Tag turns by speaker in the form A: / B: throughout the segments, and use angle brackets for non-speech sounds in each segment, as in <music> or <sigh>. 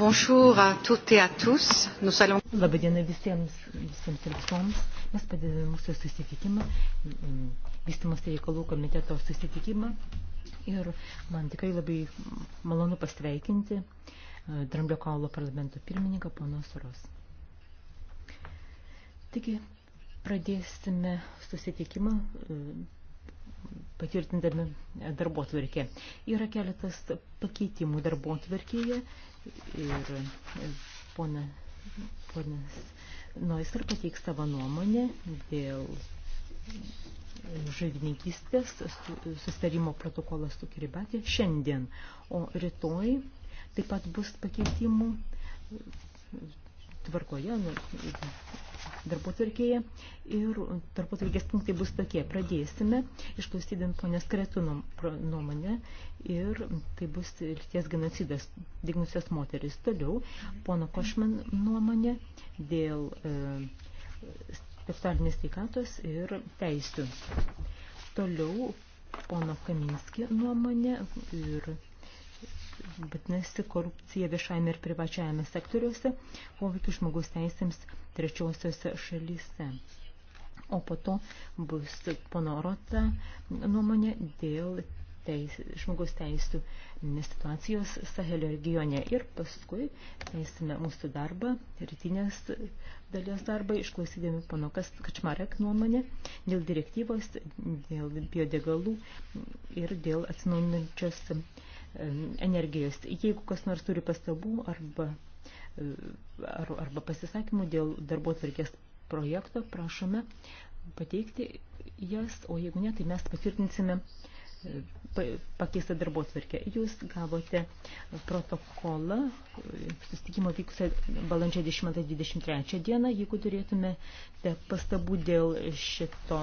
A: Bonjour à toutes et à tous. Nous allons... Labadiena visiems, visiems ir visoms. Mes padedame mūsų susitikimą, vystimos reikalų komiteto susitikimą. Ir man tikrai labai malonu pasveikinti e, Dramblio kaulo parlamento pirmininką pono Soros. Taigi, pradėsime susitikimą e, patvirtindami e, darbo tvarkę. Yra keletas pakeitimų darbo tvarkėje ir e, pona, ponas Noisar pateiks savo nuomonę dėl žaidininkystės sustarimo protokolas su Kiribati šiandien, o rytoj taip pat bus pakeitimų tvarkoje, nu, darbotvarkėje ir darbotvarkės punktai bus tokie. Pradėsime išklausydami ponės Kretų nuomonę ir tai bus lyties genocidas dignusios moteris. Toliau pono Košman nuomonė dėl e, seksualinės sveikatos ir teisių. Toliau pono Kaminski nuomonė ir vadinasi korupcija viešajame ir privačiajame sektoriuose, poveikį žmogus teisėms trečiosiuose šalyse. O po to bus panorota nuomonė dėl teis, žmogus teisų situacijos Sahelio regione. Ir paskui teisime mūsų darbą, rytinės dalies darbą, išklausydami panokas Kačmarek nuomonę dėl direktyvos, dėl biodegalų ir dėl atsinaujinančios energijos. Jeigu kas nors turi pastabų arba, ar, arba pasisakymų dėl darbo tvarkės projekto, prašome pateikti jas, o jeigu ne, tai mes patvirtinsime pakeista darbo tvarkė. Jūs gavote protokolą sustikimo vykusio balandžio 10-23 dieną. Jeigu turėtumėte pastabų dėl šito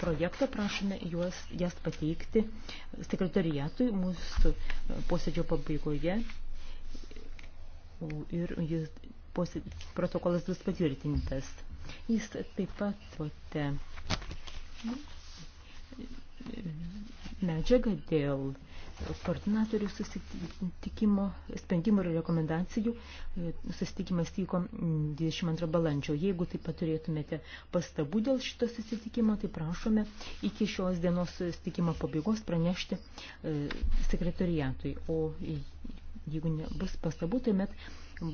A: projekto, prašome juos, jas pateikti sekretariatui mūsų posėdžio pabaigoje. Ir jis, posėd, protokolas bus patvirtintas. Jis taip pat... Pote, medžiagą dėl koordinatorių susitikimo, sprendimų ir rekomendacijų. Susitikimas vyko 22 balandžio. Jeigu taip pat turėtumėte pastabų dėl šito susitikimo, tai prašome iki šios dienos susitikimo pabaigos pranešti e, sekretoriatui. O jeigu bus pastabų, tuomet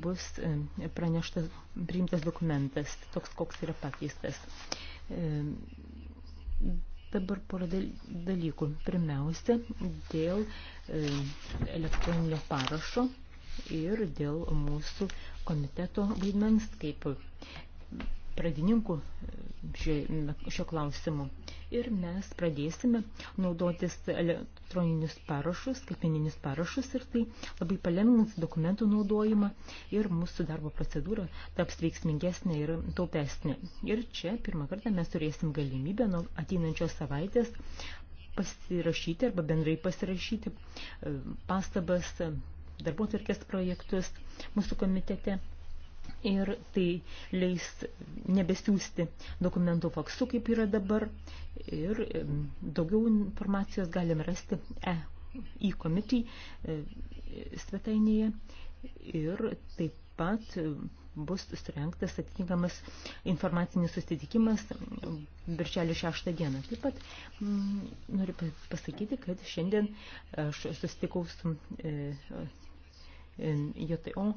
A: bus e, praneštas, priimtas dokumentas, toks koks yra pakeistas e, Dabar porą dalykų. Pirmiausia, dėl e, elektroninio parašo ir dėl mūsų komiteto vaidmens kaip pradininkų e, šio, šio klausimu. Ir mes pradėsime naudotis elektroninius parašus, skaitmeninius parašus ir tai labai palengvins dokumentų naudojimą ir mūsų darbo procedūra taps veiksmingesnė ir taupesnė. Ir čia pirmą kartą mes turėsim galimybę nuo ateinančios savaitės pasirašyti arba bendrai pasirašyti e, pastabas darbo tvarkės projektus mūsų komitete ir tai leis nebesiųsti dokumentų faksu, kaip yra dabar. Ir daugiau informacijos galim rasti e, į e komitį e, svetainėje. Ir taip pat bus surengtas atitinkamas informacinis susitikimas birželio 6 dieną. Taip pat m, noriu pasakyti, kad šiandien aš susitikau su e, JTO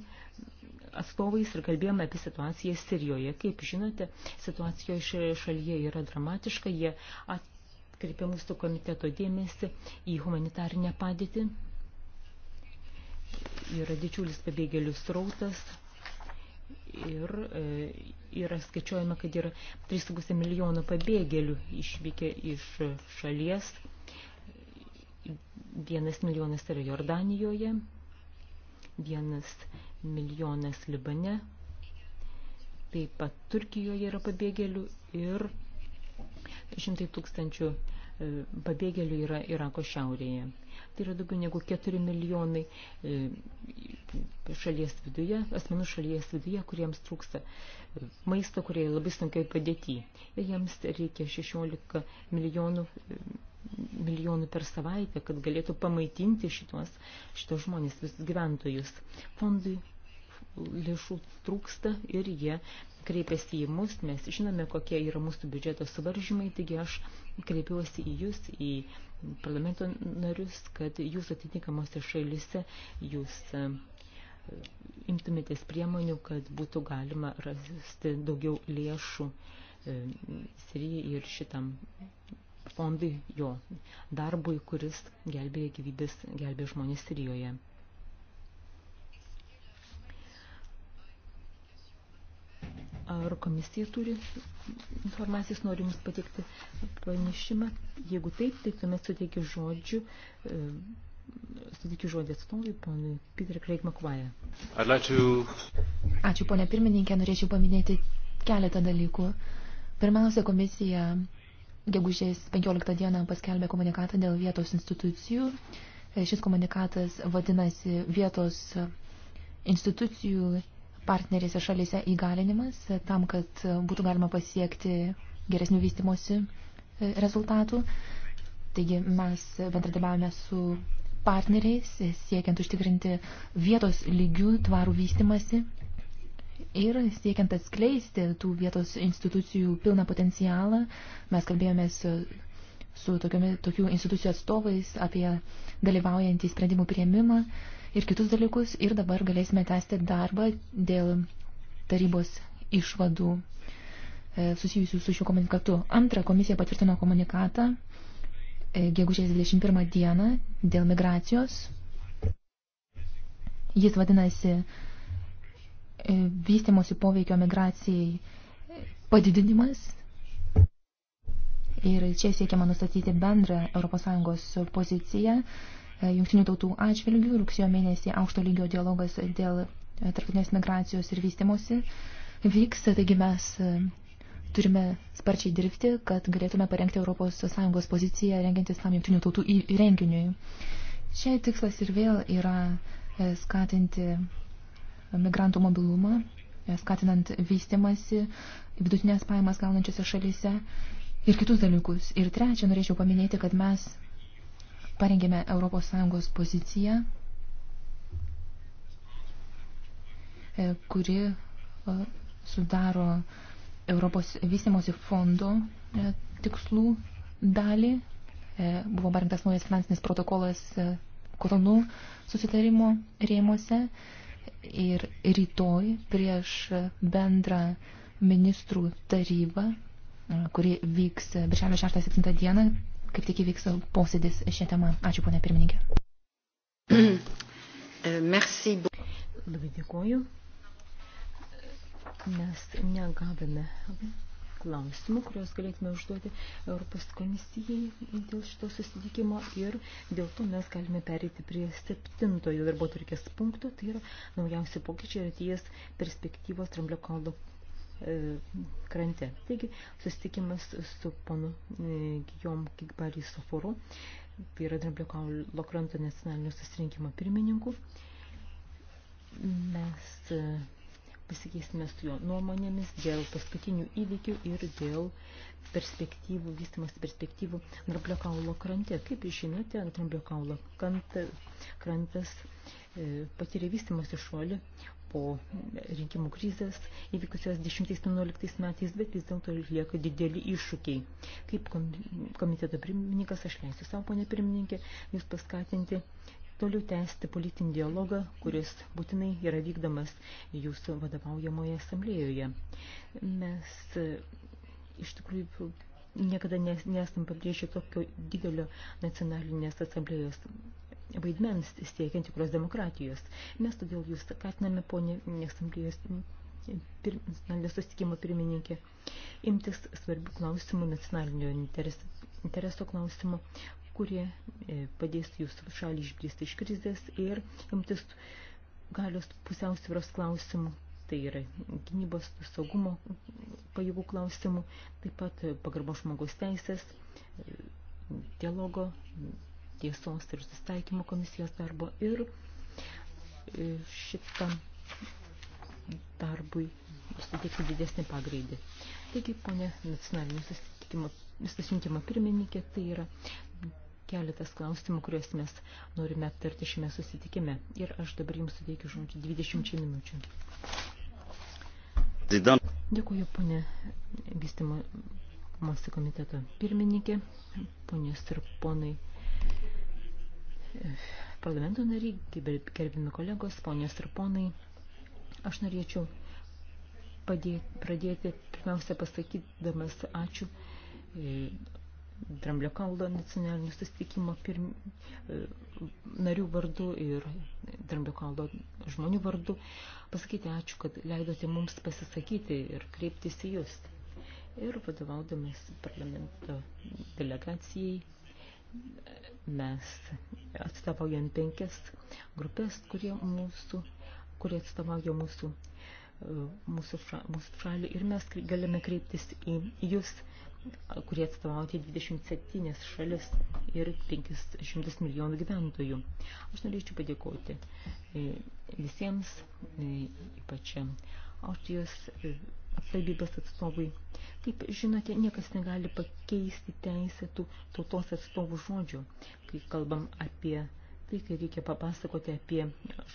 A: atstovais ir kalbėjome apie situaciją Sirijoje. Kaip žinote, situacija šioje šalyje yra dramatiška, jie atkreipė mūsų komiteto dėmesį į humanitarinę padėtį. Yra didžiulis pabėgėlių srautas ir e, yra skaičiuojama, kad yra 3,5 milijono pabėgėlių išvykę iš šalies. Vienas milijonas yra Jordanijoje vienas milijonas Libane, taip pat Turkijoje yra pabėgėlių ir šimtai tūkstančių e, pabėgėlių yra Irako šiaurėje. Tai yra daugiau negu 4 milijonai e, šalies viduje, asmenų šalies viduje, kuriems trūksta maisto, kurie labai sunkiai padėti. Jiems reikia 16 milijonų e, milijonų per savaitę, kad galėtų pamaitinti šitos, šitos žmonės, visus gyventojus. Fondui lėšų trūksta ir jie kreipiasi į mus, mes žinome, kokie yra mūsų biudžeto suvaržymai, taigi aš kreipiuosi į jūs, į parlamento narius, kad jūs atitinkamose šalyse jūs e, imtumėtės priemonių, kad būtų galima rasti daugiau lėšų e, Sirijai ir šitam fondai jo darbui, kuris gelbėja gyvybės, gelbėja žmonės Sirijoje. Ar komisija turi informacijos, noriu Jums pateikti pranešimą. Jeigu taip, tai tuomet suteikiu žodžių, e, suteikiu žodį atstovui, ponui Peter Craig McQuire.
B: Like to...
A: Ačiū, ponė
C: pirmininkė, norėčiau paminėti keletą dalykų. Pirmiausia, komisija gegužės 15 dieną paskelbė komunikatą dėl vietos institucijų. E, šis komunikatas vadinasi vietos institucijų partnerėse šalyse įgalinimas e, tam, kad būtų galima pasiekti geresnių vystimosi e, rezultatų. Taigi mes bendradarbiavome su partneriais, siekiant užtikrinti vietos lygių tvarų vystimasi Ir siekiant atskleisti tų vietos institucijų pilną potencialą, mes kalbėjomės su tokiomis, tokių institucijų atstovais apie dalyvaujantį sprendimų prieimimą ir kitus dalykus. Ir dabar galėsime tęsti darbą dėl tarybos išvadų e, susijusių su šiuo komunikatu. Antra, komisija patvirtino komunikatą e, gegužės 21 dieną dėl migracijos. Jis vadinasi E, vystimosi poveikio migracijai e, padidinimas. Ir čia siekiama nustatyti bendrą ES poziciją e, jungtinių tautų atžvilgių. Rugsėjo mėnesį aukšto lygio dialogas dėl tarptautinės migracijos ir vystimosi vyks, taigi mes turime sparčiai dirbti, kad galėtume parengti ES poziciją rengiantis tam jungtinių tautų renginiui. Čia tikslas ir vėl yra skatinti migrantų mobilumą, e, skatinant vystimasi vidutinės pajamas gaunančiose šalyse ir kitus dalykus. Ir trečia, norėčiau paminėti, kad mes parengėme ES poziciją, e, kuri e, sudaro Europos vystimosi fondo tikslų dalį. Buvo parengtas naujas finansinis protokolas kotonų susitarimo rėmose ir rytoj prieš bendrą ministrų tarybą, kuri vyks birželio 6-7 dieną, kaip tik įvyks posėdis šią temą. Ačiū, ponė pirmininkė.
A: <clears throat> Merci. Labai dėkuoju. Mes negavome klausimų, kuriuos galėtume užduoti Europos komisijai dėl šito susitikimo ir dėl to mes galime perėti prie septintojo darbo turkės punkto, tai yra naujausi pokyčiai ir ateities perspektyvos Tramblio kaldo e, krante. Taigi, susitikimas su panu e, Gijom Kikbarį Soforu, tai yra Dramblio kalno kranto nacionalinio susirinkimo pirmininku. Mes e, pasikeisime su jo nuomonėmis dėl paskutinių įvykių ir dėl perspektyvų, vystimas perspektyvų Dramblio kaulo krante. Kaip žinote, Dramblio kaulo krant, krantas e, patyrė vystimas išuolį po rinkimų krizės įvykusios 10-11 metais, bet vis dėlto lieka dideli iššūkiai. Kaip komiteto pirmininkas, aš leisiu savo, ponė pirmininkė, jūs paskatinti toliau tęsti politinį dialogą, kuris būtinai yra vykdomas jūsų vadovaujamoje asamblėjoje. Mes e, iš tikrųjų niekada nes, nesam pabrėžę tokio didelio nacionalinės asamblėjos vaidmens siekiant tikros demokratijos. Mes todėl jūs skatiname, ponė asamblėjos pir, susitikimo pirmininkė, imtis svarbių klausimų nacionalinio interesų intereso klausimų, kurie e, padės jūsų šalį išbristi iš krizės ir imtis galios pusiausvyros klausimų, tai yra gynybos saugumo pajėgų klausimų, taip pat pagarbo žmogaus teisės, e, dialogo, tiesos ir susitaikymo komisijos darbo ir e, šitam darbui suteikti didesnį pagreidį. Taigi, ponė nacionalinio susitikimo pirmininkė, tai yra keletas klausimų, kuriuos mes norime aptarti šiame susitikime. Ir aš dabar jums suteikiu žodžiu 20 minučių.
B: Dėkuoju,
A: ponė vystimo mosi komiteto pirmininkė, ponės ir ponai parlamento nariai, gerbimi kolegos, ponės ir ponai. Aš norėčiau padėti, pradėti pirmiausia pasakydamas ačiū e, Dramblio kaldo nacionalinio susitikimo pirm, e, narių vardu ir Dramblio kaldo žmonių vardu pasakyti ačiū, kad leidote mums pasisakyti ir kreiptis į jūs. Ir vadovaudamas parlamento delegacijai mes atstovaujam penkias grupės, kurie mūsų, kurie atstovauja mūsų, e, mūsų, fra, mūsų šalį ir mes galime kreiptis į jūs kurie atstovauti 27 šalis ir 500 milijonų gyventojų. Aš norėčiau padėkoti e, visiems, e, ypač Austrijos e, atstovybės atstovui. Kaip žinote, niekas negali pakeisti teisėtų tautos atstovų žodžių, kai kalbam apie tai, kai reikia papasakoti apie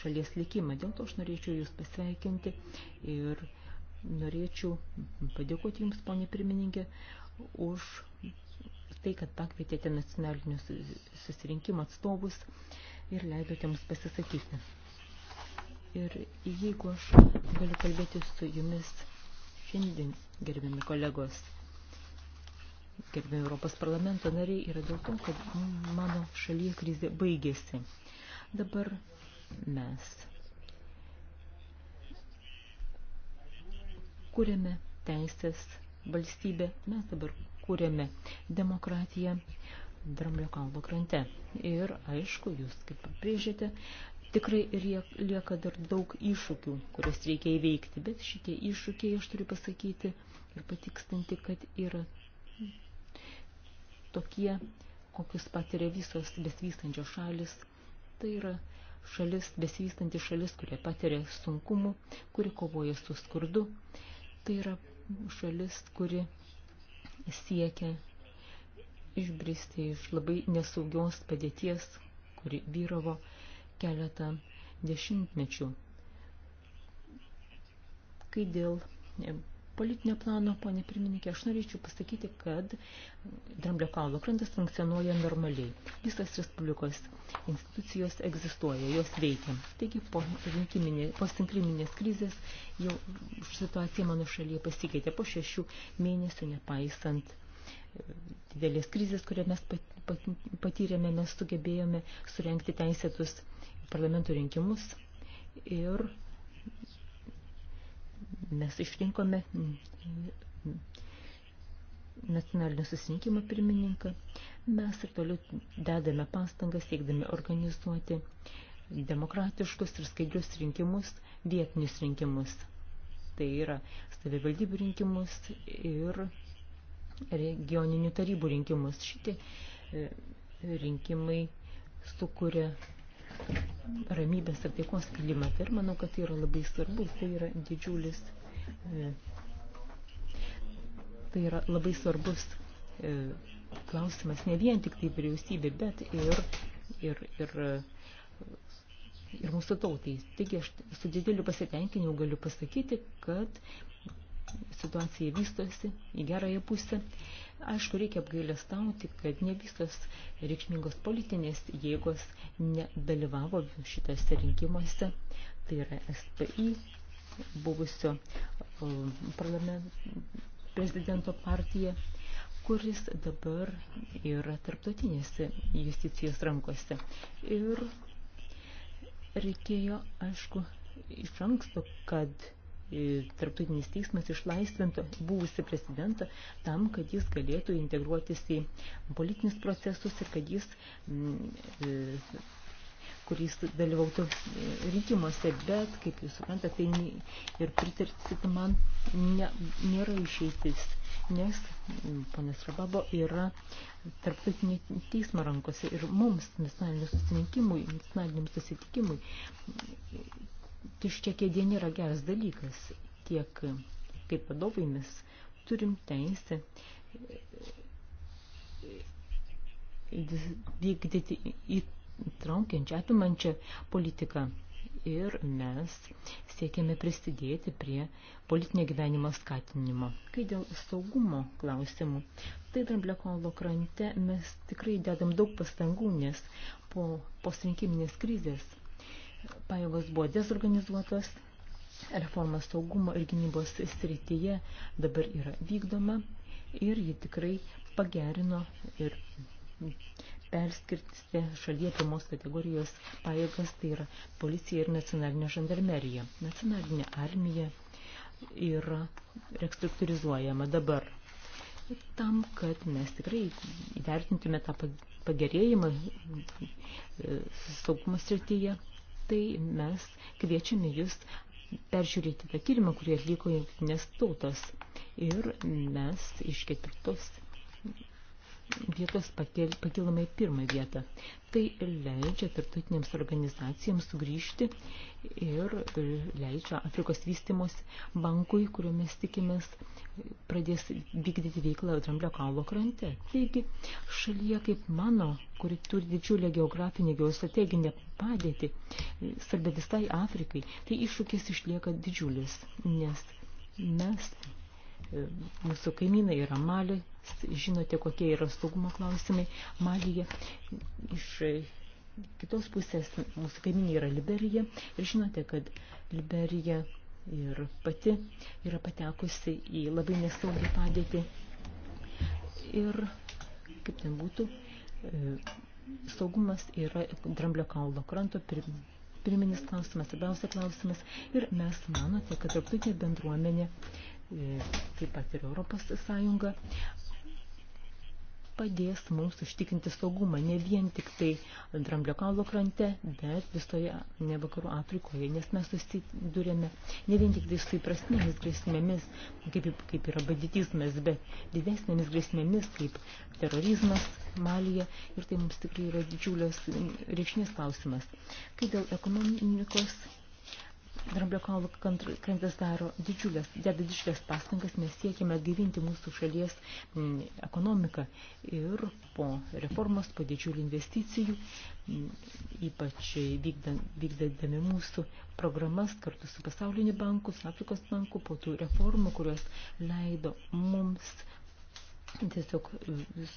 A: šalies likimą. Dėl to aš norėčiau Jūs pasveikinti ir norėčiau padėkoti Jums, ponė pirmininkė, už tai, kad pakvietėte nacionalinių susirinkimų atstovus ir leidote mums pasisakyti. Ir jeigu aš galiu kalbėti su jumis šiandien, gerbiami kolegos, gerbiami Europos parlamento nariai, yra dėl to, kad mano šalyje krizė baigėsi. Dabar mes kūrėme teisės valstybę mes dabar kūrėme demokratiją Dramblio kalno krante. Ir aišku, jūs kaip pabrėžėte, tikrai lieka dar daug iššūkių, kuriuos reikia įveikti, bet šitie iššūkiai, aš turiu pasakyti ir patikstinti, kad yra tokie, kokius patiria visos besvystančios šalis. Tai yra šalis, besivystanti šalis, kurie patiria sunkumų, kuri kovoja su skurdu. Tai yra šalis, kuri siekia išbristi iš labai nesaugios padėties, kuri vyravo keletą dešimtmečių. Kai dėl politinio plano, ponė pirmininkė, aš norėčiau pasakyti, kad Dramblio kaulo krantas funkcionuoja normaliai. Visos Respublikos institucijos egzistuoja, jos veikia. Taigi po, po sinkriminės krizės jau situacija mano šalyje pasikeitė po šešių mėnesių, nepaisant e, didelės krizės, kurią mes patyrėme, mes sugebėjome surenkti teisėtus parlamento rinkimus ir mes išrinkome nacionalinio susirinkimo pirmininką. Mes ir toliau dedame pastangas, siekdami organizuoti demokratiškus ir skaidrius rinkimus, vietinius rinkimus. Tai yra savivaldybių rinkimus ir regioninių tarybų rinkimus. Šitie e, rinkimai sukuria ramybės ir taikos klimatą tai ir manau, kad tai yra labai svarbu, tai yra didžiulis Tai yra labai svarbus e, klausimas ne vien tik tai vyriausybė, bet ir, ir, ir, ir mūsų tautai. Taigi aš su dideliu pasitenkinimu galiu pasakyti, kad situacija vystosi į gerąją pusę. Aišku, reikia apgailestauti, kad ne visos reikšmingos politinės jėgos nedalyvavo šitose rinkimuose. Tai yra SPI, buvusio prezidento partija, kuris dabar yra tarptautinėse justicijos rankose. Ir reikėjo, aišku, iš anksto, kad e, tarptautinis teismas išlaisvintų buvusi prezidentą tam, kad jis galėtų integruotis į politinius procesus ir kad jis e, kuris dalyvautų e, rinkimuose, bet, kaip jūs suprantate, tai ir pritarsit man ne, nėra išeitis, nes ponas Rababo yra tarptautinė teismo rankose ir mums, nacionaliniam susirinkimui, nacionaliniam susitikimui, tuščia kėdė nėra geras dalykas, tiek kaip vadovai mes turim teisę e, e, vykdyti į traukiančią, apimančią politiką. Ir mes siekiame prisidėti prie politinio gyvenimo skatinimo. Kai dėl saugumo klausimų, tai Dramblekolo krante mes tikrai dedam daug pastangų, nes po posrinkiminės krizės pajėgos buvo dezorganizuotos, reforma saugumo ir gynybos srityje dabar yra vykdoma ir ji tikrai pagerino ir perskirstė šalyje pirmos kategorijos pajėgas, tai yra policija ir nacionalinė žandarmerija. Nacionalinė armija yra restruktūrizuojama dabar. Tam, kad mes tikrai įvertintume tą pagerėjimą e, saugumo srityje, tai mes kviečiame jūs peržiūrėti tą tyrimą, kurį atliko jungtinės tautos. Ir mes iš ketvirtos vietos pakel, pakilama į pirmą vietą. Tai leidžia tarptautinėms organizacijams sugrįžti ir e, leidžia Afrikos vystimos bankui, kuriuo mes tikimės pradės vykdyti veiklą Dramblio kalno krante. Taigi, šalyje kaip mano, kuri turi didžiulę geografinę, geostrateginę padėtį, e, svarbia visai Afrikai, tai iššūkis išlieka didžiulis, nes mes mūsų kaimynai yra Mali, žinote, kokie yra saugumo klausimai Malyje. Iš kitos pusės mūsų kaimynai yra Liberija ir žinote, kad Liberija ir pati yra patekusi į labai nesaugį padėtį. Ir kaip ten būtų, e, saugumas yra Dramblio kalno kranto pirminis klausimas, svarbiausia klausimas. Ir mes manote, kad tarptautinė bendruomenė E, taip pat ir Europos Sąjunga, padės mums užtikrinti saugumą ne vien tik tai Dramblio kaulo krante, bet visoje ne vakarų Afrikoje, nes mes susidurėme ne vien tik tai su įprastinėmis grėsmėmis, kaip, kaip yra baditizmas, bet didesnėmis grėsmėmis, kaip terorizmas Malija, ir tai mums tikrai yra didžiulės reikšmės klausimas. Kai dėl ekonomikos Dramblio krantas daro didžiulės, deda didžiulės pastangas, mes siekime atgyvinti mūsų šalies mm, ekonomiką ir po reformos, po didžiulių investicijų, mm, ypač vykdami mūsų programas kartu su pasauliniu banku, su Afrikos banku, po tų reformų, kurios leido mums tiesiog mm,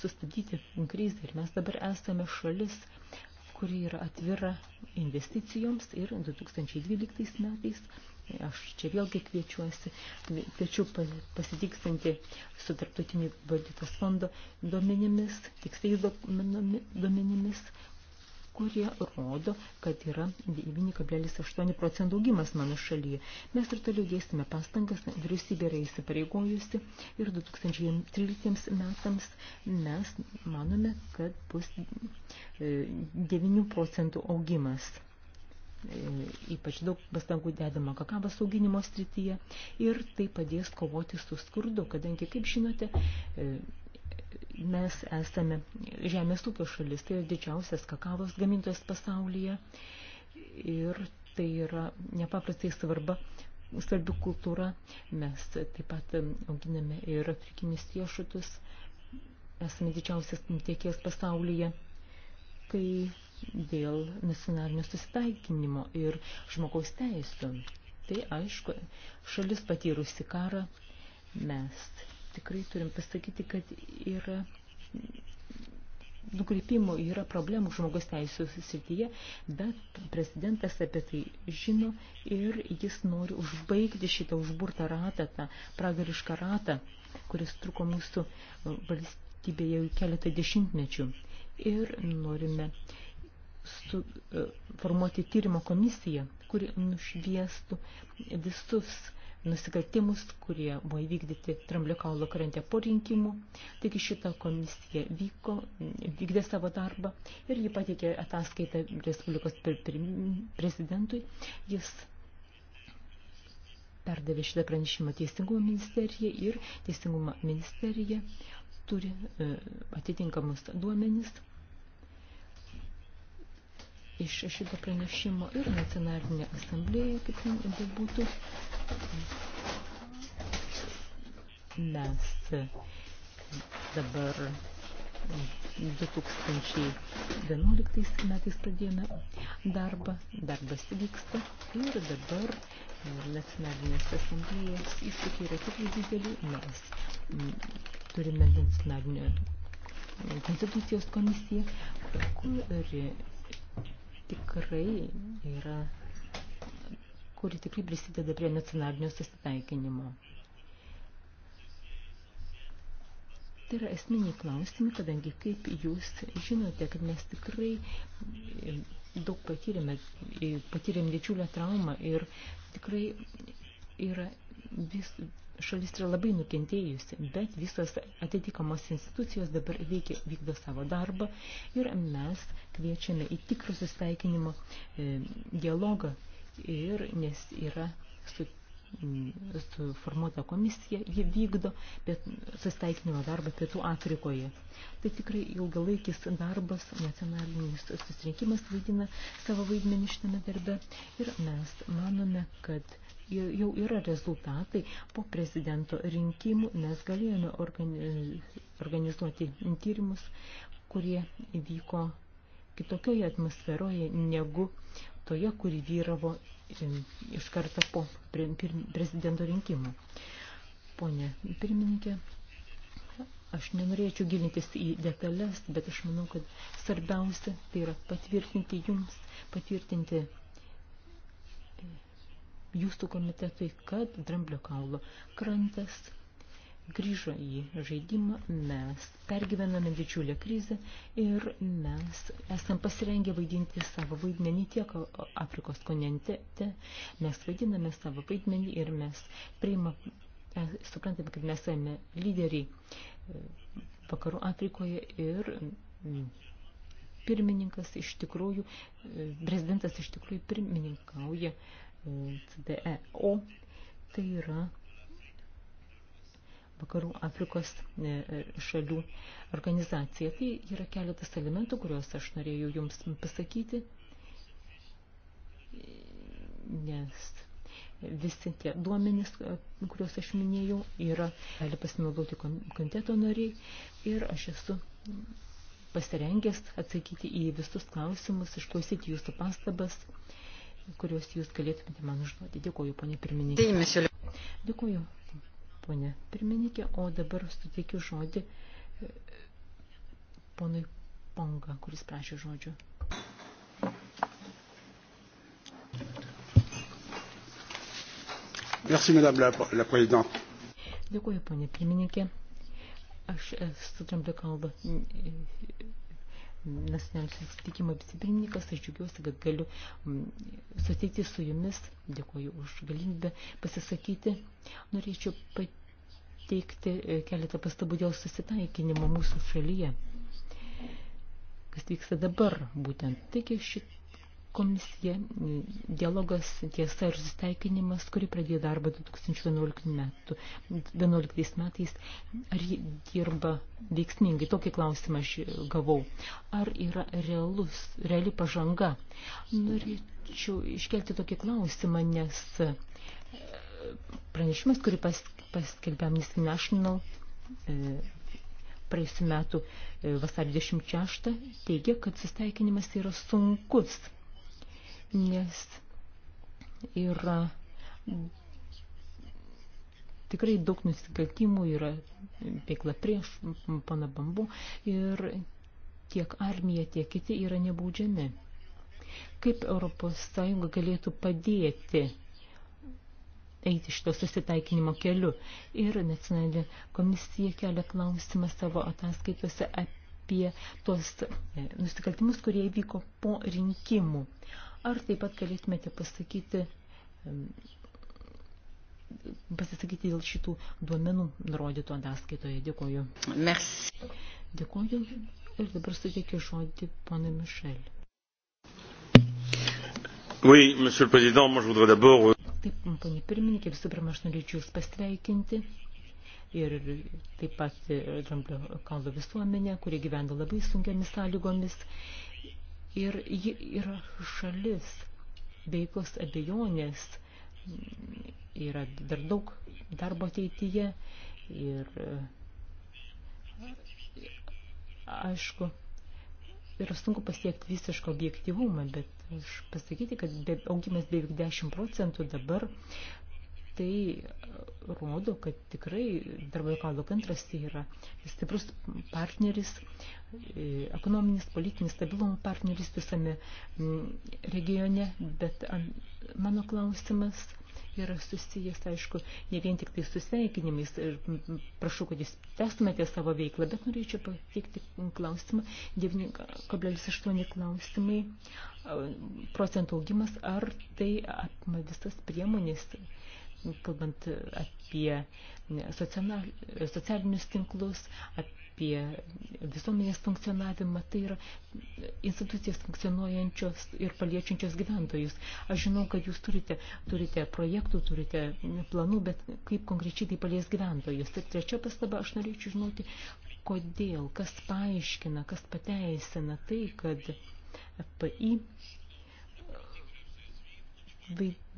A: sustabdyti krizę ir mes dabar esame šalis kuri yra atvira investicijoms ir 2012 metais aš čia vėlgi kviečiuosi, kviečiu pasitiksinti su tarptautiniu valiutos fondo duomenimis, tiksliais duomenimis, kurie rodo, kad yra 9,8 procentų augimas mano šalyje. Mes ir toliau dėsime pastangas, vyriausybė yra įsipareigojusi ir 2013 metams mes manome, kad bus 9 e, procentų augimas e, ypač daug pastangų dedama kakavos auginimo srityje ir tai padės kovoti su skurdu, kadangi, kaip žinote, e, Mes esame žemės ūkio šalis, tai yra didžiausias kakavos gamintojas pasaulyje ir tai yra nepaprastai svarba, svarbi kultūra. Mes taip pat um, auginame ir afrikinius riešutus, esame didžiausias tiekėjas pasaulyje. Tai dėl nacionalinio susitaikinimo ir žmogaus teisų. Tai aišku, šalis patyrusi karą, mes tikrai turim pasakyti, kad yra nukreipimų, yra problemų žmogus teisų srityje, bet prezidentas apie tai žino ir jis nori užbaigti šitą užburtą ratą, tą pragarišką ratą, kuris truko mūsų valstybėje jau keletą dešimtmečių. Ir norime su, e, formuoti tyrimo komisiją, kuri nušviestų visus nusikaltimus, kurie buvo įvykdyti Tramblio kaulo krante po rinkimų. Taigi šita komisija vyko, vykdė savo darbą ir ji pateikė ataskaitą Respublikos prezidentui. Jis perdavė šitą pranešimą Teisingumo ministerijai ir Teisingumo ministerija turi e, atitinkamus duomenis iš šito pranešimo ir nacionalinė asamblėja, kaip ten bebūtų. Mes dabar 2011 metais pradėjome darbą, darbas vyksta ir dabar nacionalinės asamblėjos iššūkiai yra tikrai dideli, nes turime nacionalinę konstitucijos komisiją, kuri tikrai yra, kuri tikrai prisideda prie nacionalinio susitaikinimo. Tai yra esminiai klausimai, kadangi kaip jūs žinote, kad mes tikrai e, daug patyrėme, e, patyrėm didžiulę traumą ir tikrai yra vis, šalis yra labai nukentėjusi, bet visos atitinkamos institucijos dabar veikia, vykdo savo darbą ir mes kviečiame į tikrų susitaikinimo e, dialogą ir nes yra su mm, suformuota komisija, jie vykdo susitaikinimo darbą Pietų Afrikoje. Tai tikrai ilgalaikis darbas, nacionalinis susirinkimas vaidina savo vaidmenį šitame darbe ir mes manome, kad jau yra rezultatai. Po prezidento rinkimų mes galėjome organizuoti tyrimus, kurie vyko kitokioje atmosferoje negu toje, kuri vyravo iš karto po prezidento rinkimų. Pone pirmininkė, aš nenorėčiau gilintis į detalės, bet aš manau, kad svarbiausia tai yra patvirtinti jums, patvirtinti jūsų komitetui, kad Dramblio kaulo krantas grįžo į žaidimą, mes pergyvename didžiulę krizę ir mes esam pasirengę vaidinti savo vaidmenį tiek Afrikos kontinente, mes vaidiname savo vaidmenį ir mes priima, e, suprantame, kad mes esame lyderiai e, vakarų Afrikoje ir pirmininkas iš tikrųjų, e, prezidentas iš tikrųjų pirmininkauja uh, CDEO, tai yra Vakarų Afrikos e, e, šalių organizacija. Tai yra keletas elementų, kuriuos aš norėjau jums pasakyti, nes visi tie duomenys, e, kuriuos aš minėjau, yra, gali pasinaudoti komiteto nariai ir aš esu pasirengęs atsakyti į visus klausimus, išklausyti jūsų pastabas kuriuos jūs galėtumėte man užduoti. Dėkuoju, ponė pirmininkė. Tai Dėkuoju, ponė pirmininkė, o dabar suteikiu žodį e, ponui Ponga, kuris prašė žodžių.
B: Merci, madame la, la présidente.
A: Dėkuoju, ponė pirmininkė. Aš esu trumpai kalbą nacionalinis susitikimo vicepirmininkas, aš džiugiuosi, kad galiu susitikti su jumis, dėkuoju už galimybę pasisakyti. Norėčiau pateikti e, keletą pastabų dėl susitaikinimo mūsų šalyje, kas vyksta dabar būtent. Taigi šitą komisija dialogas tiesa ir susitaikinimas, kuri pradėjo darbą 2011 metų. 2011 metais ar ji dirba veiksmingai, tokį klausimą aš gavau. Ar yra realus, reali pažanga? Norėčiau iškelti tokį klausimą, nes e, pranešimas, kurį pas, paskelbė Amnesty National e, praėjusiu metu e, vasarį 26 teigia, kad susitaikinimas yra sunkus nes yra tikrai daug nusikaltimų, yra veikla prieš pana bambu ir tiek armija, tiek kiti yra nebaudžiami. Kaip ES galėtų padėti eiti šito susitaikinimo keliu? Ir nacionalinė komisija kelia klausimą savo ataskaitose apie tuos e, nusikaltimus, kurie įvyko po rinkimų. Ar taip pat galėtumėte pasakyti, pasisakyti dėl šitų duomenų nurodytų ataskaitoje? Dėkoju. Merci. Dėkoju ir dabar suteikiu žodį ponui Mišel.
B: Oui, monsieur le président, moi je voudrais d'abord... Euh,
A: taip, ponė pirmininkė, visų pirma, aš norėčiau jūs pasveikinti ir taip pat e, Dramblio kalno visuomenė, kurie gyvena labai sunkiamis sąlygomis ir ji yra šalis, veikos abejonės, yra dar daug darbo ateityje ir aišku, yra sunku pasiekti visišką objektivumą, bet aš pasakyti, kad augimas beveik 10 procentų dabar tai rodo, kad tikrai Darbaikalų kantras yra stiprus partneris, e, ekonominis, politinis stabilumo partneris visame mm, regione, bet mano klausimas yra susijęs, aišku, ne vien tik tai susveikinimais ir prašau, kad jūs testumėte savo veiklą, bet norėčiau pateikti klausimą, 9,8 klausimai, procentų augimas, ar tai apima visas priemonės, kalbant apie socialinius tinklus, apie visuomenės funkcionavimą, tai yra institucijas funkcionuojančios ir paliečiančios gyventojus. Aš žinau, kad jūs turite, turite projektų, turite planų, bet kaip konkrečiai tai palies gyventojus. Ir tai trečia pastaba, aš norėčiau žinoti, kodėl, kas paaiškina, kas pateisina tai, kad FPI vaikų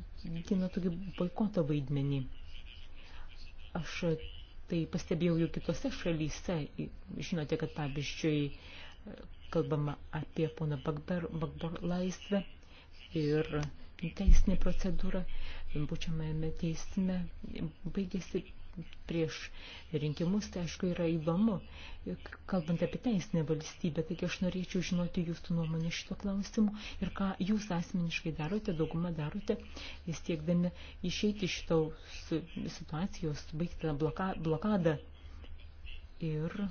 A: kino tokį boikoto vaidmenį. Aš tai pastebėjau jau kitose šalyse. Žinote, kad pavyzdžiui, kalbama apie pono Bagbor, Bagbor laisvę ir teisinė procedūra būčiamame teisme baigėsi prieš rinkimus, tai aišku yra įdomu, kalbant apie teisinę valstybę, taigi aš norėčiau žinoti jūsų nuomonę šito klausimu ir ką jūs asmeniškai darote, dauguma darote, vis tiekdami išeiti iš šitos situacijos, baigti bloka, blokadą ir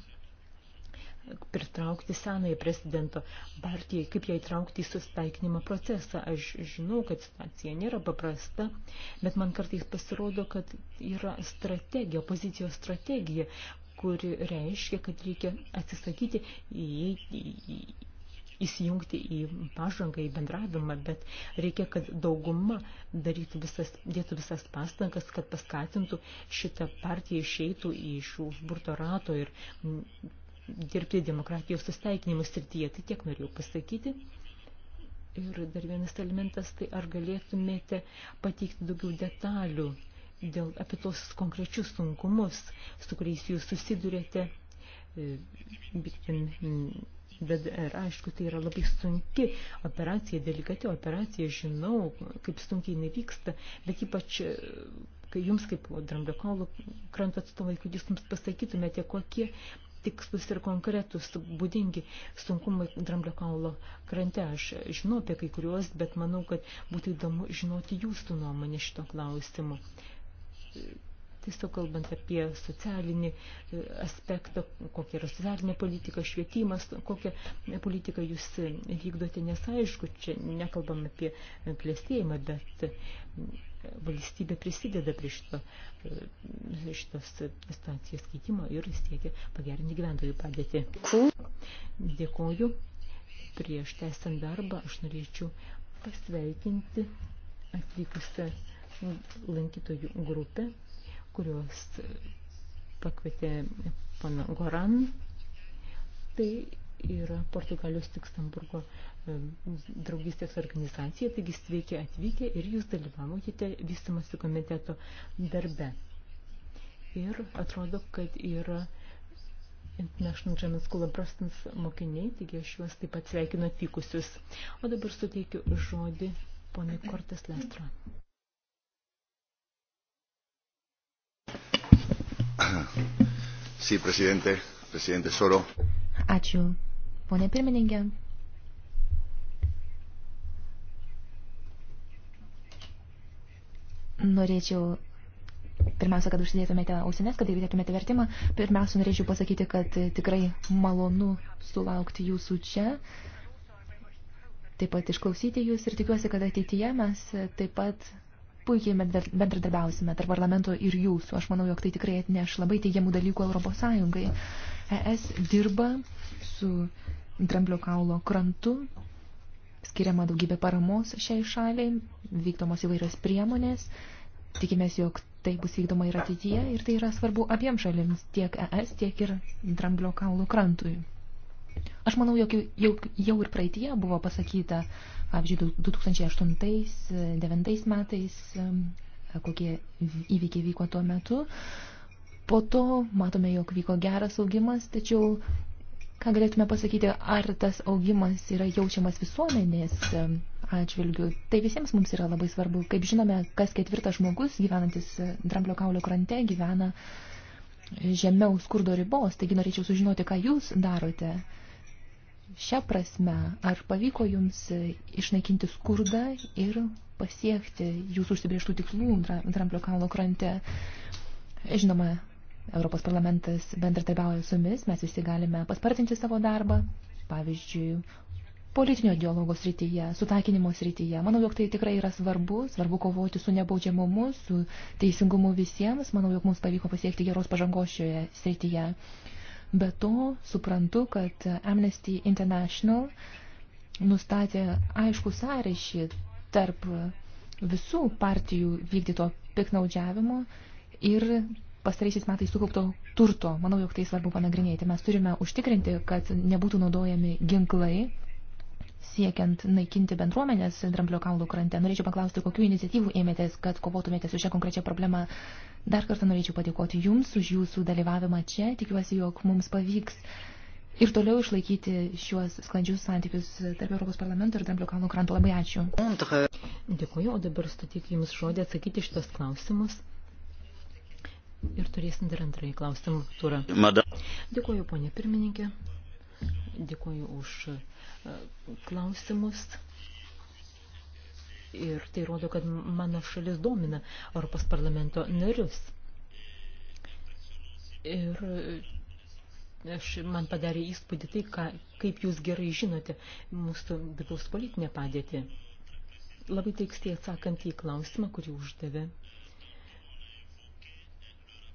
A: pritraukti senąją prezidento partiją, kaip ją įtraukti į susitaikinimo procesą. Aš žinau, kad situacija nėra paprasta, bet man kartais pasirodo, kad yra strategija, opozicijos strategija, kuri reiškia, kad reikia atsisakyti į, į, įsijungti į pažangą, į bendravimą, bet reikia, kad dauguma darytų visas, dėtų visas pastangas, kad paskatintų šitą partiją išeitų iš užburto rato ir dirbti demokratijos susteikinimo srityje. Tai tiek norėjau pasakyti. Ir dar vienas elementas, tai ar galėtumėte pateikti daugiau detalių dėl, apie tos konkrečius sunkumus, su kuriais jūs susidurėte. E, mm, bet ir e, aišku, tai yra labai sunki operacija, delikati operacija, žinau, kaip sunkiai nevyksta, bet ypač e, kai jums kaip Dramblio kaulo kranto atstovai, kad jūs mums pasakytumėte, kokie tikslus ir konkretus, būdingi sunkumai Dramblio kaulo krante. Aš žinau apie kai kuriuos, bet manau, kad būtų įdomu žinoti jūsų nuomonę šito klausimu. Tiesiog kalbant apie socialinį e, aspektą, kokia yra socialinė politika, švietimas, kokią politiką jūs vykdote, nes aišku, čia nekalbam apie klėstėjimą, bet valstybė prisideda prie šito, šitos situacijos keitimo ir siekia pagerinti gyventojų padėtį. Dėkuoju. Prieš tęsiant darbą aš norėčiau pasveikinti atvykusią lankytojų grupę, kurios pakvietė pana Goran. Tai yra Portugalijos Tiksamburgo draugystės organizacija, taigi sveiki atvykę ir jūs dalyvaujate vystimasi komiteto darbe. Ir atrodo, kad yra International German School of Brustons mokiniai, taigi aš juos taip pat sveikinu atvykusius. O dabar suteikiu žodį ponai Kortes Lestra. Sí, presidente, presidente Soro.
C: Ačiū, ponė pirmininkė, Norėčiau Pirmiausia, kad užsidėtumėte ausines, kad girdėtumėte vertimą. Pirmiausia, norėčiau pasakyti, kad tikrai malonu sulaukti jūsų čia, taip pat išklausyti jūs ir tikiuosi, kad ateityje mes taip pat puikiai bendradarbiausime tarp parlamento ir jūsų. Aš manau, jog tai tikrai atneš labai teigiamų dalykų Europos Sąjungai. ES dirba su dramblio kaulo krantu skiriama daugybė paramos šiai šaliai, vykdomos įvairios priemonės. Tikimės, jog tai bus vykdoma ir ateityje ir tai yra svarbu abiems šalims, tiek ES, tiek ir Dramblio kaulų krantui. Aš manau, jog jau, jau ir praeitie buvo pasakyta, pavyzdžiui, 2008-2009 metais, kokie įvykiai vyko tuo metu. Po to matome, jog vyko geras augimas, tačiau Ką galėtume pasakyti, ar tas augimas yra jaučiamas visuomenės atžvilgių? Tai visiems mums yra labai svarbu. Kaip žinome, kas ketvirtas žmogus gyvenantis e, dramblio kaulio krante gyvena e, žemiau skurdo ribos. Taigi norėčiau sužinoti, ką jūs darote. Šią prasme, ar pavyko jums e, išnaikinti skurdą ir pasiekti jūsų užsibrieštų tikslų dramblio kaulo krante? Žinoma, Europos parlamentas bendradarbiauja su mumis, mes visi galime paspartinti savo darbą, pavyzdžiui, politinio dialogo srityje, sutaikinimo srityje. Manau, jog tai tikrai yra svarbu, svarbu kovoti su nebaudžiamumu, su teisingumu visiems. Manau, jog mums pavyko pasiekti geros pažangos šioje srityje. Be to, suprantu, kad Amnesty International nustatė aišku sąryšį tarp visų partijų vykdyto piknaudžiavimo ir pastaraisiais metais sukaupto turto. Manau, jog tai svarbu panagrinėti. Mes turime užtikrinti, kad nebūtų naudojami ginklai siekiant naikinti bendruomenės Dramblio kaulų krante. Norėčiau paklausti, kokiu iniciatyvų ėmėtės, kad kovotumėte su šią konkrečią problemą. Dar kartą norėčiau padėkoti Jums už Jūsų dalyvavimą čia. Tikiuosi, jog mums pavyks ir toliau išlaikyti šiuos sklandžius santykius tarp Europos parlamento ir Dramblio kalno kranto. Labai
A: ačiū. Dėkuoju, o dabar sutikiu Jums žodį atsakyti šitos klausimus ir turėsim dar antrąjį klausimų turą. Dėkuoju, ponė pirmininkė. Dėkuoju už e, klausimus. Ir tai rodo, kad mano šalis domina Europos parlamento narius. Ir e, aš, man padarė įspūdį tai, ką, kaip jūs gerai žinote mūsų vidaus politinę padėtį. Labai teikstai atsakant į klausimą, kurį uždavė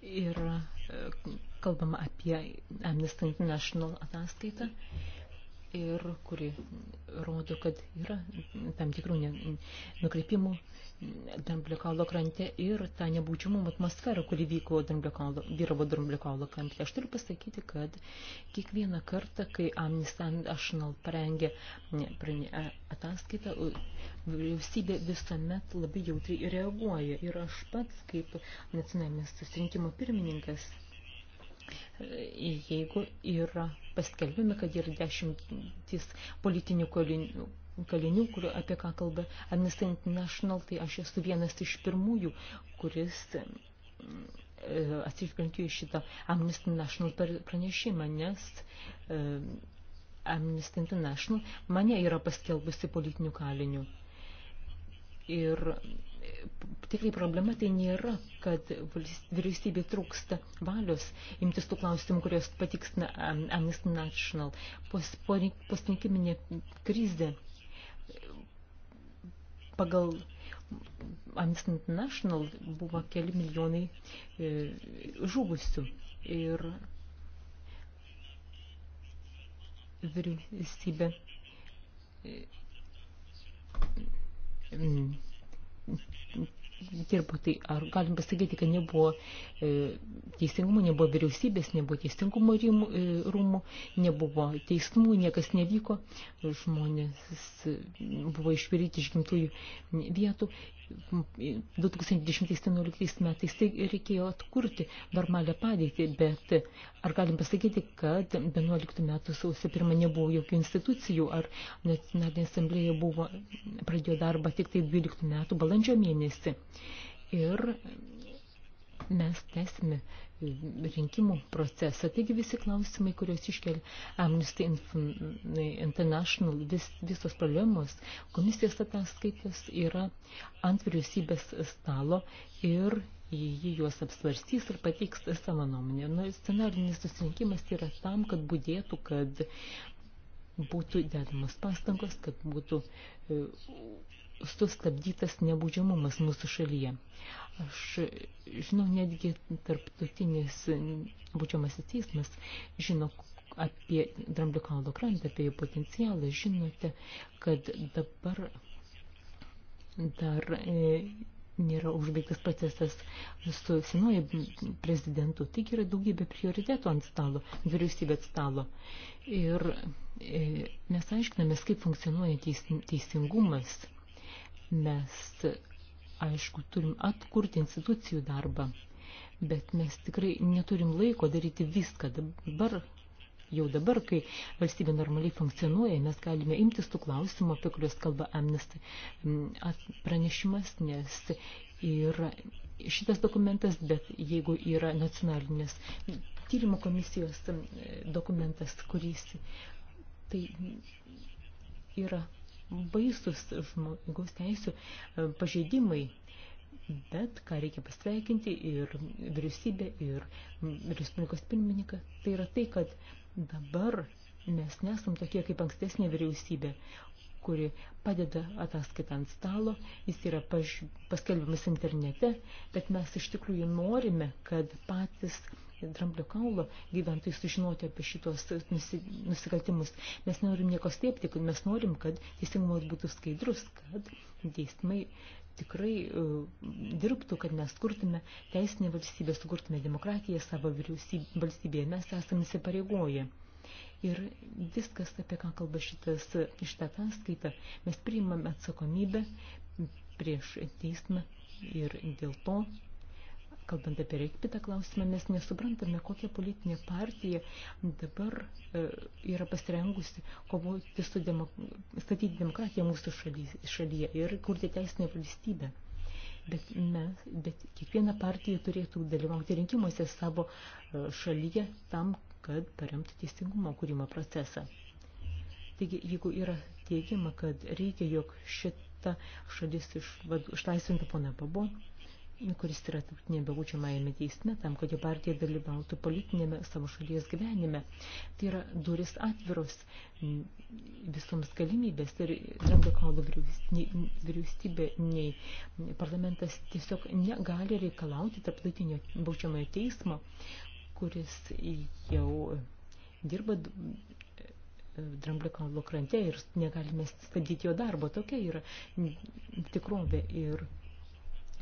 A: ir e, kalbam apie Amnesty International ataskaitą, ir kuri rodo, kad yra tam tikrų nukreipimų Dramblio kaulo krante ir tą nebūčiamumą atmosferą, kuri vyko Dramblio kaulo, vyravo Dramblio kaulo krante. Aš turiu pasakyti, kad kiekvieną kartą, kai Amnesty International parengė ataskaitą, vyriausybė visuomet labai jautriai reaguoja. Ir aš pats, kaip nacionalinis susirinkimo pirmininkas, e, jeigu yra paskelbime, kad yra dešimtis politinių kalinių kalinių, kuriuo apie ką kalba Amnesty International, tai aš esu vienas iš pirmųjų, kuris mm, e, atsižvelgiu į šitą Amnesty International pranešimą, nes e, Amnesty International mane yra paskelbusi politinių kalinių. Ir e, tikrai problema tai nėra, kad vyriausybė trūksta valios imtis tų klausimų, kurios patiksina Amnesty National. Postinkiminė krizė pagal Amnesty International buvo keli milijonai e, žuvusių ir vyriausybė e, dirbo, tai ar galim pasakyti, kad nebuvo e, teisingumo, nebuvo vyriausybės, nebuvo teisingumo rymų, e, rūmų, nebuvo teismų, niekas nevyko, žmonės e, buvo išviryti iš gimtųjų vietų 2010-2011 metais tai reikėjo atkurti normalią padėtį, bet ar galim pasakyti, kad 11 metų sausio pirmą nebuvo jokių institucijų, ar nacionalinė asamblėja buvo, pradėjo darbą tik tai 12 metų balandžio mėnesį. Ir mes tęsime rinkimų procesą. Taigi visi klausimai, kuriuos iškelia Amnesty International, vis, visos problemos, komisijos ataskaitas yra ant vyriausybės stalo ir jį juos apsvarstys ir pateiks savo nuomonę. Nu, scenarinis susirinkimas yra tam, kad būdėtų, kad būtų dedamas pastangos, kad būtų e, sustabdytas nebūdžiamumas mūsų šalyje. Aš žinau, netgi tarptautinis būčiamasis teismas žino apie Dramblio kalno krantą, apie jo potencialą. Žinote, kad dabar dar e, nėra užbaigtas procesas su senuoju prezidentu. Taigi yra daugybė prioritetų ant stalo, vyriausybės stalo. Ir e, mes aiškinamės, kaip funkcionuoja teis, teisingumas. Mes Aišku, turim atkurti institucijų darbą, bet mes tikrai neturim laiko daryti viską dabar. Jau dabar, kai valstybė normaliai funkcionuoja, mes galime imtis tų klausimų, apie kuriuos kalba Amnesty mm, pranešimas, nes yra šitas dokumentas, bet jeigu yra nacionalinės tyrimo komisijos mm, dokumentas, kuris tai yra baisus žmogaus teisų e, pažeidimai. Bet ką reikia pasveikinti ir vyriausybė, ir Respublikos pirmininką, tai yra tai, kad dabar mes nesam tokie kaip ankstesnė vyriausybė, kuri padeda ataskaitą ant stalo, jis yra paž... paskelbiamas internete, bet mes iš tikrųjų norime, kad patys dramblio kaulo gyventojai sužinoti apie šitos nusikaltimus. Mes nenorim nieko slėpti, kad mes norim, kad teisingumas būtų skaidrus, kad teismai tikrai uh, dirbtų, kad mes kurtume teisinę valstybę, sukurtume demokratiją savo valstybėje. Mes esame įsipareigoję. Ir viskas, apie ką kalba šitas, šitą ataskaitą, mes priimame atsakomybę prieš teismą ir dėl to kalbant apie kitą klausimą, mes nesuprantame, kokia politinė partija dabar e, yra pasirengusi kovoti su demok statyti demokratiją mūsų šalyje, šalyje ir kurti teisinę valstybę. Bet, mes, bet kiekviena partija turėtų dalyvauti rinkimuose savo e, šalyje tam, kad paremtų teisingumo kūrimo procesą. Taigi, jeigu yra teigiama, kad reikia, jog šita šalis išlaisvintų poną Babo, kuris yra tarptautinė baudžiamajame teisme, tam, kad jo partija dalyvautų politinėme savo šalies gyvenime. Tai yra duris atviros visoms galimybės ir Randakalo vyriausybė nei parlamentas tiesiog negali reikalauti tarptautinio baudžiamojo teismo, kuris jau dirba e, dramblio kalno krante ir negalime stabdyti jo darbo. Tokia yra tikrovė ir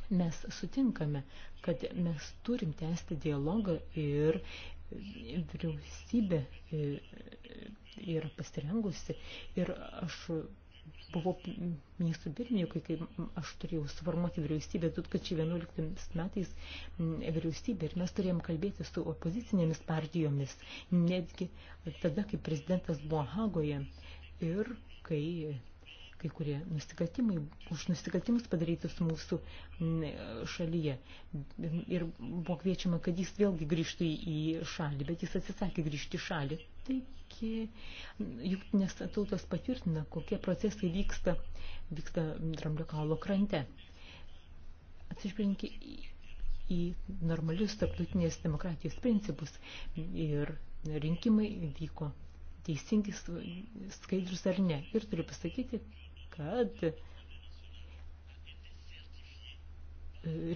A: Mes sutinkame, kad mes turim tęsti dialogą ir vyriausybė e, yra pasirengusi ir aš buvau ministrų pirmininkai, kai aš turėjau suformuoti vyriausybę 2011 metais vyriausybę ir mes turėjom kalbėti su opozicinėmis partijomis, netgi tada, kai prezidentas buvo Hagoje ir kai kai kurie nusikaltimai, už nusikaltimus padarytus mūsų šalyje. Ir buvo kviečiama, kad jis vėlgi grįžtų į šalį, bet jis atsisakė grįžti į šalį. Taigi, jungtinės tautos patvirtina, kokie procesai vyksta, vyksta Dramblio kaulo krante. Atsižvelgiant į, į normalius tarptautinės demokratijos principus ir rinkimai vyko teisingi, skaidrus ar ne. Ir turiu pasakyti, kad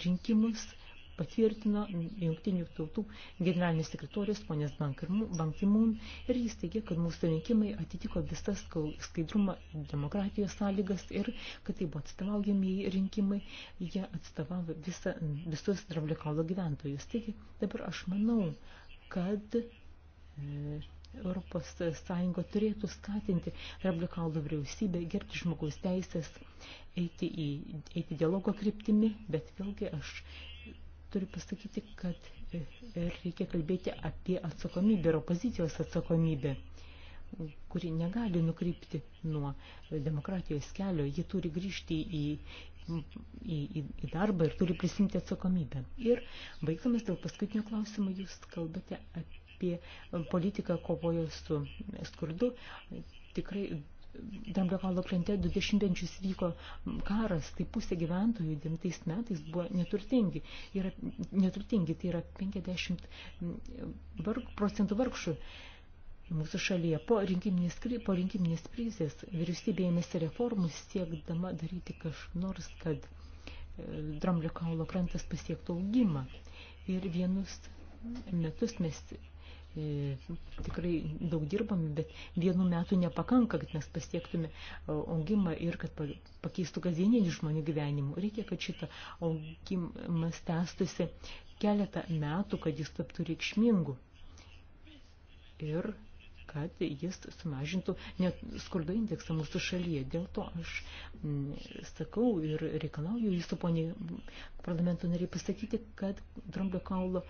A: rinkimus patvirtino jungtinių tautų generalinis sekretorius ponės Bankimun ir jis teigia, kad mūsų rinkimai atitiko visas skaidrumą demokratijos sąlygas ir kad tai buvo atstovaujamieji rinkimai, jie atstovavo visa, visus Ravlikalo gyventojus. Taigi dabar aš manau, kad e, Europos Sąjunga turėtų skatinti Rablikaudo vyriausybę gerbti žmogaus teisės, eiti į eiti dialogo kryptimi, bet vėlgi aš turiu pasakyti, kad e, reikia kalbėti apie atsakomybę ir opozicijos atsakomybę kuri negali nukrypti nuo demokratijos kelio, ji turi grįžti į, į, į, į darbą ir turi prisimti atsakomybę. Ir baigdamas dėl paskutinio klausimo, jūs kalbate apie apie politiką kovoje su skurdu. Tikrai Dramblio kalno plente du dešimtmečius vyko karas, tai pusė gyventojų 9 metais buvo neturtingi. Yra, neturtingi tai yra 50 varg, procentų vargšų mūsų šalyje. Po rinkiminės, po rinkiminės prizės vyriausybė ėmėsi reformų siekdama daryti kažnors, kad e, Dramblio kaulo krantas pasiektų augimą. Ir vienus metus mes E, nu, tikrai daug dirbam, bet vienų metų nepakanka, kad mes pasiektume e, augimą ir kad pakeistų kasdienį žmonių gyvenimų. Reikia, kad šitą augimas tęstusi keletą metų, kad jis taptų reikšmingu ir kad jis sumažintų net skurdo indeksą mūsų šalyje. Dėl to aš m, sakau ir reikalauju jūsų, poniai parlamento nariai, pasakyti, kad dramblio kaulo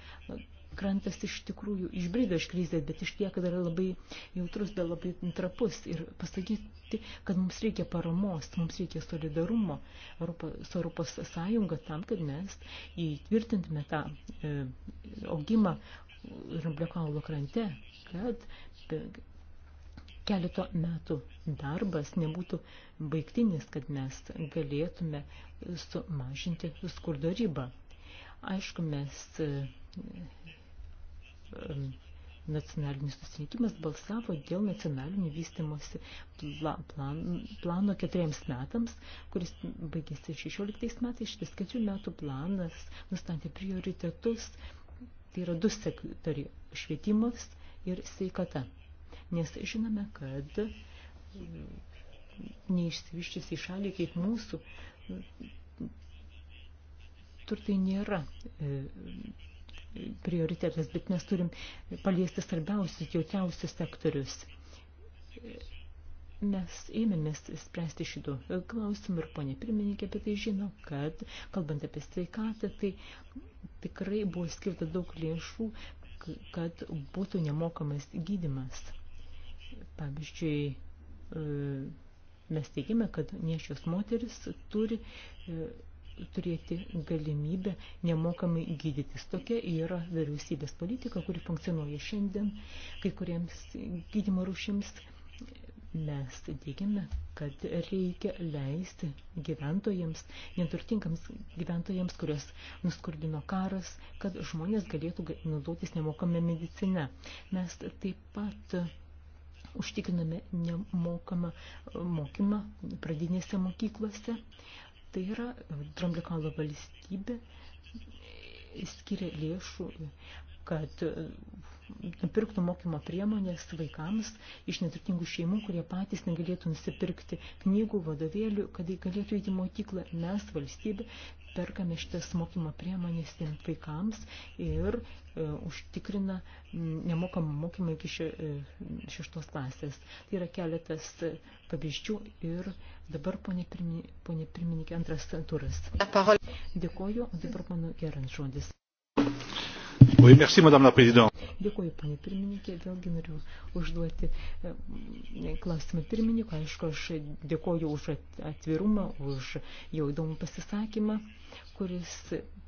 A: krantas iš tikrųjų išbrido iš krizės, bet iš tiek dar labai jautrus, dar labai trapus. Ir pasakyti, kad mums reikia paramos, mums reikia solidarumo Europa, su Europos Sąjunga tam, kad mes įtvirtintume tą e, augimą Ramblio kaulo krante, kad keleto metų darbas nebūtų baigtinis, kad mes galėtume sumažinti skurdo ribą. Aišku, mes e, Ehm, nacionalinis susirinkimas balsavo dėl nacionalinio vystimosi plan, plan, plano keturiems metams, kuris baigėsi 16 metais. Šitas keturių metų planas nustatė prioritetus, tai yra du sektoriai - švietimas ir sveikata. Nes žinome, kad neišsivyščiusiai šaliai kaip mūsų turtai nėra ehm, prioritetas, bet mes turim paliesti svarbiausius, jautriausius sektorius. Mes ėmėmės spręsti šitų klausimų ir ponė pirmininkė apie tai žino, kad kalbant apie sveikatą, tai tikrai buvo skirta daug lėšų, kad būtų nemokamas gydimas. Pavyzdžiui, e, mes teikime, kad niešios moteris turi e, turėti galimybę nemokamai gydytis. Tokia yra vyriausybės politika, kuri funkcionuoja šiandien. Kai kuriems gydymo rušims mes tikime, kad reikia leisti gyventojams, neturtinkams gyventojams, kurios nuskurdino karas, kad žmonės galėtų naudotis nemokamą mediciną. Mes taip pat užtikriname nemokamą mokymą pradinėse mokyklose, Tai yra e, Dramblio kalno valstybė e, skiria lėšų, kad e, nupirktų mokymo priemonės vaikams iš neturtingų šeimų, kurie patys negalėtų nusipirkti knygų, vadovėlių, kad galėtų įti mokyklą. Mes, valstybė, perkame šitas mokymo priemonės tiems vaikams ir e, užtikrina nemokamą mokymą iki še, e, šeštos klasės. Tai yra keletas e, pavyzdžių ir dabar, ponė, pirmi, ponė pirmininkė, antras turas. Dėkoju, o dabar mano geras žodis. Oui, merci, Madame la Présidente. Dėkuoju, panė pirmininkė, vėlgi noriu užduoti e, klausimą pirmininkui. Aišku, aš dėkuoju už atvirumą, už jau įdomų pasisakymą kuris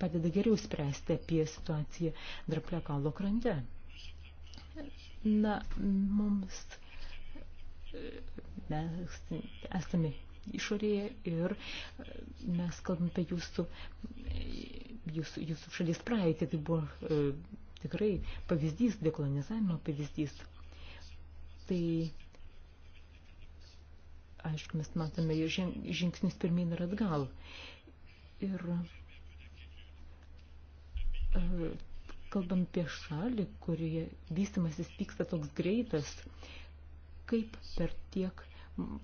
A: padeda geriau spręsti apie situaciją Draplekalo krante. Na, mums mes esame išorėje ir mes kalbam apie jūsų, jūsų, jūsų šalies praeitį. Tai buvo e, tikrai pavyzdys, dekolonizavimo pavyzdys. Tai aišku, mes matome žingsnius pirmin ir atgal. Ir kalbant apie šalį, kurioje vystimasis vyksta toks greitas, kaip per tiek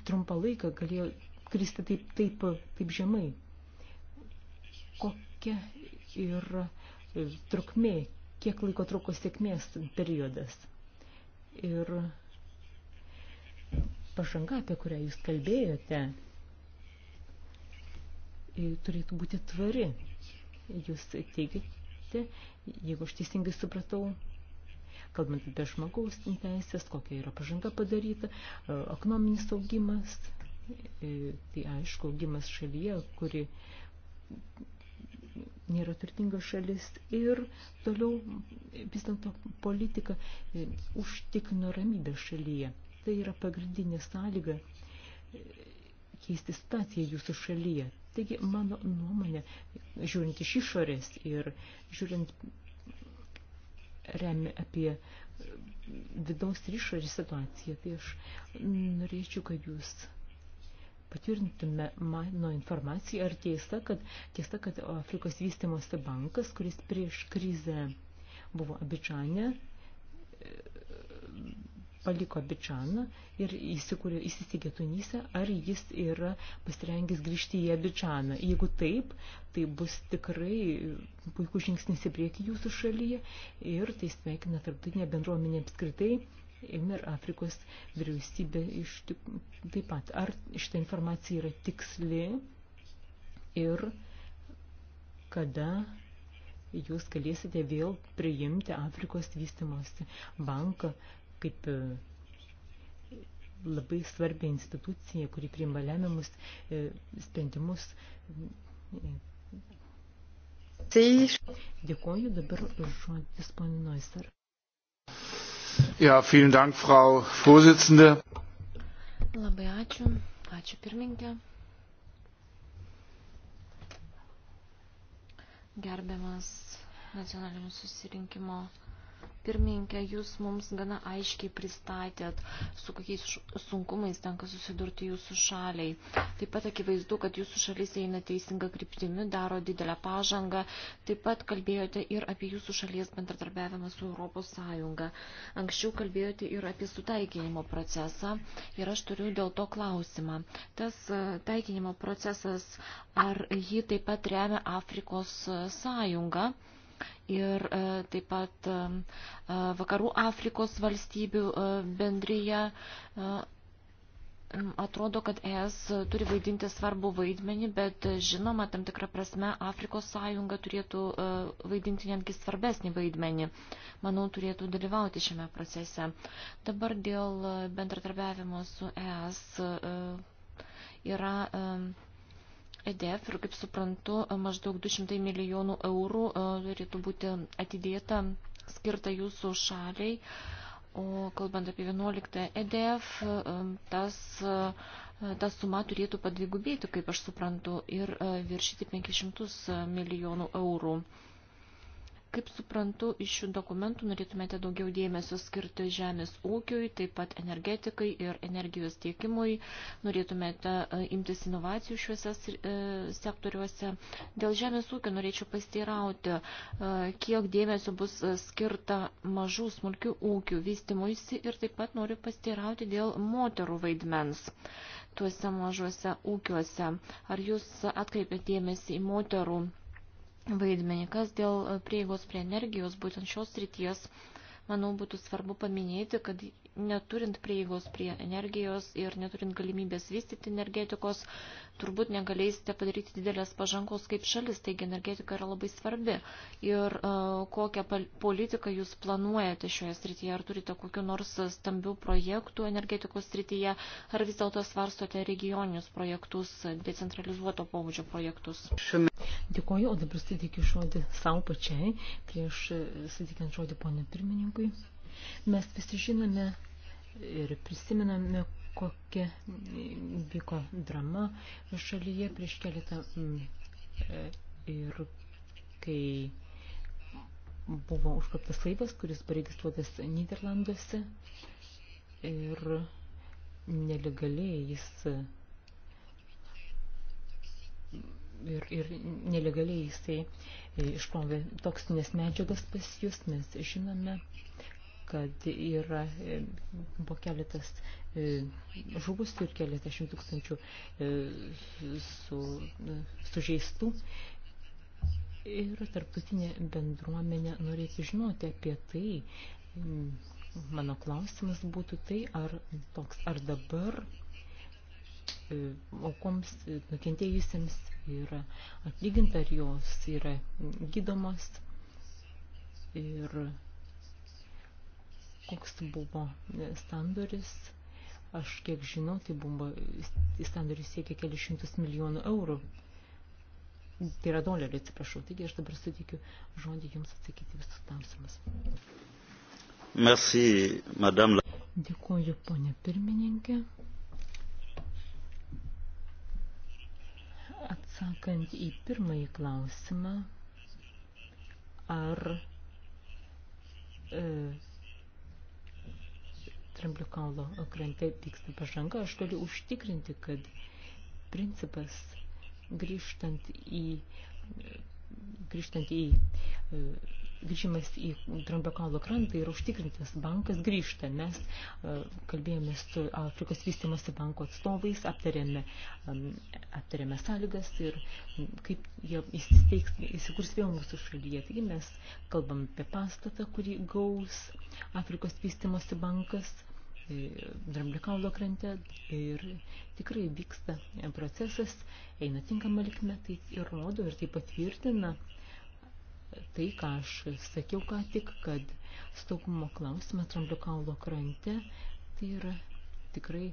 A: trumpą laiką galėjo kristi taip, taip, taip žemai. Kokia yra e, trukmė, kiek laiko truko sėkmės periodas. Ir pažanga, apie kurią jūs kalbėjote, e, turėtų būti tvari. Jūs teigiate, teisė, jeigu aš teisingai supratau, kalbant apie žmogaus teisės, kokia yra pažanga padaryta, e, ekonominis augimas, e, tai aišku, augimas šalyje, kuri nėra turtinga šalis ir toliau vis dėlto politika e, užtikrino ramybę šalyje. Tai yra pagrindinė sąlyga keisti staciją jūsų šalyje. Taigi, mano nuomonė, žiūrint iš išorės ir žiūrint remi apie vidaus ir išorės situaciją, tai aš norėčiau, kad jūs patvirtintume mano informaciją, ar tiesa, kad, tiesa, kad Afrikos vystimosi bankas, kuris prieš krizę buvo Abidžane, paliko Abidžaną ir įsikūrė, įsisteigė Tunise, ar jis yra pasirengęs grįžti į Abidžaną. Jeigu taip, tai bus tikrai puikus žingsnis į priekį jūsų šalyje ir tai sveikina tarptautinė bendruomenė apskritai. Ir Afrikos vyriausybė iš tik, taip pat. Ar šita informacija yra tiksli ir kada jūs galėsite vėl priimti Afrikos vystimosi banką, kaip e, labai svarbią instituciją, kuri priima lemiamus e, sprendimus. Tai Dėkuoju dabar žodis ponui Noiser.
B: Ja, vielen Dank, Frau Vorsitzende. Labai ačiū. Ačiū pirmininkė. Gerbiamas nacionalinio susirinkimo Pirmininkė, jūs mums gana aiškiai pristatėt, su kokiais sunkumais tenka susidurti jūsų šaliai. Taip pat akivaizdu, kad jūsų šalis eina teisinga kryptimi, daro didelę pažangą. Taip pat kalbėjote ir apie jūsų šalies bendradarbiavimą su Europos Sąjunga. Anksčiau kalbėjote ir apie sutaikinimo procesą ir aš turiu dėl to klausimą. Tas e, taikinimo procesas, ar jį taip pat remia Afrikos e, Sąjunga? ir e, taip pat e, e, Vakarų Afrikos valstybių bendryje. Atrodo, kad ES turi vaidinti svarbu vaidmenį, bet žinoma, tam tikrą prasme Afrikos sąjunga turėtų vaidinti netgi svarbesnį vaidmenį. Manau, turėtų dalyvauti šiame procese. Dabar dėl bendratarbiavimo su ES yra EDF ir, kaip suprantu, maždaug 200 milijonų eurų e, turėtų būti atidėta, skirta jūsų šaliai. O kalbant apie 11 EDF, e, tas, e, tas suma turėtų padvigubėti, kaip aš suprantu, ir viršyti 500 milijonų eurų. Kaip suprantu, iš šių dokumentų norėtumėte daugiau dėmesio skirti žemės ūkiui, taip pat energetikai ir energijos tiekimui, norėtumėte e, imtis inovacijų šiuose e, sektoriuose. Dėl žemės ūkio norėčiau pasteirauti, e, kiek dėmesio bus skirta mažų smulkių ūkių vystimuisi ir taip pat noriu pasteirauti dėl moterų vaidmens tuose mažuose ūkiuose. Ar jūs atkreipėte dėmesį į moterų vaidmenį. Kas dėl e, prieigos prie energijos, būtent šios ryties, manau, būtų svarbu paminėti, kad neturint prieigos prie energijos ir neturint galimybės vystyti energetikos, turbūt negalėsite padaryti didelės pažangos kaip šalis, taigi energetika yra labai svarbi. Ir uh, kokią politiką jūs planuojate šioje srityje, ar turite kokiu nors stambių projektų energetikos srityje, ar vis dėlto svarstote regioninius projektus, decentralizuoto
A: pobūdžio projektus. Dėkuoju, o dabar sutikiu žodį savo pačiai, prieš e, sutikiant žodį ponė pirmininkui. Mes visi žinome ir prisiminame, kokia vyko drama šalyje prieš keletą e, ir kai buvo užkaptas laivas, kuris paregistruotas Niderlanduose ir nelegaliai jis ir, ir nelegaliai jisai iškrovė toksinės medžiagas pas jūs, mes žinome, kad yra, e, buvo keletas e, žuvusių ir keletas šimtų tūkstančių e, su, sužeistų. Ir tarptautinė bendruomenė norėtų žinoti apie tai. Mano klausimas būtų tai, ar, toks, ar dabar aukoms nukentėjusiems yra atlyginta, ar jos yra gydomos ir koks buvo sandoris. Aš kiek žinau, tai buvo, sandoris siekia kelius šimtus milijonų eurų. Tai yra dolerių, atsiprašau. Taigi aš dabar sutikiu žodį jums atsakyti visus klausimus. Merci, madame. Dėkuoju, ponė pirmininkė. Atsakant į pirmąjį klausimą, ar e, Dramblio kalno krante vyksta pažanga, aš galiu užtikrinti, kad principas grįžtant į grįžtant į grįžimas į Dramblio kalno krantą yra užtikrintas. Bankas grįžta. Mes e, kalbėjome su Afrikos vystimosi banko atstovais, aptarėme, aptarėme sąlygas ir kaip jie įsisteigs, įsikurs vėl mūsų šalyje. Taigi mes kalbam apie pastatą, kurį gaus Afrikos vystimosi bankas E, Dramblikaulio krante ir tikrai vyksta procesas, eina tinkama likme, tai ir rodo ir tai patvirtina tai, ką aš sakiau ką tik, kad staugumo klausimas Dramblikaulio krante tai yra tikrai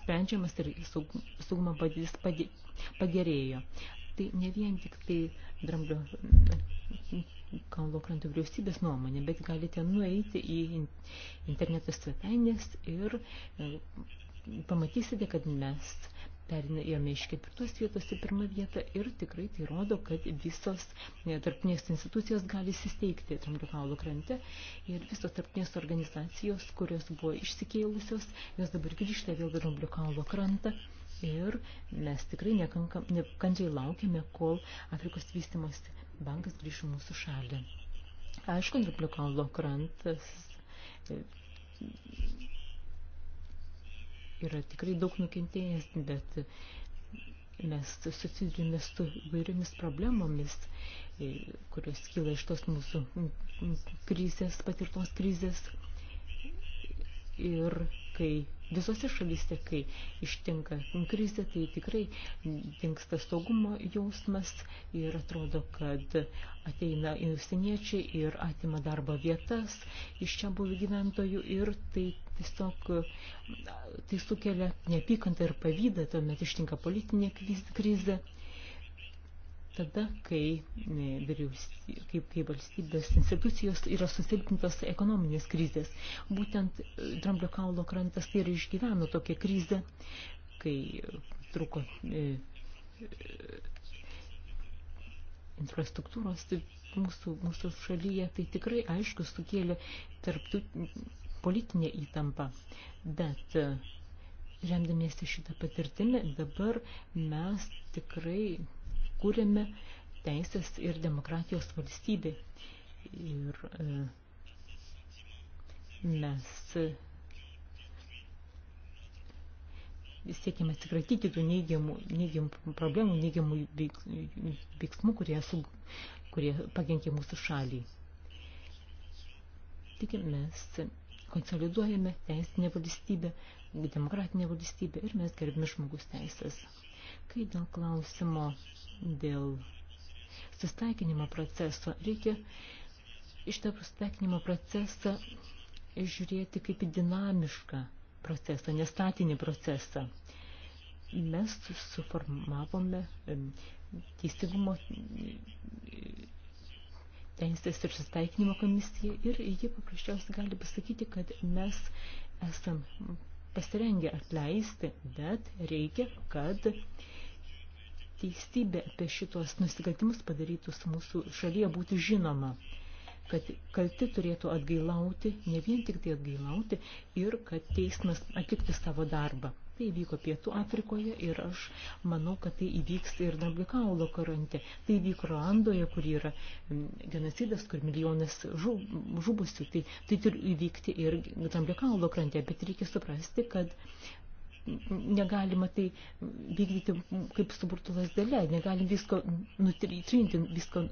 A: sprendžiamas ir saugumo padės, padė, pagerėjo. Tai ne vien tik tai dramblio Kalvo krantų vyriausybės nuomonė, bet galite nueiti į interneto svetainės ir e, pamatysite, kad mes perinėjome iš ketvirtos vietos į pirmą vietą ir tikrai tai rodo, kad visos e, tarptinės institucijos gali įsisteigti Tramblio kaulo krante ir visos tarptinės organizacijos, kurios buvo išsikėlusios, jos dabar grįžta vėl į Tramblio kaulo krantą. Ir mes tikrai nekankam, nekandžiai laukiame, kol Afrikos vystimosi bankas grįžo mūsų šalį. Aišku, replikavo krantas. E, yra tikrai daug nukentėjęs, bet mes susidurime su vairiomis problemomis, e, kurios kyla iš tos mūsų krizės, patirtos krizės. Ir kai visose šalyse, kai ištinka krizė, tai tikrai dinksta saugumo jausmas ir atrodo, kad ateina užsieniečiai ir atima darbo vietas iš čia buvų gyventojų ir tai tiesiog tai sukelia neapykantą ir pavydą, tuomet ištinka politinė krizė tada, kai, e, kai, kai valstybės institucijos yra susilpintos ekonominės krizės. Būtent e, Dramblio kaulo krantas tai ir išgyveno tokią krizę, kai truko e, e, infrastruktūros tai mūsų, mūsų šalyje, tai tikrai aišku sukėlė tarptų politinė įtampa. Bet e, remdamiesi šitą patirtimį, dabar mes tikrai kūrėme teisės ir demokratijos valstybė. Ir e, mes e, siekime atsikratyti tų neigiamų, neigiamų problemų, neigiamų veiksmų, kurie, su, kurie pakenkė mūsų šaliai. Taigi mes konsoliduojame teisinę valstybę, demokratinę valstybę ir mes gerbime žmogus teisės. Kai dėl klausimo dėl sustaikinimo proceso reikia iš tą sustaikinimo procesą žiūrėti kaip į dinamišką procesą, nestatinį procesą. Mes suformavome teisingumo teisės ir sustaikinimo komisija ir ji paprasčiausiai gali pasakyti, kad mes esam pasirengę atleisti, bet reikia, kad teistybė apie šitos nusikaltimus padarytus mūsų šalyje būtų žinoma kad kalti turėtų atgailauti, ne vien tik tai atgailauti, ir kad teismas atlikti savo darbą. Tai vyko Pietų Afrikoje ir aš manau, kad tai įvyks ir Nablikaulo karante. Tai vyko Ruandoje, kur yra genocidas, kur milijonas žub, žubusių. Tai, tai turi įvykti ir Nablikaulo krante, bet reikia suprasti, kad negalima tai vykdyti kaip suburtų lasdelė, negalim visko nutrinti, visko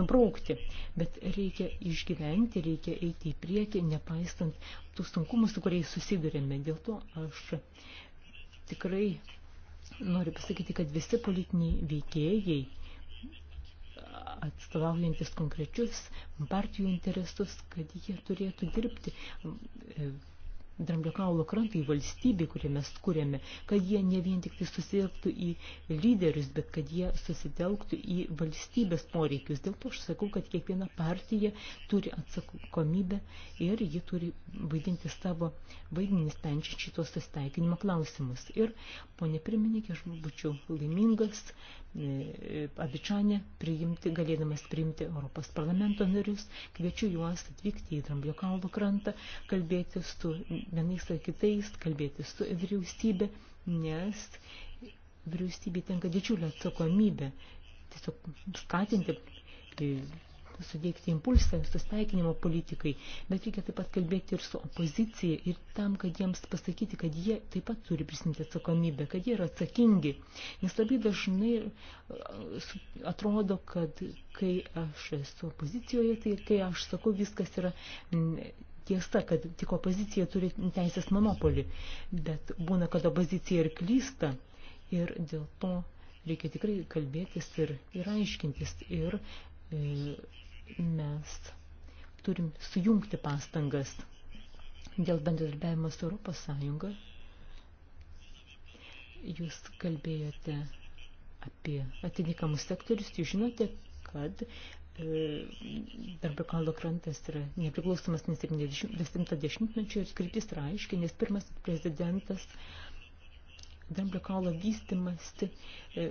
A: nubraukti, bet reikia išgyventi, reikia eiti į priekį, nepaistant tų sunkumų, su kuriais susidurėme. Dėl to aš tikrai noriu pasakyti, kad visi politiniai veikėjai, atstovaujantis konkrečius partijų interesus, kad jie turėtų dirbti dramblio kaulo krantą, į valstybę, kurią mes kūrėme, kad jie ne vien tik tai susitelktų į lyderius, bet kad jie susitelktų į valstybės poreikius. Dėl to aš sakau, kad kiekviena partija turi atsakomybę ir ji turi vaidinti savo vaidmenį, sprendžiant šitos susitaikinimo klausimus. Ir, ponė pirmininkė, aš būčiau laimingas Abidžane, priimti, galėdamas priimti Europos parlamento narius. Kviečiu juos atvykti į Dramblio kalvo krantą, kalbėti su vienais ar kitais, kalbėti su vyriausybė, nes vyriausybė tenka didžiulę atsakomybę tiesiog skatinti suteikti impulsą susitaikinimo politikai, bet reikia taip pat kalbėti ir su opozicija ir tam, kad jiems pasakyti, kad jie taip pat turi prisimti atsakomybę, kad jie yra atsakingi. Nes labai dažnai e, atrodo, kad kai aš esu opozicijoje, tai kai aš sakau, viskas yra tiesa, kad tik opozicija turi teisės monopolį, bet būna, kad opozicija ir klysta ir dėl to reikia tikrai kalbėtis ir, ir aiškintis ir mes turim sujungti pastangas dėl bendradarbiavimo su Europos Sąjunga. Jūs kalbėjote apie atitinkamus sektorius, jūs žinote, kad e, Darbo kalno krantas yra nepriklausomas nes 70-mečio ir skriptis yra aiškiai, nes pirmas prezidentas uh, dramblio kaulo vystimasti e,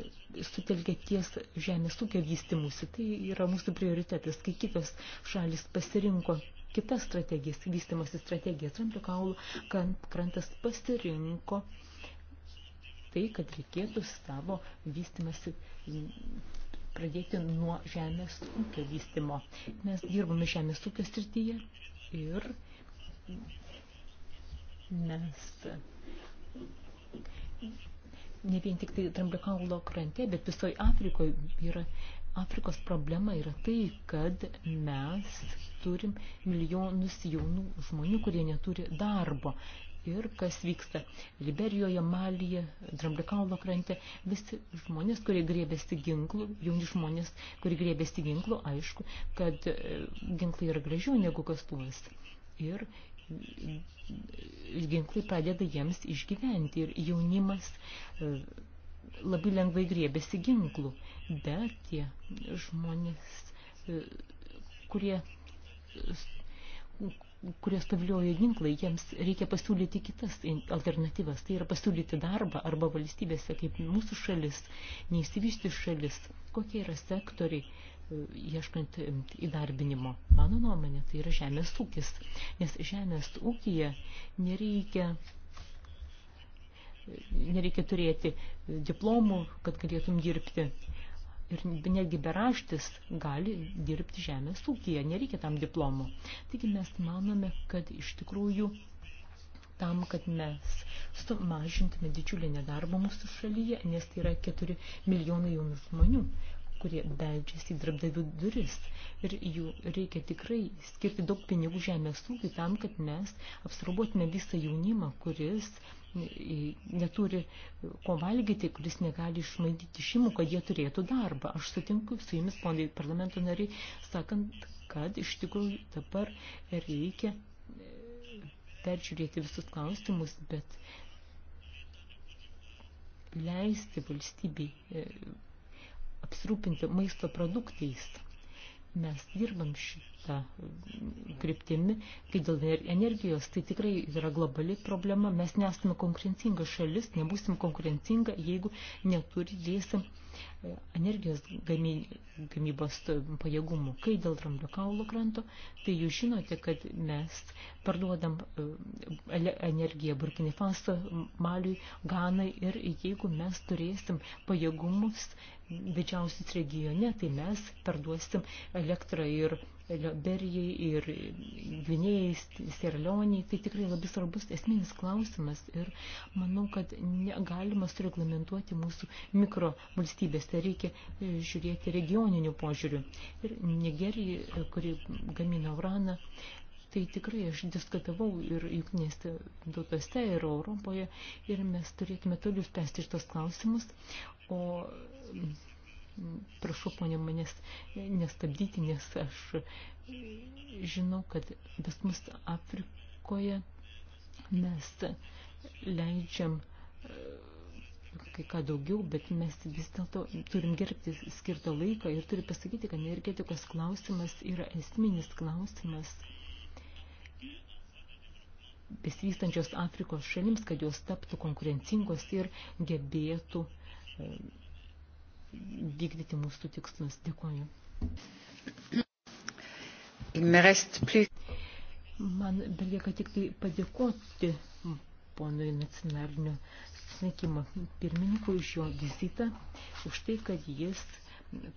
A: sutelkia ties žemės ūkio vystimusi. Tai yra mūsų prioritetas, kai kitos šalis pasirinko kitas strategijas, vystimasi strategijas. Dramblio kaulo krantas pasirinko tai, kad reikėtų savo vystimasi pradėti nuo žemės ūkio vystimo. Mes dirbame žemės ūkio srityje ir mes ne vien tik tai Tramblikaulo krante, bet visoje Afrikoje yra Afrikos problema yra tai, kad mes turim milijonus jaunų žmonių, kurie neturi darbo. Ir kas vyksta Liberijoje, Malyje, Dramblikaulo krante, visi žmonės, kurie grėbėsi ginklų, jauni žmonės, kurie grėbėsi ginklų, aišku, kad e, ginklai yra gražiau negu kastuvas. Ir ginklai padeda jiems išgyventi ir jaunimas e, labai lengvai griebėsi ginklų, bet tie žmonės, e, kurie kurie stabiliuoja ginklai, jiems reikia pasiūlyti kitas alternatyvas. Tai yra pasiūlyti darbą arba valstybėse, kaip mūsų šalis, neįsivysti šalis, kokie yra sektoriai, ieškant įdarbinimo. Mano nuomonė, tai yra žemės ūkis, nes žemės ūkija nereikia nereikia turėti diplomų, kad galėtum dirbti. Ir netgi beraštis gali dirbti žemės ūkija, nereikia tam diplomų. Taigi mes manome, kad iš tikrųjų tam, kad mes sumažintume didžiulį nedarbą mūsų šalyje, nes tai yra 4 milijonai jaunų žmonių kurie beldžiasi į darbdavių duris. Ir jų reikia tikrai skirti daug pinigų žemės ūkiui tam, kad mes apsaugotume visą jaunimą, kuris e, e, neturi ko valgyti, kuris negali išmaityti šimų, kad jie turėtų darbą. Aš sutinku su jumis, poniai parlamento nariai, sakant, kad iš tikrųjų dabar reikia e, peržiūrėti visus klausimus, bet leisti valstybei apsirūpinti maisto produktais. Mes dirbam šitą kryptimi, kai dėl energijos tai tikrai yra globali problema, mes nesame konkurencinga šalis, nebūsim konkurencinga, jeigu neturėsim e, energijos gamybos pajėgumų. Kai dėl dramblio kaulo kranto, tai jūs žinote, kad mes parduodam e, energiją Burkina Faso, Maliui, Ganai ir jeigu mes turėsim pajėgumus didžiausius regione, tai mes parduosim elektrą ir Berijai ir Gvinėjai, Sierleoniai, tai tikrai labai svarbus esminis klausimas ir manau, kad negalima sureglamentuoti mūsų mikro valstybės, tai reikia e, žiūrėti regioninių požiūrių. Ir Nigerija, e, kuri gamina uraną, tai tikrai aš diskutavau ir jungtinėse tautose, ir Europoje, ir mes turėtume toliau spręsti šitos klausimus, o prašau, ponė, manęs nestabdyti, nes aš žinau, kad pas mus Afrikoje mes leidžiam e, kai ką daugiau, bet mes vis dėlto turim gerbti skirtą laiką ir turiu pasakyti, kad energetikos klausimas yra esminis klausimas besivystančios Afrikos šalims, kad jos taptų konkurencingos ir gebėtų e, vykdyti mūsų tikslus. Dėkuoju. Man belieka tik tai padėkoti ponui nacionalinio susitikimo pirmininkui už jo vizitą, už tai, kad jis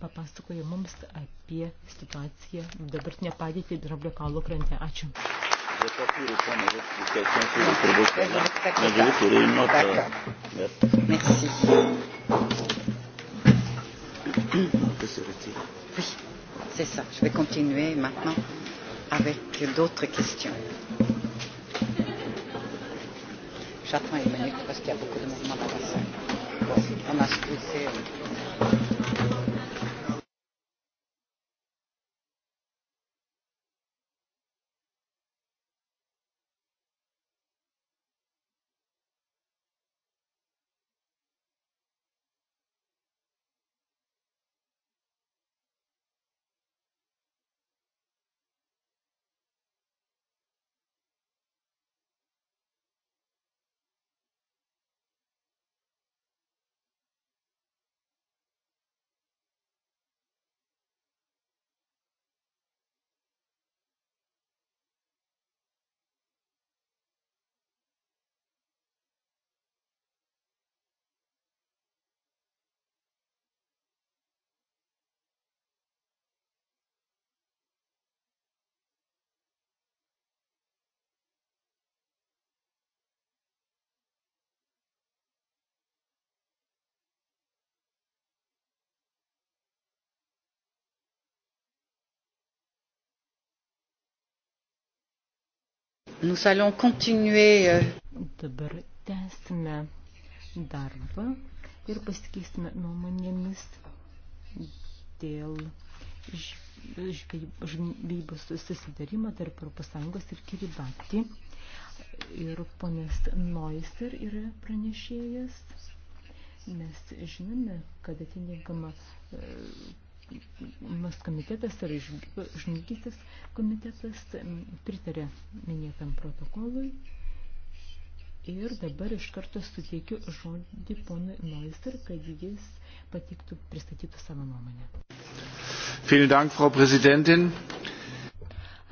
A: papasakoja mums apie situaciją dabartinę padėtį Drablio kalno krante. Ačiū.
C: Merci.
A: Oui, c'est ça. Je vais continuer maintenant avec d'autres questions. J'attends une minute parce qu'il y a beaucoup de mouvements dans la salle. Bon, on a expulsé. Euh, Nous allons continuer. Euh, Dabar tęsime darbą ir pasikeisime nuomonėmis dėl žvejybos susidarimo tarp Europos Sąjungos ir Kiribati. Ir ponas Noiser yra pranešėjas. Mes žinome, kad atitinkama Mas komitetas ir žmogytis komitetas pritarė minėtam protokolui. Ir dabar iš karto suteikiu žodį ponui Noister, kad jis patiktų, pristatytų savo nuomonę.
B: Vielen Dank, Frau Präsidentin.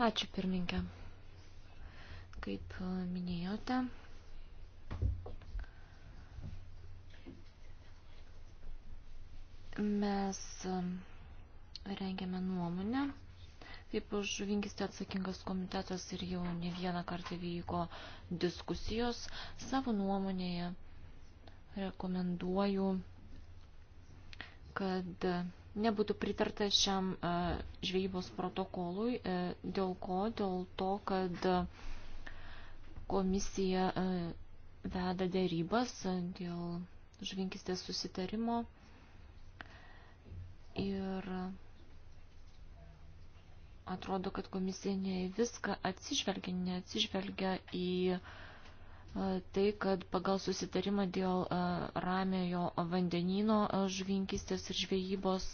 B: Ačiū, pirmininkė. Kaip minėjote, mes rengiame nuomonę. Kaip už žuvinkistę atsakingas komitetas ir jau ne vieną kartą vyko diskusijos, savo nuomonėje rekomenduoju, kad nebūtų pritarta šiam e, žvejybos protokolui, e, dėl ko? Dėl to, kad komisija e, veda dėrybas dėl žvinkistės susitarimo ir atrodo, kad komisija ne viską atsižvelgia, neatsižvelgia į e, tai, kad pagal susitarimą dėl e, ramėjo vandenino e, žuvinkistės ir žvejybos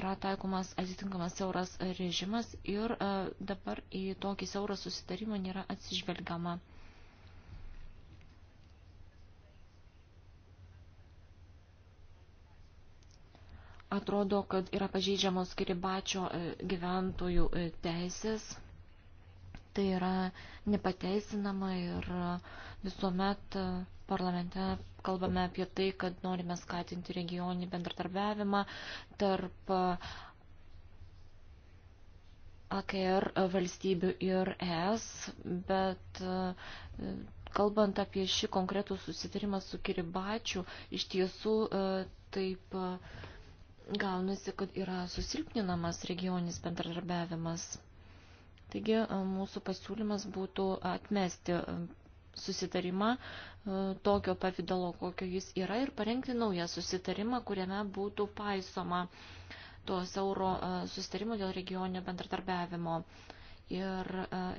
B: yra taikomas atitinkamas siauras režimas ir dabar į tokį siaurą susitarimą nėra atsižvelgiama. atrodo, kad yra pažeidžiamos Kiribačio e, gyventojų e, teisės. Tai yra nepateisinama ir visuomet e, parlamente kalbame apie tai, kad norime skatinti regioninį bendratarbiavimą tarp AKR valstybių ir ES, bet kalbant apie šį konkretų susitarimą su Kiribačiu, iš tiesų taip gaunasi, kad yra susilpninamas regioninis bendradarbiavimas. Taigi e, mūsų pasiūlymas būtų atmesti e, susitarimą e, tokio pavydalo, kokio jis yra, ir parengti naują susitarimą, kuriame būtų paisoma tos euro susitarimo dėl regioninio bendradarbiavimo. Ir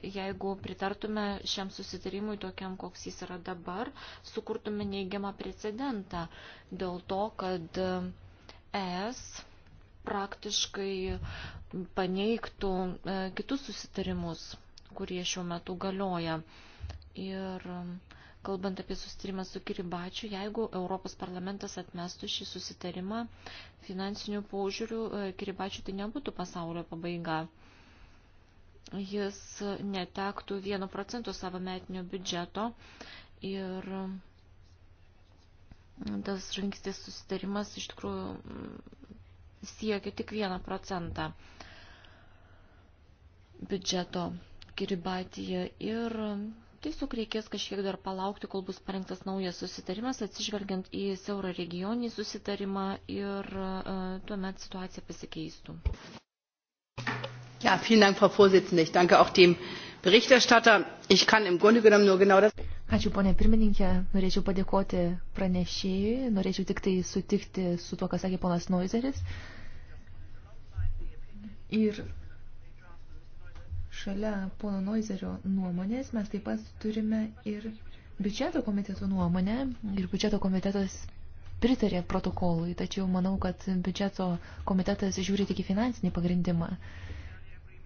B: jeigu pritartume šiam susitarimui tokiam, koks jis yra dabar, sukurtume neigiamą precedentą dėl to, kad ES praktiškai paneigtų e, kitus susitarimus, kurie šiuo metu galioja. Ir kalbant apie susitarimą su Kiribačiu, jeigu Europos parlamentas atmestų šį susitarimą finansinių paužiūrių, e, Kiribačiu tai nebūtų pasaulio pabaiga. Jis netektų 1 procento savo metinio biudžeto ir tas žankstės susitarimas iš tikrųjų mm, siekia tik vieną procentą biudžeto Kiribatyje ir tiesiog reikės kažkiek dar palaukti, kol bus parengtas naujas susitarimas, atsižvelgiant į siaurą regionį susitarimą ir e, tuomet situacija pasikeistų.
A: Ja, vielen Dank, Frau Vorsitzende. Ich danke auch dem Berichterstatter. Ich kann im Grunde genommen nur genau das. Ačiū,
C: ponė pirmininkė. Norėčiau padėkoti pranešėjui. Norėčiau tik tai sutikti su tuo, ką sakė ponas Noizeris. Ir šalia pono Noizerio nuomonės mes taip pat turime ir biudžeto komiteto nuomonę. Ir biudžeto komitetas pritarė protokolui, tačiau manau, kad biudžeto komitetas žiūri tik į finansinį pagrindimą.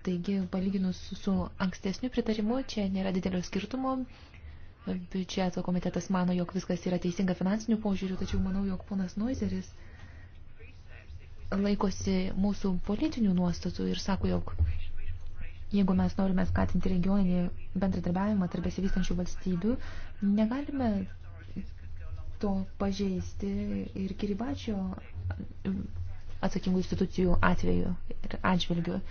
C: Taigi, palyginus su ankstesniu pritarimu, čia nėra didelio skirtumo biudžeto komitetas mano, jog viskas yra teisinga finansinių požiūrių, tačiau manau, jog ponas Noizeris laikosi mūsų politinių nuostatų ir sako, jog jeigu mes norime skatinti regioninį bendradarbiavimą tarp besivystančių valstybių, negalime to pažeisti ir Kiribačio atsakingų institucijų atveju ir atžvilgiu.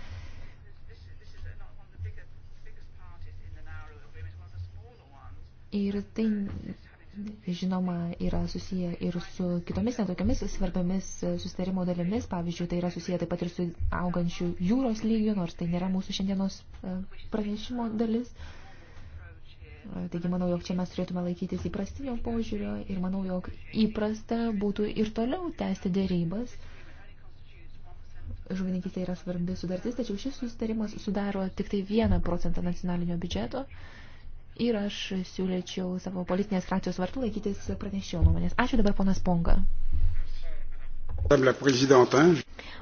C: Ir tai, žinoma, yra susiję ir su kitomis netokiamis svarbiamis susitarimo dalimis. Pavyzdžiui, tai yra susiję taip pat ir su augančiu jūros lygiu, nors tai nėra mūsų šiandienos e, pranešimo dalis. Taigi, manau, jog čia mes turėtume laikytis įprastinio požiūrio ir manau, jog įprasta būtų ir toliau tęsti dėrybas. Žuvininkystė yra svarbi sudartis, tačiau šis susitarimas sudaro tik tai vieną procentą nacionalinio biudžeto. Uh, Ir aš siūlyčiau savo
A: politinės frakcijos vartų laikytis pranešėjo nuomonės. Ačiū dabar ponas Ponga.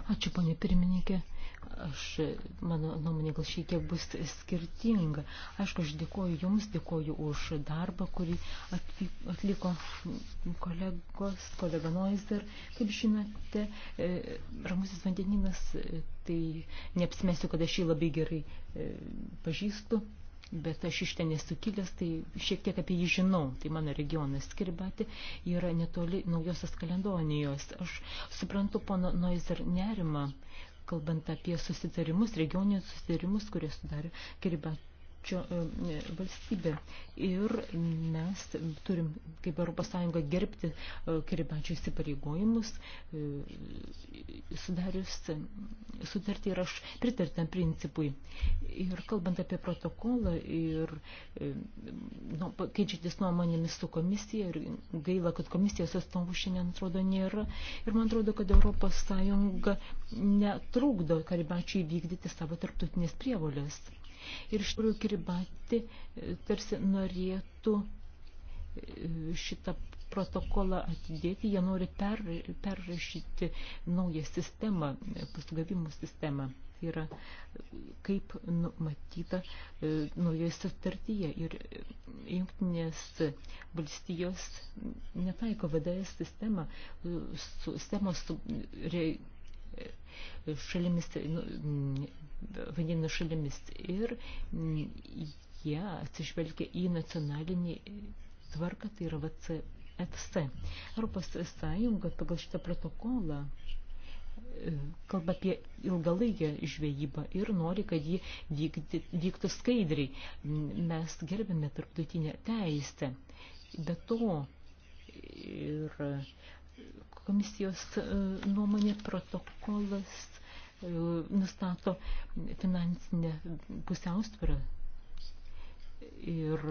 A: Ačiū, ponė pirmininkė. Aš, mano nuomonė, gal šiek tiek bus skirtinga. Aišku, aš dėkoju Jums, dėkoju už darbą, kurį atliko kolegos, kolega Noizer. Kaip žinote, e, Ramusis Vandeninas, e, tai neapsimesiu, kad aš jį labai gerai e, pažįstu bet aš iš ten esu kilęs, tai šiek tiek apie jį žinau. Tai mano regionas Kiribati yra netoli naujosios kalendonijos. Aš suprantu pono Noizer nerimą, kalbant apie susitarimus, regioninius susitarimus, kurie sudarė Kiribati sukčių e, valstybė. Ir mes turim, kaip Europos Sąjunga, gerbti e, kiribačių įsipareigojimus, e, sudarius sutartį ir aš pritartam principui. Ir kalbant apie protokolą ir nu, keičiantis nuomonėmis su komisija, ir gaila, kad komisijos atstovų šiandien atrodo nėra. Ir man atrodo, kad Europos Sąjunga netrukdo karibačių įvykdyti savo tarptautinės prievolės. Ir iš tikrųjų Kiribati e, tarsi norėtų e, šitą protokolą atidėti, jie nori per, perrašyti naują sistemą, e, pasgavimų sistemą. Tai yra kaip numatyta naujoje sutartyje ir jungtinės valstijos netaiko VDS sistemą, su, sistemos su, re, šalimis, nu, vadinamis šalimis ir jie atsižvelgia į nacionalinį tvarką, tai yra VCFC. Europos Sąjunga pagal šitą protokolą e, kalba apie ilgalaikę žvejybą ir nori, kad ji vykti, vyktų skaidriai. Mes gerbėme tarptautinę teistę. Be to ir komisijos e, nuomonė protokolas e, nustato finansinę pusiausvyrą ir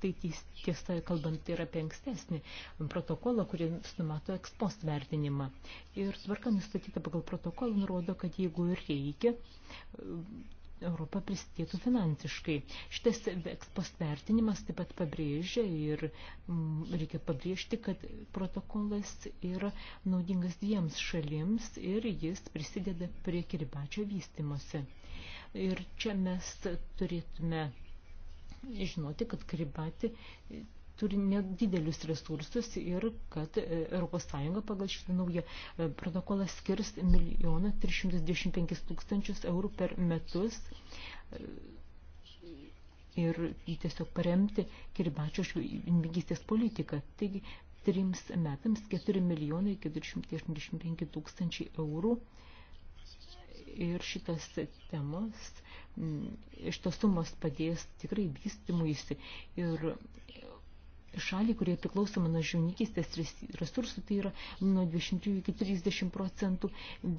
A: tai tiesa, kalbant ir apie ankstesnį protokolą, kurį numato ekspost vertinimą. Ir tvarka nustatyta pagal protokolą nurodo, kad jeigu reikia, Europa prisidėtų finansiškai. Šitas ekspost vertinimas taip pat pabrėžia ir mm, reikia pabrėžti, kad protokolas yra naudingas dviems šalims ir jis prisideda prie kiribačio vystimuose. Ir čia mes turėtume žinoti, kad Kribati turi nedidelius resursus ir kad ES pagal šitą naują e, protokolą skirs 1 325 tūkstančius eurų per metus e, ir tiesiog paremti Kiribačio žvejybininkystės politiką. Taigi, trims metams 4 milijonai 485 tūkstančiai eurų ir šitas temos, šitos sumos padės tikrai vystimuisi ir šalį, kurie priklausoma nuo žuvininkystės resursų, tai yra nuo 20 iki 30 procentų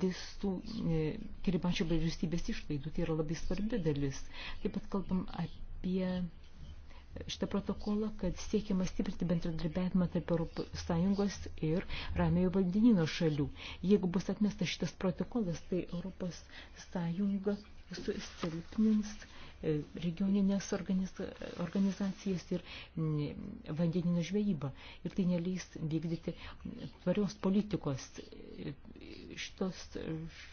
A: visų e, Kiribačio valstybės išlaidų. Tai yra labai svarbi dalis. Taip pat kalbam apie šitą protokolą, kad siekiama stiprinti bendradarbiavimą tarp Europos Sąjungos ir Ramiojo vandenino šalių. Jeigu bus atmestas šitas protokolas, tai Europos Sąjunga susilpnins uh, regioninės organizacijas ir vandeninio žvejybą. Ir tai neleis vykdyti tvarios politikos. Šitos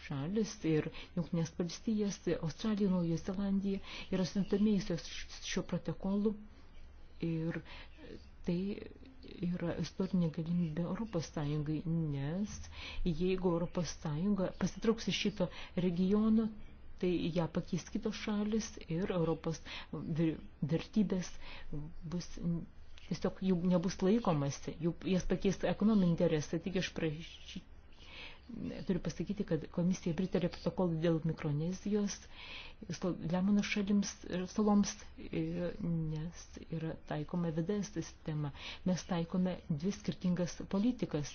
A: šalis ir Junktinės valstijas, Australija, Naujoje Zelandija yra sintamėjusios šio protokolu ir tai yra istorinė galimybė Europos Sąjungai, nes jeigu Europos Sąjunga pasitrauks iš šito regiono, tai ją pakeis kitos šalis ir Europos vertybės bus tiesiog jų nebus laikomasi, jų, jas pakeis ekonominį interesą. Tik aš prašy, turiu pasakyti, kad komisija pritarė protokolų dėl Mikronezijos, Lemono šalims ir saloms, nes yra taikoma VDS sistema. Mes taikome dvi skirtingas politikas,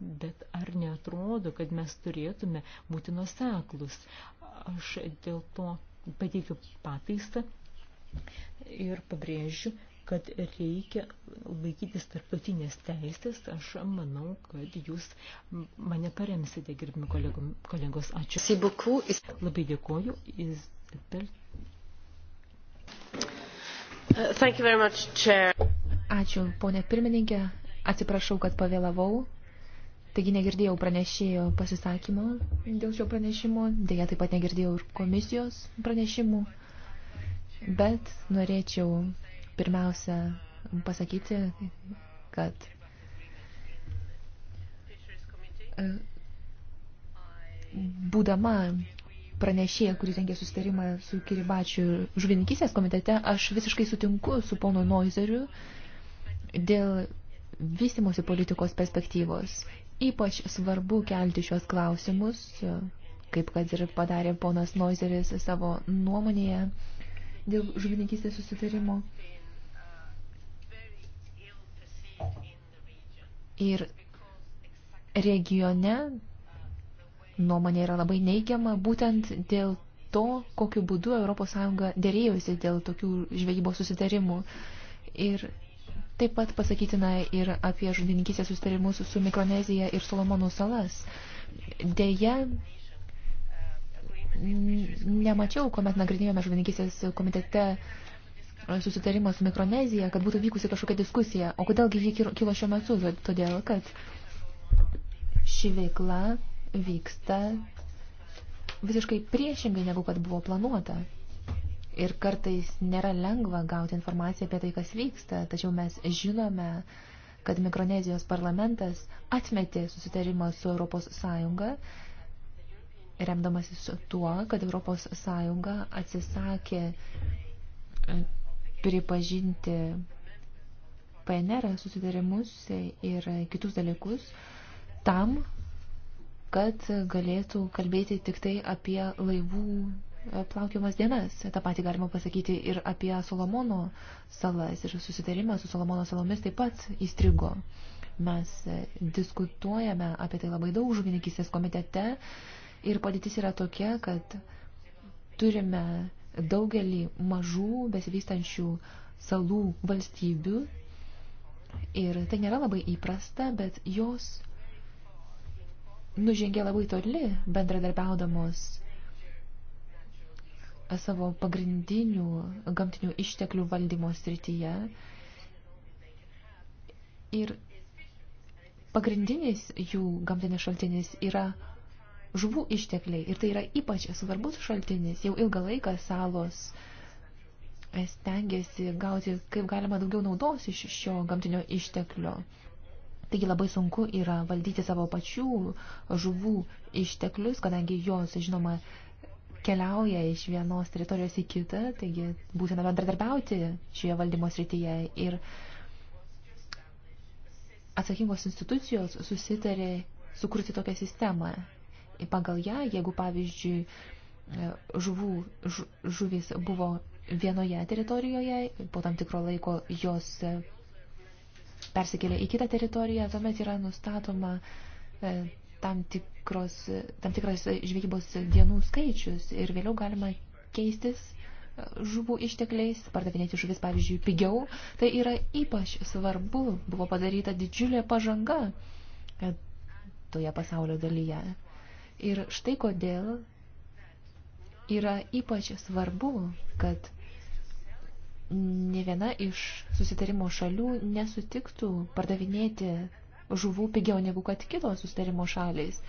A: bet ar neatrodo, kad mes turėtume būti nuseklus? Aš dėl to pateikiu pataisą ir pabrėžiu, kad reikia laikytis tarptautinės teisės. Aš manau, kad jūs mane paremsite, gerbimi kolegos. Ačiū. Labai dėkoju. Uh, thank you very much, Chair.
C: Ačiū, ponė pirmininkė. Atsiprašau, kad pavėlavau. Taigi negirdėjau pranešėjo pasisakymo dėl šio pranešimo, dėja taip pat negirdėjau ir komisijos pranešimų, bet norėčiau pirmiausia pasakyti, kad e, būdama pranešėja, kuri rengė susitarimą su Kiribačių žuvininkysės komitete, aš visiškai sutinku su ponu Noizeriu dėl vystimosi politikos perspektyvos ypač svarbu kelti šios klausimus, kaip kad ir padarė ponas Noizeris savo nuomonėje dėl žuvininkystės susitarimo. Ir regione nuomonė yra labai neigiama būtent dėl to, kokiu būdu ES dėrėjosi dėl tokių žvejybos susitarimų. Ir Taip pat pasakytina ir apie žudininkysės sustarimus su Mikronezija ir Solomonų salas. Deja, nemačiau, kuomet nagrinėjome žuvininkysės komitete susitarimą su Mikronezija, kad būtų vykusi kažkokia diskusija. O kodėlgi ji kilo šiuo metu? Todėl, kad ši veikla vyksta visiškai priešingai, negu kad buvo planuota. Ir kartais nėra lengva gauti informaciją apie tai, kas vyksta, tačiau mes žinome, kad Mikronezijos parlamentas atmetė susitarimą su Europos Sąjunga, remdamasis tuo, kad Europos Sąjunga atsisakė e, pripažinti PNR susitarimus ir kitus dalykus tam, kad galėtų kalbėti tik tai apie laivų E, plaukiamas dienas. Ta pati galima pasakyti ir apie Solomono salas ir susitarimas su Solomono salomis taip pat įstrigo. Mes e, diskutuojame apie tai labai daug žuvininkystės komitete ir padėtis yra tokia, kad turime daugelį mažų besivystančių salų valstybių ir tai nėra labai įprasta, bet jos nužengė labai toli bendradarbiaudamos savo pagrindinių gamtinių išteklių valdymo srityje. Ir pagrindinis jų gamtinis šaltinis yra žuvų ištekliai. Ir tai yra ypač svarbus šaltinis. Jau ilgą laiką salos stengiasi gauti kaip galima daugiau naudos iš šio gamtinio išteklio. Taigi labai sunku yra valdyti savo pačių žuvų išteklius, kadangi jos, žinoma, keliauja iš vienos teritorijos į kitą, taigi būtina bendradarbiauti šioje valdymo srityje. Ir atsakingos institucijos susitarė sukurti tokią sistemą. Ir pagal ją, jeigu pavyzdžiui žuvų, žuvis buvo vienoje teritorijoje, po tam tikro laiko jos persikėlė į kitą teritoriją, tuomet yra nustatoma e, tam, tikros, tam tikras žvejybos dienų skaičius ir vėliau galima keistis e, žuvų ištekliais, pardavinėti žuvis, pavyzdžiui, pigiau. Tai yra ypač svarbu, buvo padaryta didžiulė pažanga e, toje pasaulio dalyje. Ir štai kodėl yra ypač svarbu, kad ne viena iš susitarimo šalių nesutiktų pardavinėti žuvų pigiau negu kad kitos susitarimo šalys.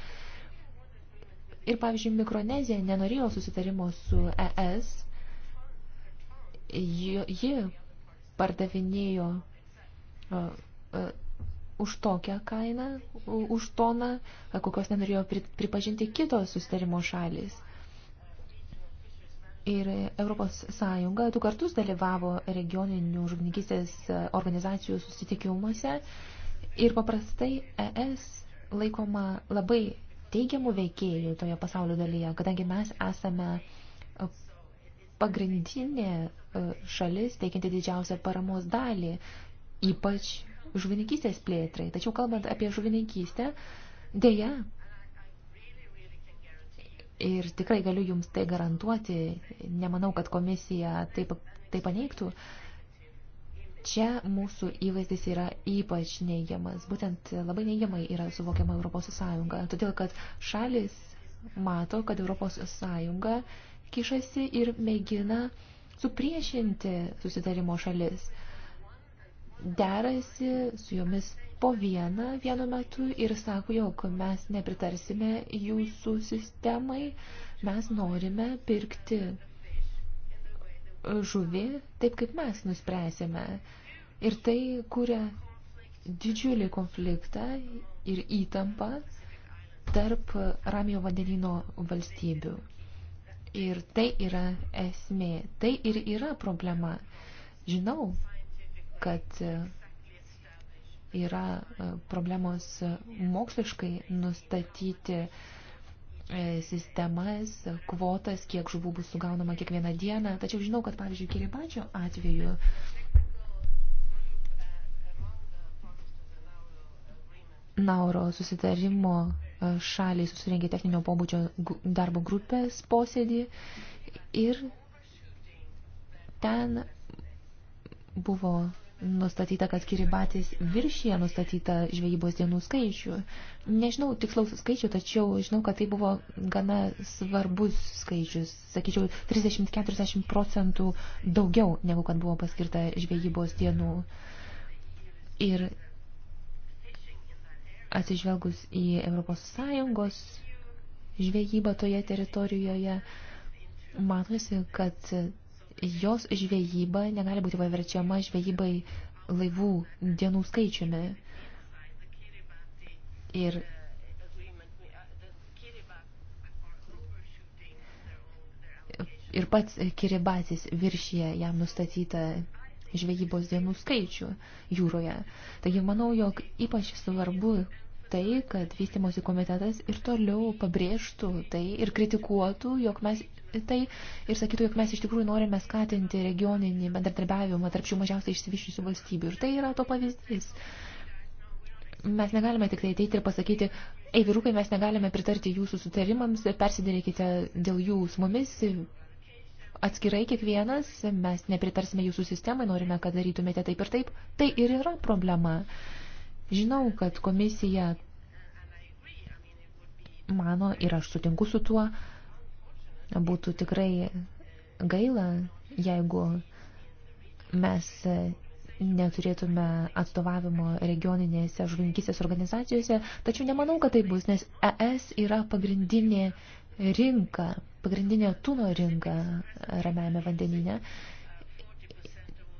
C: Ir, pavyzdžiui, Mikronezija nenorėjo susitarimo su ES, ji, ji pardavinėjo uh, uh, už tokią kainą, už toną, kokios nenorėjo pripažinti kitos susitarimo šalis. Ir Europos Sąjunga du kartus dalyvavo regioninių žuvininkystės organizacijų susitikimuose Ir paprastai ES laikoma labai teigiamų veikėjų toje pasaulio dalyje, kadangi mes esame e, pagrindinė e, šalis, teikianti didžiausią paramos dalį, ypač žuvininkystės plėtrai. Tačiau kalbant apie žuvininkystę, dėja, ir tikrai galiu jums tai garantuoti, nemanau, kad komisija taip, tai paneigtų, tai čia mūsų įvaizdis yra ypač neigiamas. Būtent labai neigiamai yra suvokiama Europos Sąjunga, todėl kad šalis mato, kad Europos Sąjunga kišasi ir mėgina supriešinti susitarimo šalis. Derasi su jomis po vieną vienu metu ir sako, jog mes nepritarsime jūsų sistemai, mes norime pirkti žuvi taip, kaip mes nuspręsime. Ir tai kuria didžiulį konfliktą ir įtampą tarp Ramio vandenino valstybių. Ir tai yra esmė, tai ir yra problema. Žinau, kad yra problemos moksliškai nustatyti uh, E, sistemas, kvotas, kiek žuvų bus sugaunama kiekvieną dieną. Tačiau žinau, kad pavyzdžiui, Kiribačio atveju Nauro susitarimo e, šaliai susirengė techninio pobūdžio darbo grupės posėdį ir ten buvo nustatyta, kad Kiribatis viršyje nustatyta žvejybos dienų skaičių. Nežinau tikslaus skaičių, tačiau žinau, kad tai buvo gana svarbus skaičius. Sakyčiau, 30-40 procentų daugiau, negu kad buvo paskirta žvejybos dienų. Ir atsižvelgus į Europos Sąjungos žvejybą toje teritorijoje, matosi, kad jos žvejyba negali būti paverčiama žvejybai laivų dienų skaičiumi. Ir Ir pats Kiribatis viršyje jam nustatytą žvejybos dienų skaičių jūroje. Taigi manau, jog ypač svarbu tai, kad vystimosi komitetas ir toliau pabrėžtų tai ir kritikuotų, jog mes tai ir sakytų, jog mes iš tikrųjų norime skatinti regioninį bendradarbiavimą tarp šių mažiausiai išsivyščiusių valstybių. Ir tai yra to pavyzdys. Mes negalime tik tai ateiti ir pasakyti, ei, vyrukai, mes negalime pritarti jūsų sutarimams, persidėrėkite dėl jų su mumis, atskirai kiekvienas, mes nepritarsime jūsų sistemai, norime, kad darytumėte taip ir taip. Tai ir yra problema. Žinau, kad komisija mano ir aš sutinku su tuo, Būtų tikrai gaila, jeigu mes neturėtume atstovavimo regioninėse žuvininkystės organizacijose, tačiau nemanau, kad tai bus, nes ES yra pagrindinė rinka, pagrindinė tuno rinka ramiajame vandenyne.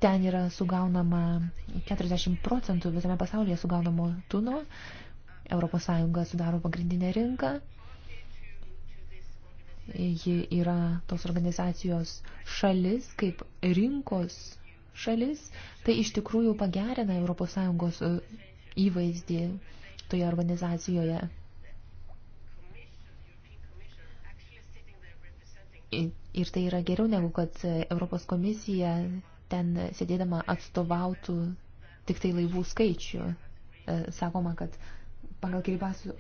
C: Ten yra sugaunama 40 procentų visame pasaulyje sugaunamo tuno. Europos Sąjunga sudaro pagrindinę rinką Ji yra tos organizacijos šalis, kaip rinkos šalis. Tai iš tikrųjų pagerina ES e, įvaizdį toje organizacijoje. Ir tai yra geriau negu kad Europos komisija ten sėdėdama atstovautų tik tai laivų skaičių. E, sakoma, kad pagal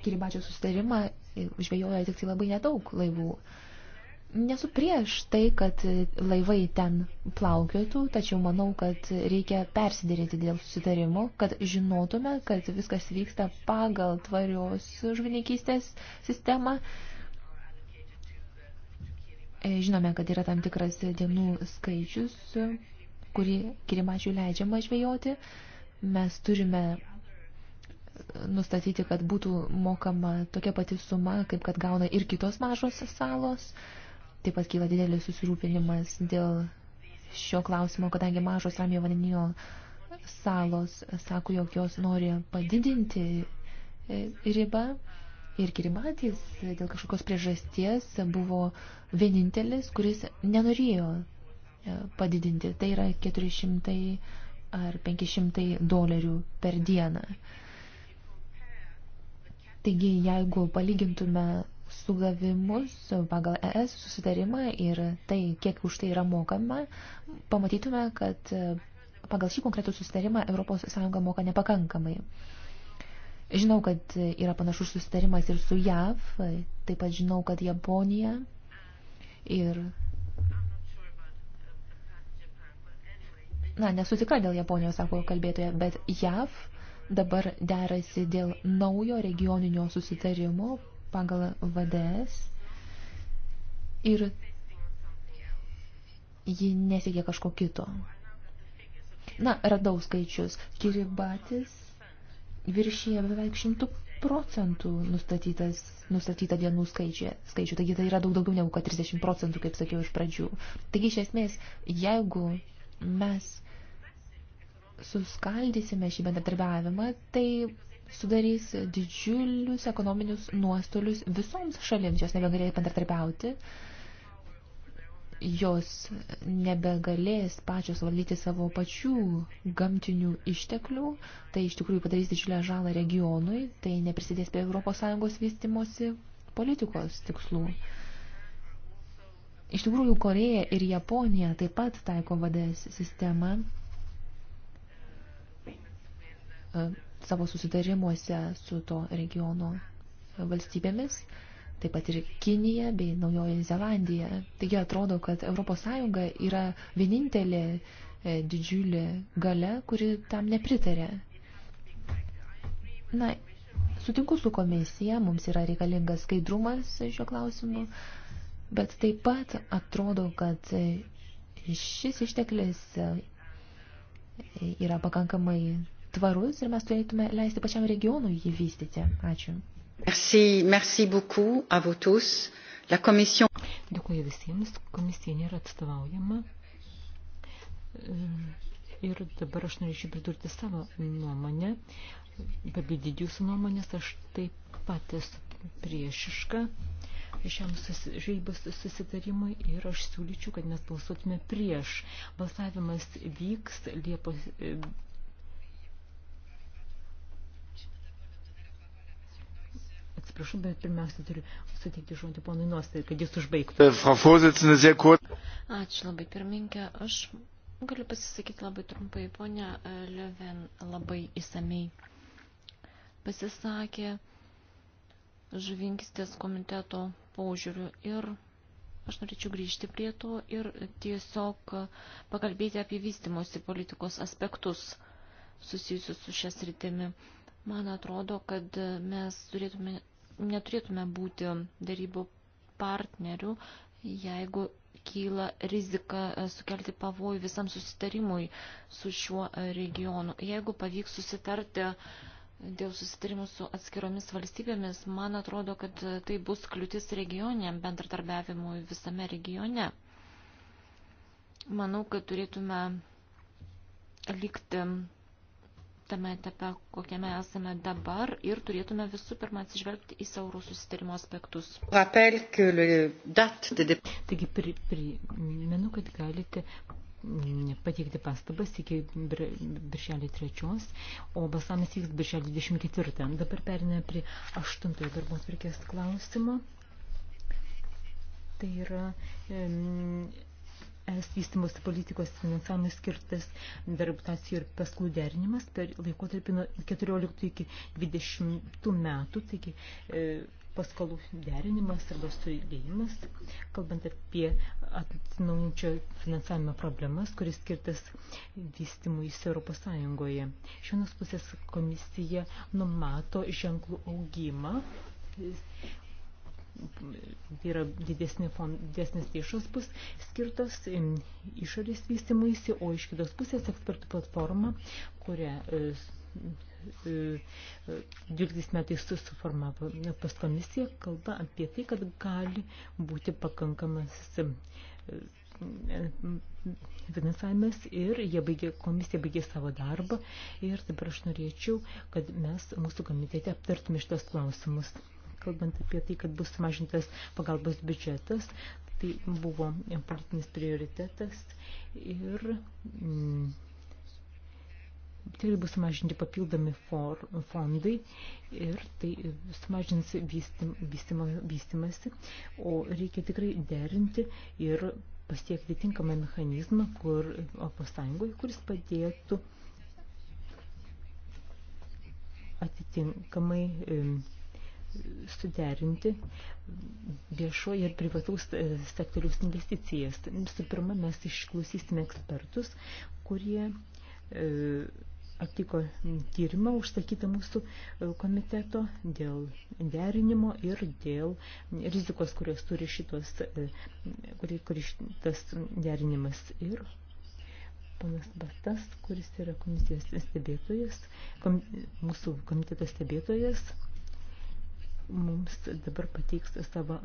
C: Kiribačio susitarimą e, žvejoja tik tai labai nedaug laivų. Nesu prieš tai, kad e, laivai ten plaukiotų, tačiau manau, kad reikia persidėrėti dėl susitarimo, kad žinotume, kad viskas vyksta pagal tvarios žvininkystės sistemą. E, žinome, kad yra tam tikras dienų skaičius, kurį Kirimačiui leidžiama žvejoti. Mes turime nustatyti, kad būtų mokama tokia pati suma, kaip kad gauna ir kitos mažos salos. Taip pat kyla didelis susirūpinimas dėl šio klausimo, kadangi mažos Ramio vandenino salos sako, jog jos nori padidinti e, ribą. Ir Kiribatis dėl kažkokios priežasties buvo vienintelis, kuris nenorėjo e, padidinti. Tai yra 400 ar 500 dolerių per dieną. Taigi, jeigu palygintume sugavimus pagal ES susitarimą ir tai, kiek už tai yra mokama, pamatytume, kad e, pagal šį konkretų susitarimą ES moka nepakankamai. Žinau, kad yra panašus susitarimas ir su JAV, taip pat žinau, kad Japonija ir na, nesu tikra dėl Japonijos, sako kalbėtoja, bet JAV dabar derasi dėl naujo regioninio susitarimo pagal VDS ir ji nesiekia kažko kito. Na, radau skaičius. Kiribatis viršyje beveik šimtų procentų nustatytas, nustatyta dienų skaičių, skaičių. Taigi tai yra daug daugiau negu kad 30 procentų, kaip sakiau iš pradžių. Taigi iš esmės, jeigu mes suskaldysime šį bendradarbiavimą, tai sudarys didžiulius ekonominius nuostolius visoms šalims, jos nebegalės bendradarbiauti, jos nebegalės pačios valdyti savo pačių gamtinių išteklių, tai iš tikrųjų padarys didžiulę žalą regionui, tai neprisidės prie ES vystimosi politikos tikslų. Iš tikrųjų, Koreja ir Japonija taip pat taiko VDS sistemą E, savo susidarimuose su to regiono valstybėmis, taip pat ir Kinija bei Naujoji Zelandija. Taigi atrodo, kad ES yra vienintelė e, didžiulė gale, kuri tam nepritarė. Na, sutinku su komisija, mums yra reikalingas skaidrumas šiuo klausimu, bet taip pat atrodo, kad šis išteklis e, yra pakankamai tvarus ir mes turėtume leisti pačiam regionui jį vystyti. Ačiū.
A: Merci, merci beaucoup à vous tous. La commission... Dėkuoju visiems, komisija nėra atstovaujama. Ir dabar aš norėčiau pridurti savo nuomonę, papildyti jūsų nuomonės, aš taip pat esu priešiška šiam žaibos susitarimui ir aš siūlyčiau, kad mes balsuotume prieš. Balsavimas vyks Liepos atsiprašau, bet pirmiausia turiu suteikti žodį ponui Nostai, kad jis užbaigtų.
B: Ačiū labai, pirminkė. Aš galiu pasisakyti labai trumpai. Ponia e, Leuven labai įsamei pasisakė žuvinkistės komiteto požiūriu ir aš norėčiau grįžti prie to ir tiesiog pakalbėti apie vystimosi politikos aspektus susijusius su šias rytimi. Man atrodo, kad mes turėtume neturėtume būti darybų partnerių, jeigu kyla rizika e, sukelti pavojų visam susitarimui su šiuo regionu. Jeigu pavyks susitarti dėl susitarimų su atskiromis valstybėmis, man atrodo, kad e, tai bus kliūtis regioniam bendradarbiavimui visame regione. Manau, kad turėtume likti tame etape, kokiame esame dabar ir turėtume visų pirma atsižvelgti į siaurų susitarimo aspektus. Taigi
A: primenu, kad galite mm, pateikti pastabas iki birželio 3, o balsavimas vyks birželio 24. Dabar perinėme prie 8 darbos virkės klausimo. Tai yra es vystimosi politikos finansavimui skirtas reputacijų ir paskų derinimas per laikotarpį nuo 14 iki 20 metų, taigi e, paskolų derinimas arba sulėjimas, kalbant apie atsinaujančio finansavimo problemas, kuris skirtas vystimui Europos Sąjungoje. Iš vienos pusės komisija numato ženklų augimą tai yra didesni fond, didesnis lėšos bus skirtos išorės vystimuisi, o iš kitos pusės ekspertų platforma, kurią 12 e, e, e, metais suformavo pas komisiją, kalba apie tai, kad gali būti pakankamas finansavimas ir jie baigė, komisija baigė savo darbą ir dabar aš norėčiau, kad mes mūsų komitete aptartume šitas klausimus kalbant apie tai, kad bus sumažintas pagalbos biudžetas, tai buvo partinis prioritetas ir mm, tikrai bus sumažinti papildomi for, fondai ir tai sumažins vystim, vystima, vystimasi, o reikia tikrai derinti ir pasiekti tinkamą mechanizmą, kur Europos Sąjungoje, kuris padėtų atitinkamai suderinti viešoje ir privataus e, sektoriaus investicijas. Visų pirma, mes išklausysime ekspertus, kurie e, atliko tyrimą užsakytą mūsų e, komiteto dėl derinimo ir dėl rizikos, kurios turi šitos, kuri, kuri šitas derinimas. Ir ponas Batas, kuris yra komisijos stebėtojas, kom, mūsų komiteto stebėtojas, mums dabar pateiks savo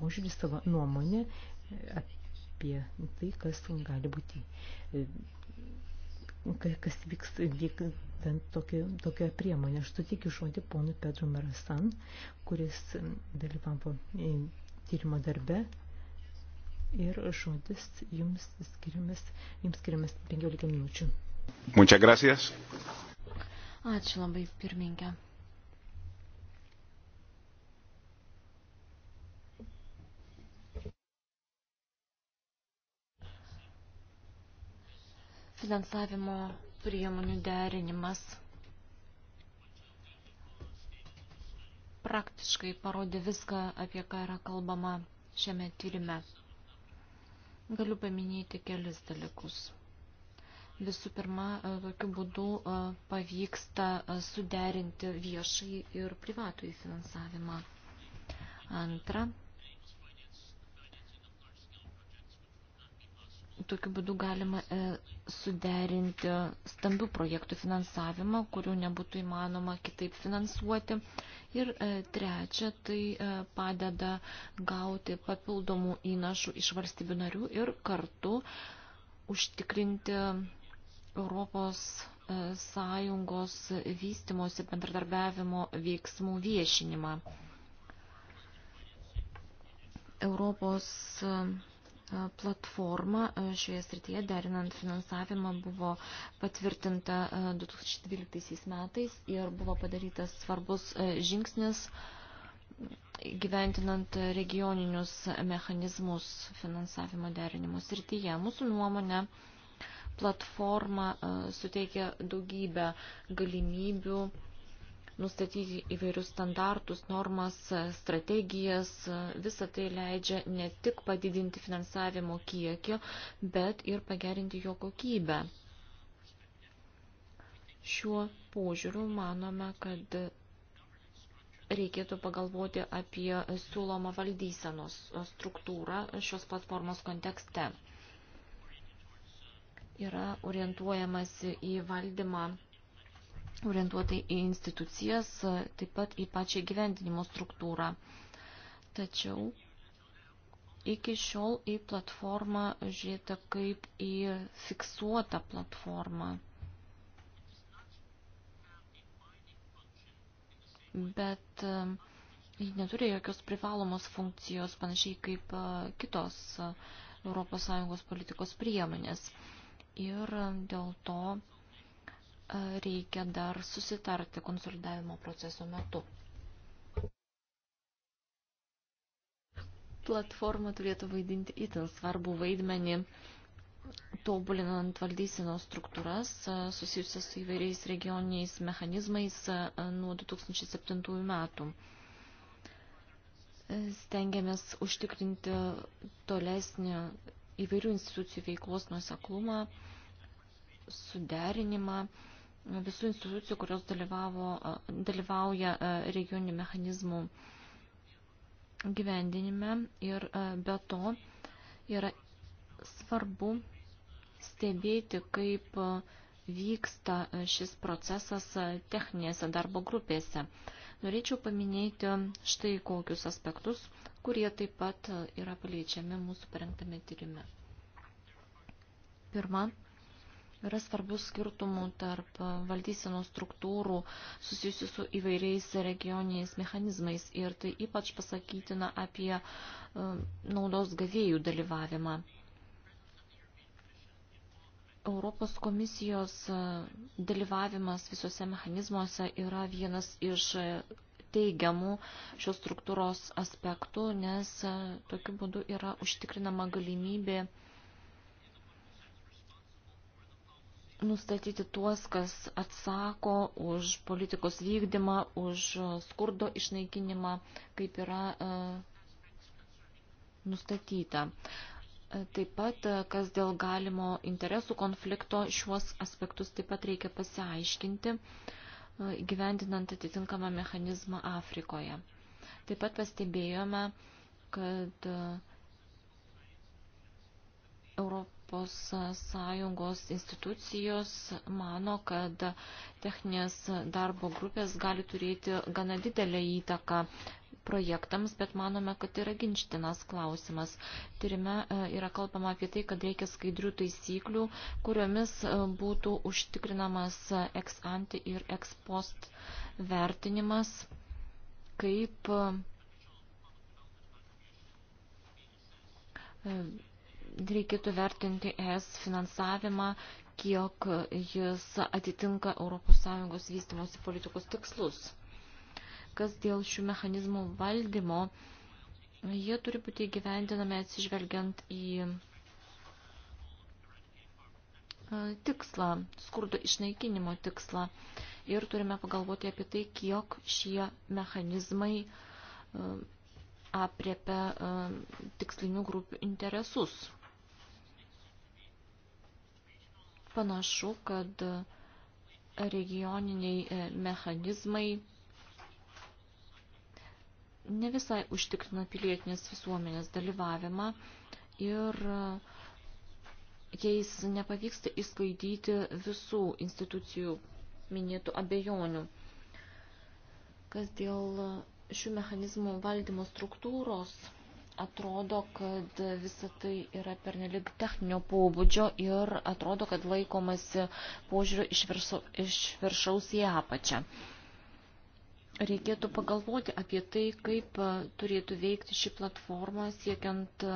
A: požiūrį, savo nuomonę apie tai, kas gali būti, kas vyks vykdant tokią priemonę. Aš sutikiu žodį ponui Pedro Marasan, kuris dalyvavo tyrimo darbe ir žodis jums skiriamas, jums skiriamas 15 minučių.
C: Muchas gracias.
B: Ačiū labai, pirmininkė. finansavimo priemonių derinimas praktiškai parodė viską, apie ką yra kalbama šiame tyrime. Galiu paminėti kelis dalykus. Visų pirma, e, tokiu būdu e, pavyksta e, suderinti viešai ir privatų finansavimą. Antra, tokiu būdu galima e, suderinti stambių projektų finansavimą, kurių nebūtų įmanoma kitaip finansuoti. Ir e, trečia, tai e, padeda gauti papildomų įnašų iš valstybių narių ir kartu užtikrinti Europos Sąjungos vystimosi bendradarbiavimo veiksmų viešinimą. Europos platforma šioje srityje derinant finansavimą buvo patvirtinta 2012 metais ir buvo padarytas svarbus žingsnis gyventinant regioninius mechanizmus finansavimo derinimo srityje. Mūsų nuomonė platforma suteikia daugybę galimybių nustatyti įvairius standartus, normas, strategijas. Visą tai leidžia ne tik padidinti finansavimo kiekį, bet ir pagerinti jo kokybę. Šiuo požiūriu manome, kad reikėtų pagalvoti apie siūlomą valdysenos struktūrą šios platformos kontekste. Yra orientuojamasi į valdymą orientuotai į institucijas, e, taip pat į pačią gyvendinimo struktūrą. Tačiau iki šiol į platformą žiūrėta kaip į fiksuotą platformą. Bet e, ji neturi jokios privalomos funkcijos, panašiai kaip e, kitos ES politikos priemonės. Ir dėl to reikia dar susitarti konsolidavimo proceso metu. Platforma turėtų vaidinti itin svarbų vaidmenį, tobulinant valdysenos struktūras susijusias su įvairiais regioniniais mechanizmais nuo 2007 metų. E, stengiamės užtikrinti tolesnį įvairių institucijų veiklos nuoseklumą, suderinimą visų institucijų, kurios dalyvavo, dalyvauja regioninių mechanizmų gyvendinime ir be to yra svarbu stebėti, kaip vyksta šis procesas techninėse darbo grupėse. Norėčiau paminėti štai kokius aspektus, kurie taip pat yra paliečiami mūsų parengtame tyrime. Pirma, Yra svarbių skirtumų tarp valdysenos struktūrų susijusių su įvairiais regioniais mechanizmais ir tai ypač pasakytina apie e, naudos gavėjų dalyvavimą. Europos komisijos e, dalyvavimas visuose mechanizmuose yra vienas iš e, teigiamų šios struktūros aspektų, nes tokiu būdu yra užtikrinama galimybė nustatyti tuos, kas atsako už politikos vykdymą, už e, skurdo išnaikinimą, kaip yra e, nustatyta. E, taip pat, e, kas dėl galimo interesų konflikto, šiuos aspektus taip pat reikia pasiaiškinti, gyvendinant atitinkamą mechanizmą Afrikoje. Taip pat pastebėjome, kad Europos ES institucijos mano, kad techninės darbo grupės gali turėti gana didelę įtaką projektams, bet manome, kad tai yra ginčtinas klausimas. Tyrime e, yra kalbama apie tai, kad reikia skaidrių taisyklių, kuriomis e, būtų užtikrinamas ex ante ir ex post vertinimas, kaip e, reikėtų vertinti ES finansavimą, kiek jis atitinka ES vystimosi politikos tikslus. Kas dėl šių mechanizmų valdymo, jie turi būti įgyvendinami atsižvelgiant į e, tikslą, skurdo išnaikinimo tikslą. Ir turime pagalvoti apie tai, kiek šie mechanizmai e, apriepia e, tikslinių grupių interesus. Panašu, kad regioniniai e, mechanizmai ne visai užtikrina pilietinės visuomenės dalyvavimą ir e, jais nepavyksta įskaidyti visų institucijų minėtų abejonių. Kas dėl šių mechanizmų valdymo struktūros atrodo, kad visa tai yra pernelik techninio pobūdžio ir atrodo, kad laikomasi požiūriu iš, virsu, iš viršaus į apačią. Reikėtų pagalvoti apie tai, kaip turėtų veikti ši platforma, siekiant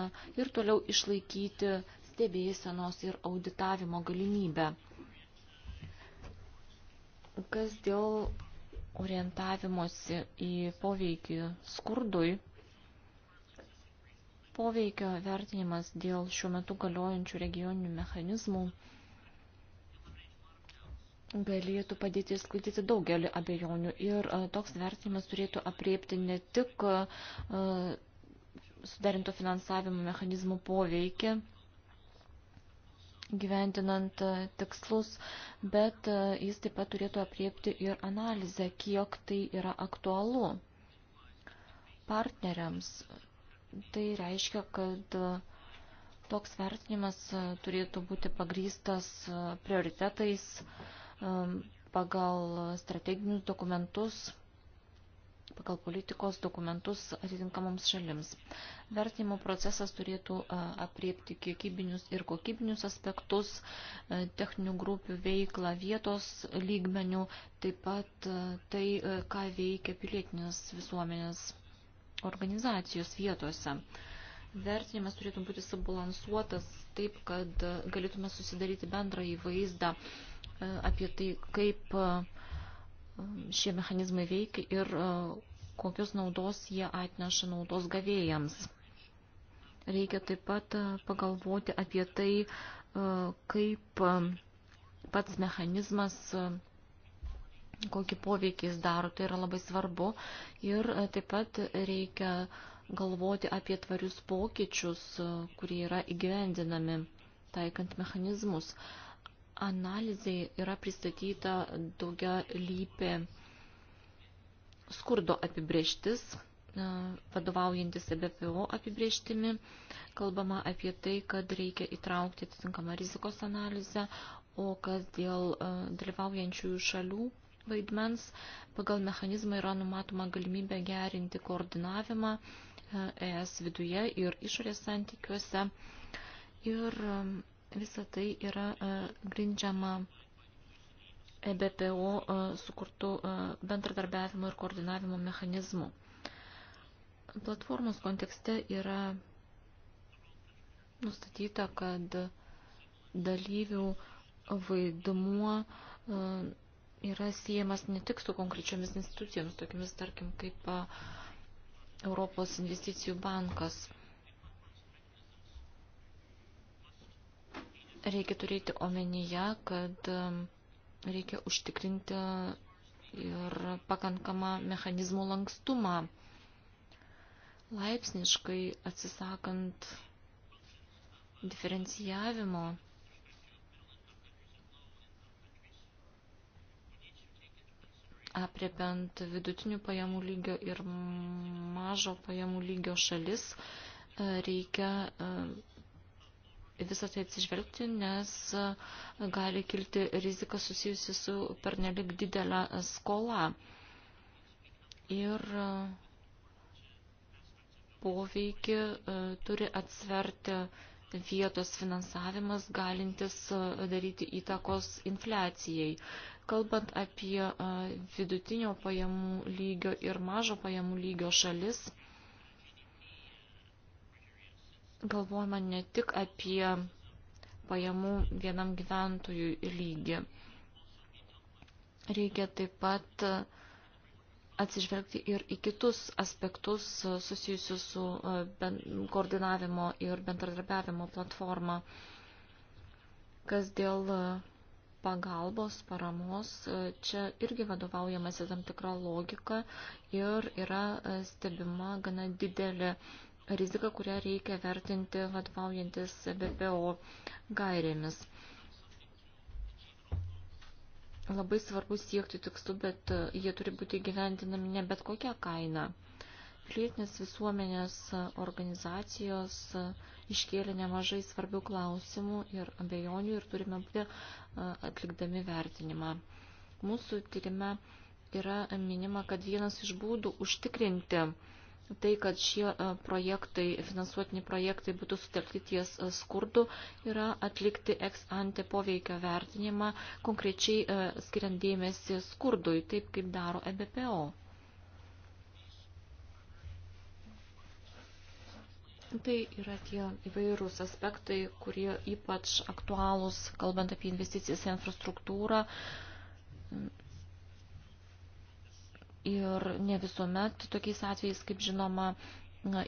B: ir toliau išlaikyti stebėsenos ir auditavimo galimybę. Kas dėl orientavimosi į poveikį skurdui Poveikio vertinimas dėl šiuo metu galiojančių regioninių mechanizmų galėtų padėti sklaidyti daugelį abejonių ir e, toks vertinimas turėtų apriepti ne tik e, sudarinto finansavimo mechanizmų poveikį gyventinant e, tikslus, bet jis taip pat turėtų apriepti ir analizę, kiek tai yra aktualu partneriams Tai reiškia, kad e, toks vertinimas e, turėtų būti pagrystas e, prioritetais pagal strateginius dokumentus, pagal politikos dokumentus atitinkamoms šalims. Vertinimo procesas turėtų apriepti kiekybinius ir kokybinius aspektus, techninių grupių veiklą vietos lygmenių, taip pat tai, ką veikia pilietinės visuomenės organizacijos vietose. Vertinimas turėtų būti subalansuotas taip, kad galėtume susidaryti bendrą įvaizdą e, apie tai, kaip e, šie mechanizmai veikia ir e, kokios naudos jie atneša naudos gavėjams. Reikia taip pat pagalvoti apie tai, kaip pats mechanizmas kokį poveikį jis daro, tai yra labai svarbu. Ir e, taip pat reikia galvoti apie tvarius pokyčius, e, kurie yra įgyvendinami, taikant mechanizmus. Analizai yra pristatyta daugia lypė skurdo apibrieštis, e, vadovaujantis EBPO apibrieštimi. Kalbama apie tai, kad reikia įtraukti atitinkamą rizikos analizę, o kas dėl dalyvaujančiųjų šalių vaidmens. Pagal mechanizmą yra numatoma galimybė gerinti koordinavimą e, ES viduje ir išorės santykiuose. Ir e, visa tai yra e, grindžiama EBPO sukurtų bendradarbiavimo ir koordinavimo mechanizmų. Platformos kontekste yra nustatyta, kad dalyvių vaidmuo yra siejamas ne tik su konkrečiomis institucijomis, tokiamis, tarkim, kaip Europos investicijų bankas. Reikia turėti omenyje, kad reikia užtikrinti ir pakankamą mechanizmų lankstumą, laipsniškai atsisakant diferencijavimo apriepiant vidutinių pajamų lygio ir mažo pajamų lygio šalis, e, reikia e, visą tai atsižvelgti, nes e, gali kilti rizika susijusi su pernelik didelę skolą ir poveikį turi atsverti vietos finansavimas, galintis daryti įtakos infliacijai. Kalbant apie vidutinio pajamų lygio ir mažo pajamų lygio šalis, galvojama ne tik apie pajamų vienam gyventojui lygį. Reikia taip pat atsižvelgti ir į kitus aspektus susijusius su koordinavimo ir bendradarbiavimo platforma. Kas dėl pagalbos, paramos, čia irgi vadovaujamasi tam tikrą logiką ir yra e, stebima gana didelė rizika, kurią reikia vertinti vadovaujantis BPO gairėmis. Labai svarbu siekti tikslų, bet e, jie turi būti gyventinami ne bet kokią kainą. Pilietinės visuomenės organizacijos uh, iškėlė nemažai svarbių klausimų ir abejonių ir turime būti atlikdami vertinimą. Mūsų tyrime yra minima, kad vienas iš būdų užtikrinti tai, kad šie projektai, finansuotini projektai būtų sutelkti ties skurdu, yra atlikti ex ante poveikio vertinimą, konkrečiai skiriant dėmesį skurdui, taip kaip daro EBPO. Tai yra tie įvairūs aspektai, kurie ypač aktualūs, kalbant apie investicijas į infrastruktūrą. Ir ne visuomet tokiais atvejais, kaip žinoma,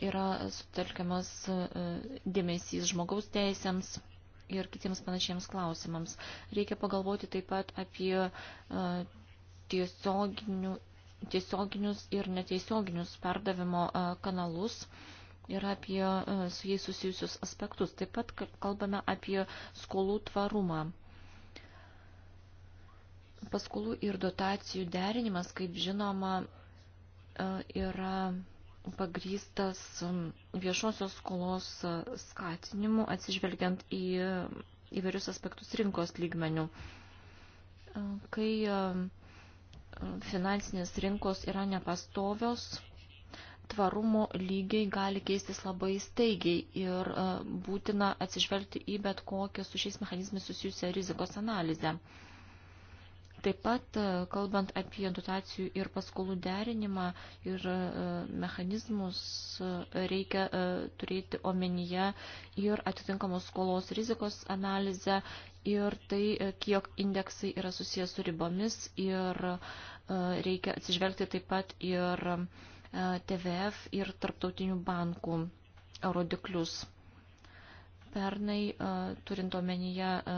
B: yra sutelkiamas e, dėmesys žmogaus teisėms ir kitiems panašiems klausimams. Reikia pagalvoti taip pat apie e, tiesioginių, tiesioginius ir netiesioginius perdavimo e, kanalus ir apie e, su jais susijusius aspektus. Taip pat kalbame apie skolų tvarumą. Paskolų ir dotacijų derinimas, kaip žinoma, e, yra pagrystas viešosios skolos e, skatinimu, atsižvelgiant į įvairius aspektus rinkos lygmenių. Kai finansinės rinkos yra nepastovios, tvarumo lygiai gali keistis labai staigiai ir e, būtina atsižvelgti į bet kokią su šiais mechanizmais susijusią rizikos analizę. Taip pat, e, kalbant apie dotacijų ir paskolų derinimą ir e, mechanizmus, reikia turėti omenyje ir atitinkamos skolos rizikos analizę ir tai, kiek indeksai yra susijęs su ribomis ir reikia atsižvelgti taip pat ir TVF ir tarptautinių bankų rodiklius. Pernai, e, turint omenyje e,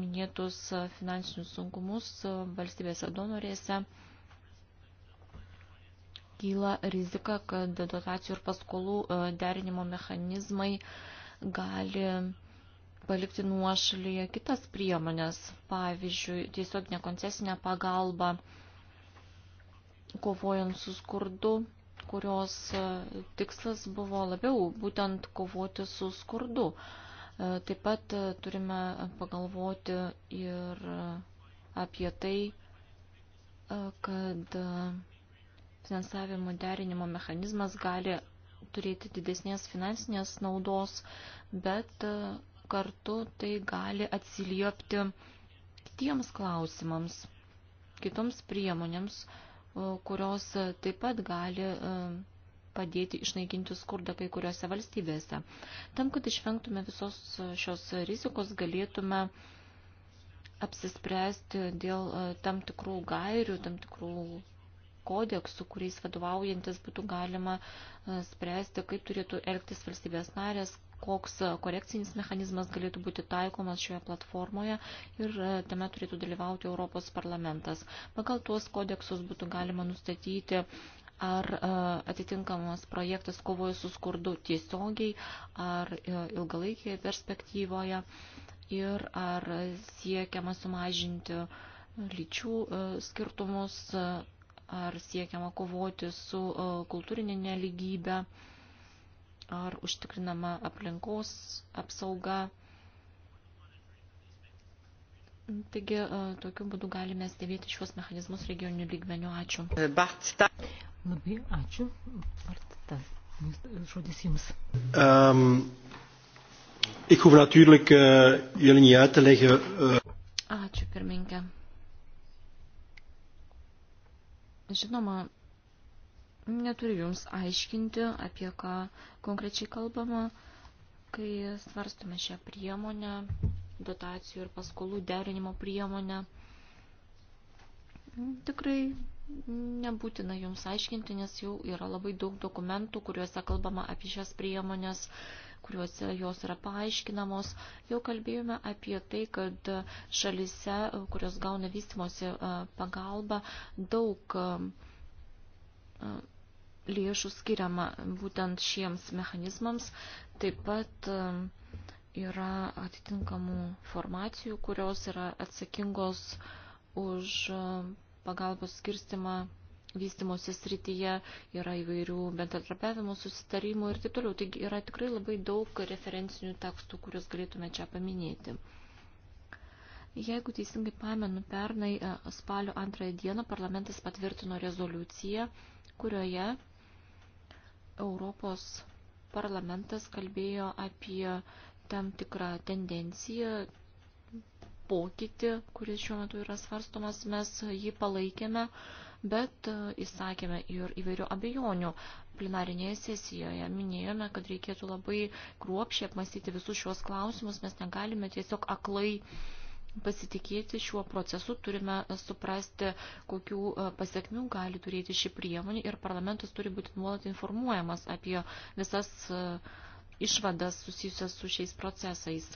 B: minėtus finansinius sunkumus e, valstybėse donorėse, kyla rizika, kad dotacijų ir paskolų derinimo mechanizmai gali palikti nuošalyje kitas priemonės, pavyzdžiui, tiesiog nekoncesinę pagalbą, kovojant su skurdu kurios e, tikslas buvo labiau būtent kovoti su skurdu. E, taip pat e, turime pagalvoti ir apie tai, kad finansavimo derinimo mechanizmas gali turėti didesnės finansinės naudos, bet kartu tai gali atsiliepti kitiems klausimams, kitoms priemonėms, kurios taip pat gali e, padėti išnaikinti skurdą kai kuriuose valstybėse. Tam, kad išvengtume visos šios rizikos, galėtume apsispręsti dėl e, tam tikrų gairių, tam tikrų kodeksų, kuriais vadovaujantis būtų galima e, spręsti, kaip turėtų elgtis valstybės narės, koks e, korekcinis mechanizmas galėtų būti taikomas šioje platformoje ir e, tame turėtų dalyvauti Europos parlamentas. Pagal tuos kodeksus būtų galima nustatyti ar e, atitinkamas projektas kovoja su skurdu tiesiogiai ar ilgalaikėje perspektyvoje ir ar siekiama sumažinti lyčių skirtumus, ar siekiama kovoti su kultūrinė neligybė ar užtikrinama aplinkos apsauga. Taigi, e, tokiu būdu galime stebėti šios mechanizmus regioninių lygmenių. Ačiū.
A: Bartsta. Labai ačiū. Bartsta. Žodis jums. Um, ik hoef natuurlijk uh, jullie niet uit te leggen. Uh... Ačiū,
B: pirmininkė. Žinoma, Neturiu Jums aiškinti, apie ką konkrečiai kalbama, kai svarstome šią priemonę, dotacijų ir paskolų derinimo priemonę. Tikrai nebūtina Jums aiškinti, nes jau yra labai daug dokumentų, kuriuose kalbama apie šias priemonės, kuriuose jos yra paaiškinamos. Jau kalbėjome apie tai, kad šalise, kurios gauna vystimosi e, pagalbą, daug e, lėšų skiriama būtent šiems mechanizmams. Taip pat um, yra atitinkamų formacijų, kurios yra atsakingos už um, pagalbos skirstimą vystimosi srityje, yra įvairių bendradarbiavimo susitarimų ir taip toliau. Taigi yra tikrai labai daug referencinių tekstų, kuriuos galėtume čia paminėti. Jeigu teisingai pamenu, pernai e, spalio antrąją dieną parlamentas patvirtino rezoliuciją, kurioje Europos parlamentas kalbėjo apie tam tikrą tendenciją, pokytį, kuris šiuo metu yra svarstomas, mes jį palaikėme, bet e, įsakėme ir įvairių abejonių. Plenarinėje sesijoje minėjome, kad reikėtų labai kruopšiai apmastyti visus šios klausimus, mes negalime tiesiog aklai uh, pasitikėti šiuo procesu, turime suprasti, kokių e, pasiekmių gali turėti ši priemonė ir parlamentas turi būti nuolat informuojamas apie visas e, išvadas susijusias su šiais procesais.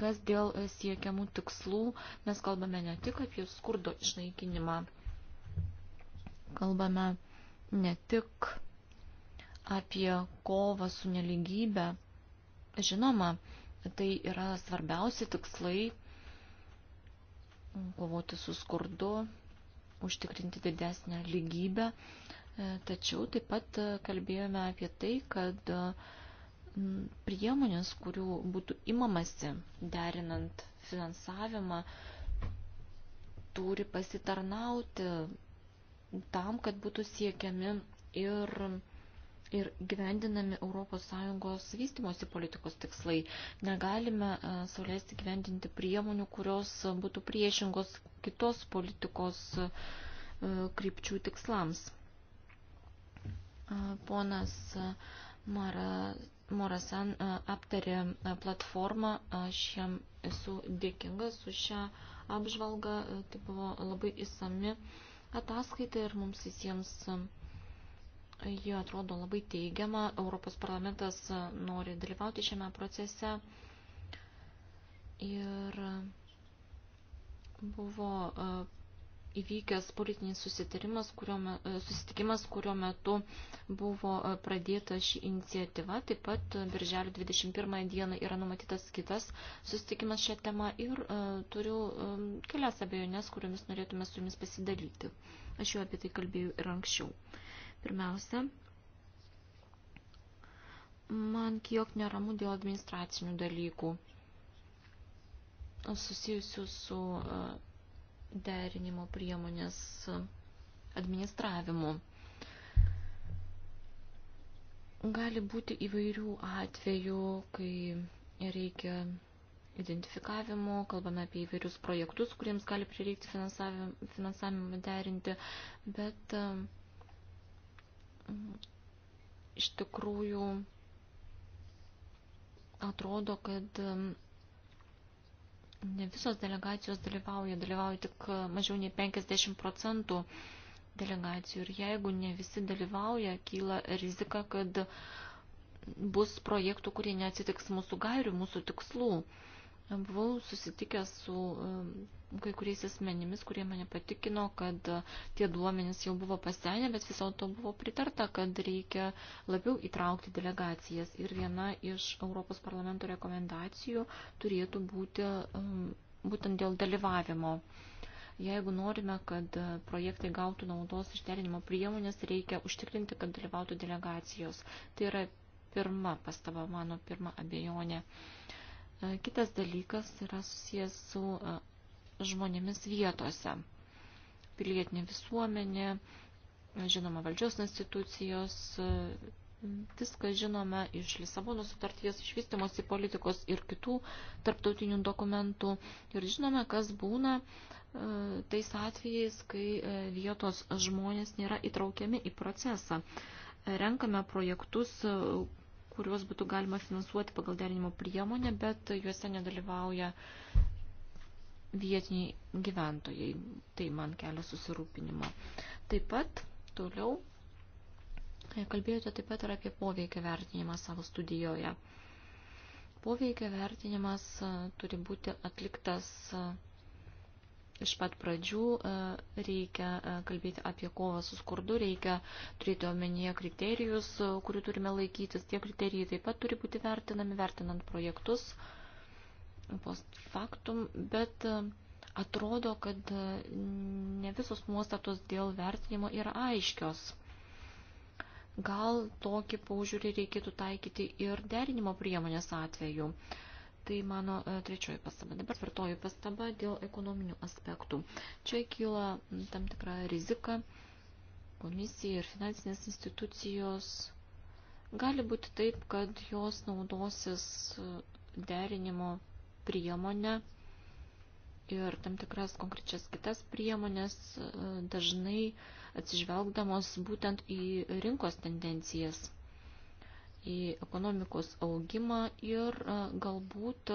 B: Kas dėl e, siekiamų tikslų, mes kalbame ne tik apie skurdo išnaikinimą, kalbame ne tik apie kovą su neligybė. Žinoma, tai yra svarbiausi tikslai, kovoti su skurdu, užtikrinti didesnę lygybę. E, tačiau taip pat e, kalbėjome apie tai, kad e, priemonės, kurių būtų imamasi derinant finansavimą, turi pasitarnauti tam, kad būtų siekiami ir ir gyvendinami ES vystimosi politikos tikslai. Negalime e, sauliaisti gyvendinti priemonių, kurios būtų priešingos kitos politikos e, krypčių tikslams. E, ponas Mara, Morasan aptarė platformą, aš jam esu dėkinga su šią apžvalgą, tai buvo labai įsami ataskaita ir mums visiems Ji atrodo labai teigiama. Europos parlamentas e, nori dalyvauti šiame procese. Ir buvo e, įvykęs politinis susitarimas, kurio, e, susitikimas, kurio metu buvo pradėta ši iniciatyva. Taip pat birželio 21 dieną yra numatytas kitas susitikimas šią temą ir uh, turiu um, kelias abejonės, kuriomis norėtume su jumis pasidalyti. Aš jau apie tai kalbėjau ir anksčiau. Uh, Pirmiausia, man kiek neramu dėl administracinių dalykų susijusių su e, derinimo priemonės e, administravimu. Gali būti įvairių atvejų, kai reikia identifikavimu, kalbame apie įvairius projektus, kuriems gali prireikti finansavimą derinti, bet uh, iš tikrųjų atrodo, kad um, ne visos delegacijos dalyvauja, dalyvauja tik uh, mažiau nei 50 procentų delegacijų ir jeigu ne visi dalyvauja, kyla rizika, kad bus projektų, kurie neatsitiks mūsų gairių, mūsų tikslų. Buvau susitikęs su kai kuriais asmenimis, kurie mane patikino, kad e, tie duomenys jau buvo pasenę, bet vis dėlto buvo pritarta, kad reikia labiau įtraukti delegacijas. Ir viena iš Europos parlamento rekomendacijų turėtų būti būtent dėl dalyvavimo. Jeigu norime, kad e, projektai gautų naudos iš derinimo priemonės, reikia užtikrinti, kad dalyvautų delegacijos. Tai yra pirma pastaba, mano pirma abejonė. Uh, E, kitas dalykas yra susijęs su e, žmonėmis vietose. Pilietinė visuomenė, žinoma valdžios institucijos, e, viską žinome iš Lisabono sutarties, iš vystimosi politikos ir kitų tarptautinių dokumentų. Ir žinome, kas būna tais atvejais, kai vietos žmonės nėra įtraukiami į procesą. Renkame projektus, kuriuos būtų galima finansuoti pagal derinimo priemonę, bet juose nedalyvauja vietiniai gyventojai. Tai man kelia susirūpinimo. Taip pat toliau e, kalbėjote taip pat ir apie poveikio vertinimą savo studijoje. Poveikio vertinimas e, turi būti atliktas e, iš pat pradžių e, reikia e, kalbėti apie kovą su skurdu, reikia turėti omenyje kriterijus, e, kurių turime laikytis. Tie kriterijai taip pat turi būti vertinami, vertinant projektus post factum, bet atrodo, kad ne visos nuostatos dėl vertinimo yra aiškios. Gal tokį paužiūrį reikėtų taikyti ir derinimo priemonės atveju. Uh, Tai mano e, trečioji pastaba. Dabar vartoju pastaba dėl ekonominių aspektų. Čia kyla tam tikra rizika. Komisija ir finansinės institucijos gali būti taip, kad jos naudosis e, derinimo priemonę ir tam tikras konkrečias kitas priemonės e, dažnai atsižvelgdamos būtent į rinkos tendencijas į ekonomikos augimą ir galbūt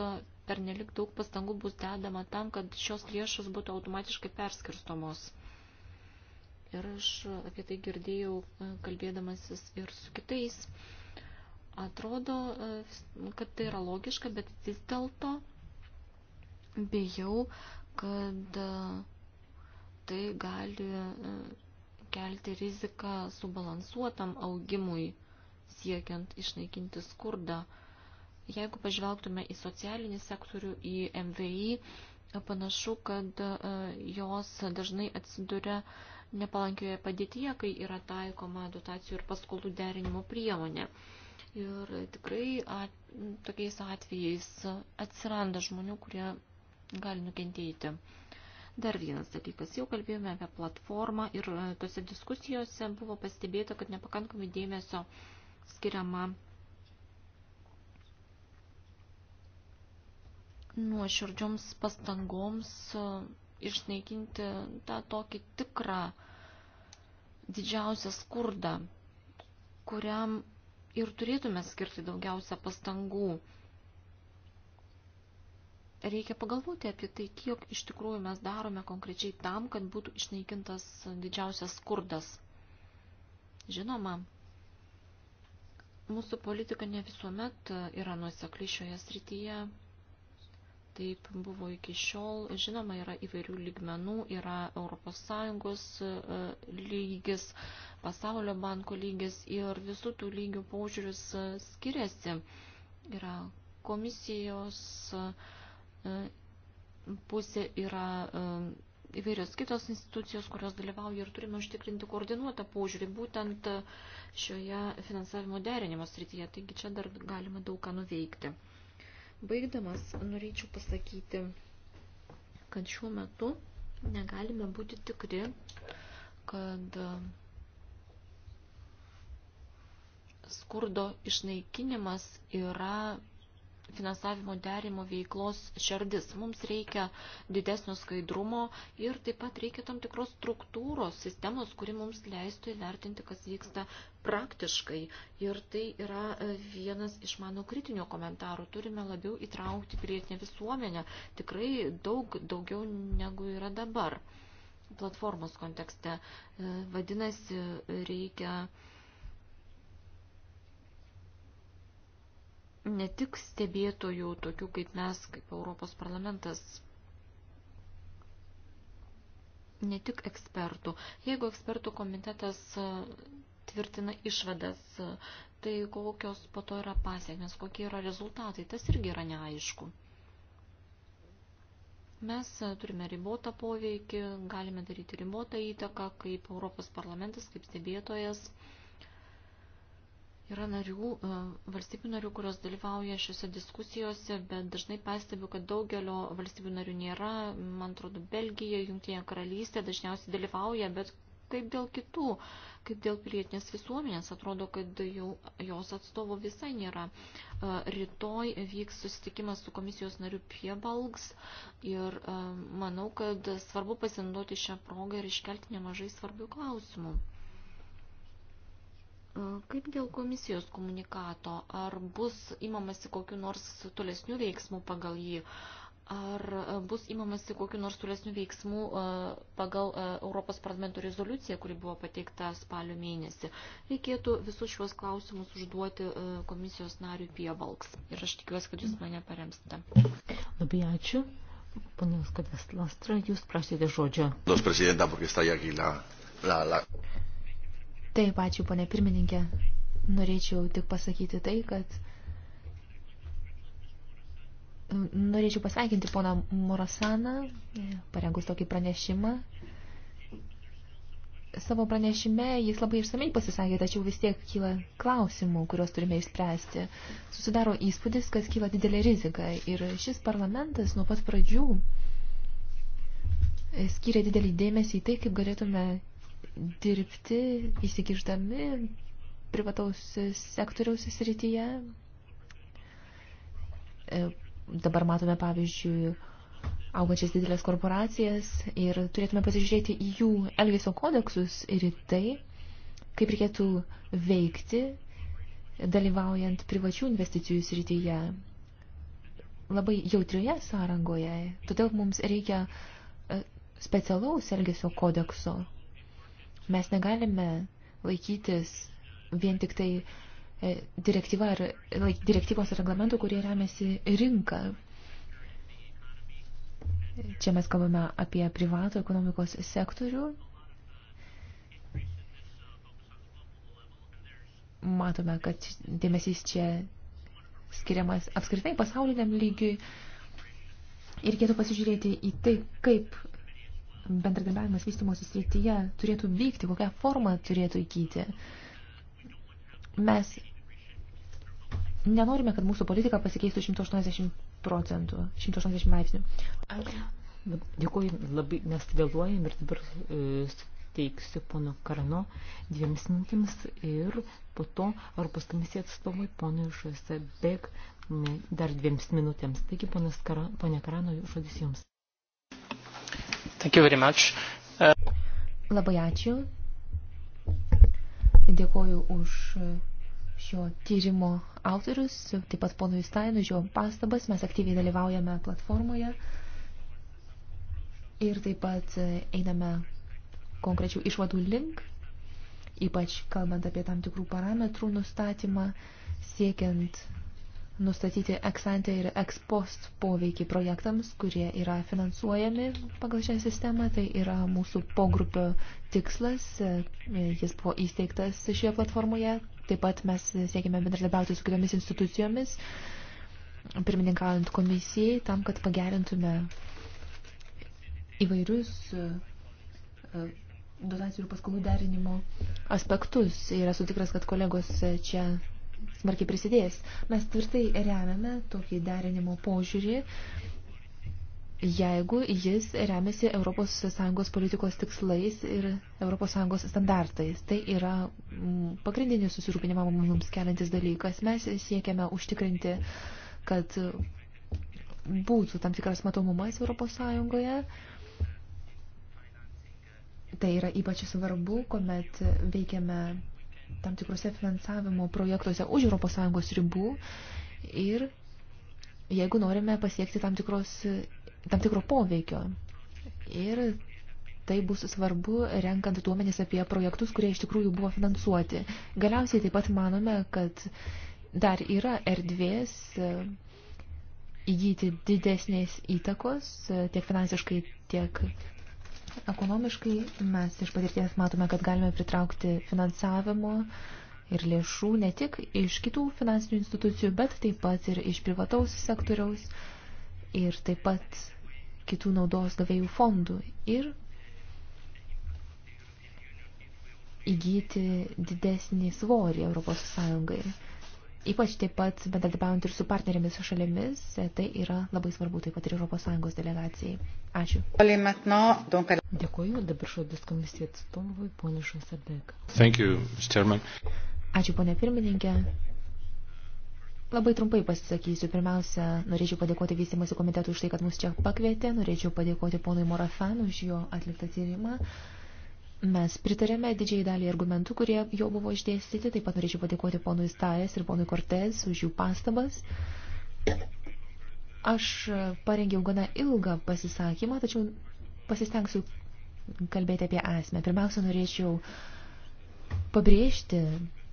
B: per nelik daug pastangų bus dedama tam, kad šios lėšos būtų automatiškai perskirstomos. Ir aš apie tai girdėjau kalbėdamasis ir su kitais. Atrodo, kad tai yra logiška, bet vis dėlto bijau, kad tai gali kelti riziką subalansuotam augimui siekiant išnaikinti skurdą. Jeigu pažvelgtume į socialinį sektorių, į MVI, panašu, kad e, jos dažnai atsiduria nepalankioje padėtyje, kai yra taikoma dotacijų ir paskolų derinimo priemonė. Ir tikrai at, tokiais atvejais atsiranda žmonių, kurie gali nukentėti. Dar vienas dalykas, jau kalbėjome apie platformą ir e, tose diskusijose buvo pastebėta, kad nepakankamai dėmesio uh, skiriama nuoširdžioms pastangoms e, išnaikinti tą tokį tikrą didžiausią skurdą, kuriam ir turėtume skirti daugiausia pastangų. Reikia pagalvoti apie tai, kiek iš tikrųjų mes darome konkrečiai tam, kad būtų išnaikintas didžiausias skurdas. Žinoma, Mūsų politika ne visuomet e, yra nuosekli šioje srityje. Taip buvo iki šiol. Žinoma, yra įvairių lygmenų, yra ES e, e, lygis, pasaulio banko lygis ir visų tų lygių paužiūris skiriasi. Yra komisijos pusė, yra įvairios kitos institucijos, kurios dalyvauja ir turime užtikrinti koordinuotą požiūrį būtent šioje finansavimo derinimo srityje. Taigi čia dar galima daug ką nuveikti. Baigdamas, norėčiau pasakyti, kad šiuo metu negalime būti tikri, kad skurdo išnaikinimas yra finansavimo derimo veiklos šerdis. Mums reikia didesnio skaidrumo ir taip pat reikia tam tikros struktūros, sistemos, kuri mums leistų įvertinti, kas vyksta praktiškai. Ir tai yra e, vienas iš mano kritinio komentarų. Turime labiau įtraukti pilietinę visuomenę, tikrai daug daugiau negu yra dabar platformos kontekste. E, vadinasi, reikia ne tik stebėtojų, tokių kaip mes, kaip Europos parlamentas, ne tik ekspertų. Jeigu ekspertų komitetas tvirtina išvadas, tai kokios po to yra pasiekmes, kokie yra rezultatai, tas irgi yra neaišku. Mes turime ribotą poveikį, galime daryti ribotą įtaką kaip Europos parlamentas, kaip stebėtojas. Yra narių, e, valstybių narių, kurios dalyvauja šiuose diskusijose, bet dažnai pastebiu, kad daugelio valstybių narių nėra. Man atrodo, Belgija, Junktinė karalystė dažniausiai dalyvauja, bet kaip dėl kitų, kaip dėl pilietinės visuomenės, atrodo, kad jau jos atstovo visai nėra. E, rytoj vyks susitikimas su komisijos nariu Piebalgs ir e, manau, kad svarbu pasinaudoti šią progą ir iškelti nemažai svarbių klausimų. Kaip dėl komisijos komunikato? Ar bus imamasi kokiu nors tolesnių veiksmų pagal jį? Ar bus imamasi kokiu nors tolesnių veiksmų pagal Europos parlamento rezoliuciją, kuri buvo pateikta spalio mėnesį? Reikėtų visus šiuos klausimus užduoti komisijos nariui Piebalks. Ir aš tikiuosi, kad jūs mane paremsite.
A: Labai ačiū. Ponios Kadeslastra, jūs prašėte žodžio.
B: Dos prezidenta, porque está aquí
C: la, la, la... Taip, ačiū, ponė pirmininkė. Norėčiau tik pasakyti tai, kad mm, norėčiau pasveikinti poną Morosaną, parengus tokį pranešimą. Savo pranešime jis labai išsamei pasisakė, tačiau vis tiek kyla klausimų, kuriuos turime išspręsti. Susidaro įspūdis, kad kyla didelė rizika ir šis parlamentas nuo pat pradžių e, skiria didelį dėmesį į tai, kaip galėtume dirbti įsikišdami privataus sektoriaus srityje. E, dabar matome, pavyzdžiui, augančias didelės korporacijas ir turėtume pasižiūrėti į jų elgesio kodeksus ir į tai, kaip reikėtų veikti, dalyvaujant privačių investicijų srityje labai jautrioje sąrangoje. Todėl mums reikia e, specialaus elgesio kodekso Mes negalime laikytis vien tik tai e, direktyva ar, laik, direktyvos ar reglamentų, kurie remiasi rinką. Čia mes kalbame apie privatų ekonomikos sektorių. Matome, kad dėmesys čia skiriamas apskritai pasauliniam lygiui. Ir reikėtų pasižiūrėti į tai, kaip bendradarbiavimas vystimosi srityje turėtų vykti, kokią formą turėtų įgyti. Mes nenorime, kad mūsų politika pasikeistų 180 procentų, 180
A: laipsnių. Dėkuoju, labai mes vėluojam ir dabar e, teiksiu pono Karno dviems mintims ir po to Europos komisija atstovui ponui Šose Beg dar dviems minutėms. Taigi, ponas Kara, ponė Karano, žodis jums. Thank you very much. Uh...
C: Labai ačiū. Dėkoju už šio tyrimo autorius, taip pat ponui Stainui, žio pastabas. Mes aktyviai dalyvaujame platformoje ir taip pat einame konkrečių išvadų link, ypač kalbant apie tam tikrų parametrų nustatymą, siekiant nustatyti eksantę ir ekspost poveikį projektams, kurie yra finansuojami pagal šią sistemą. Tai yra mūsų pogrupio tikslas. Jis buvo įsteigtas šioje platformoje. Taip pat mes siekime bendradarbiauti su kitomis institucijomis, pirmininkaujant komisijai, tam, kad pagerintume įvairius e, dotacijų ir paskolų derinimo aspektus. Ir esu tikras, kad kolegos čia smarkiai prisidėjęs. Mes tvirtai remiame tokį derinimo požiūrį, jeigu jis remiasi ES politikos tikslais ir ES standartais. Tai yra pagrindinis susirūpinimą mums keliantis dalykas. Mes siekiame užtikrinti, kad būtų tam tikras matomumas ES. Tai yra ypač svarbu, kuomet veikiame tam tikrose finansavimo projektuose už ES ribų ir jeigu norime pasiekti tam, tikros, tam tikro poveikio. Ir tai bus svarbu renkant duomenis apie projektus, kurie iš tikrųjų buvo finansuoti. Galiausiai taip pat manome, kad dar yra erdvės įgyti didesnės įtakos tiek finansiškai, tiek Ekonomiškai mes iš patirties matome, kad galime pritraukti finansavimo ir lėšų ne tik iš kitų finansinių institucijų, bet taip pat ir iš privataus sektoriaus ir taip pat kitų naudos gavėjų fondų ir įgyti didesnį svorį Europos Sąjungai. Ypač taip pat bendradarbiaujant ir su partnerėmis šalimis, tai yra labai svarbu taip pat ir ES delegacijai.
A: Ačiū. Dėkuoju, dabar žodis komisijai atstovui, ponui Šosabek. Ačiū, ponė pirmininkė.
C: Labai trumpai pasisakysiu. Pirmiausia, norėčiau padėkoti vystimosi komitetui už tai, kad mus čia pakvietė. Norėčiau padėkoti ponui Morafan už jo atliktą tyrimą. Uh, Mes pritarėme didžiai daliai argumentų, kurie jau buvo išdėstyti. Taip pat norėčiau padėkoti ponui Stajas ir ponui Cortez už jų pastabas. Aš parengiau gana ilgą pasisakymą, tačiau pasistengsiu kalbėti apie esmę. Pirmiausia, norėčiau pabrėžti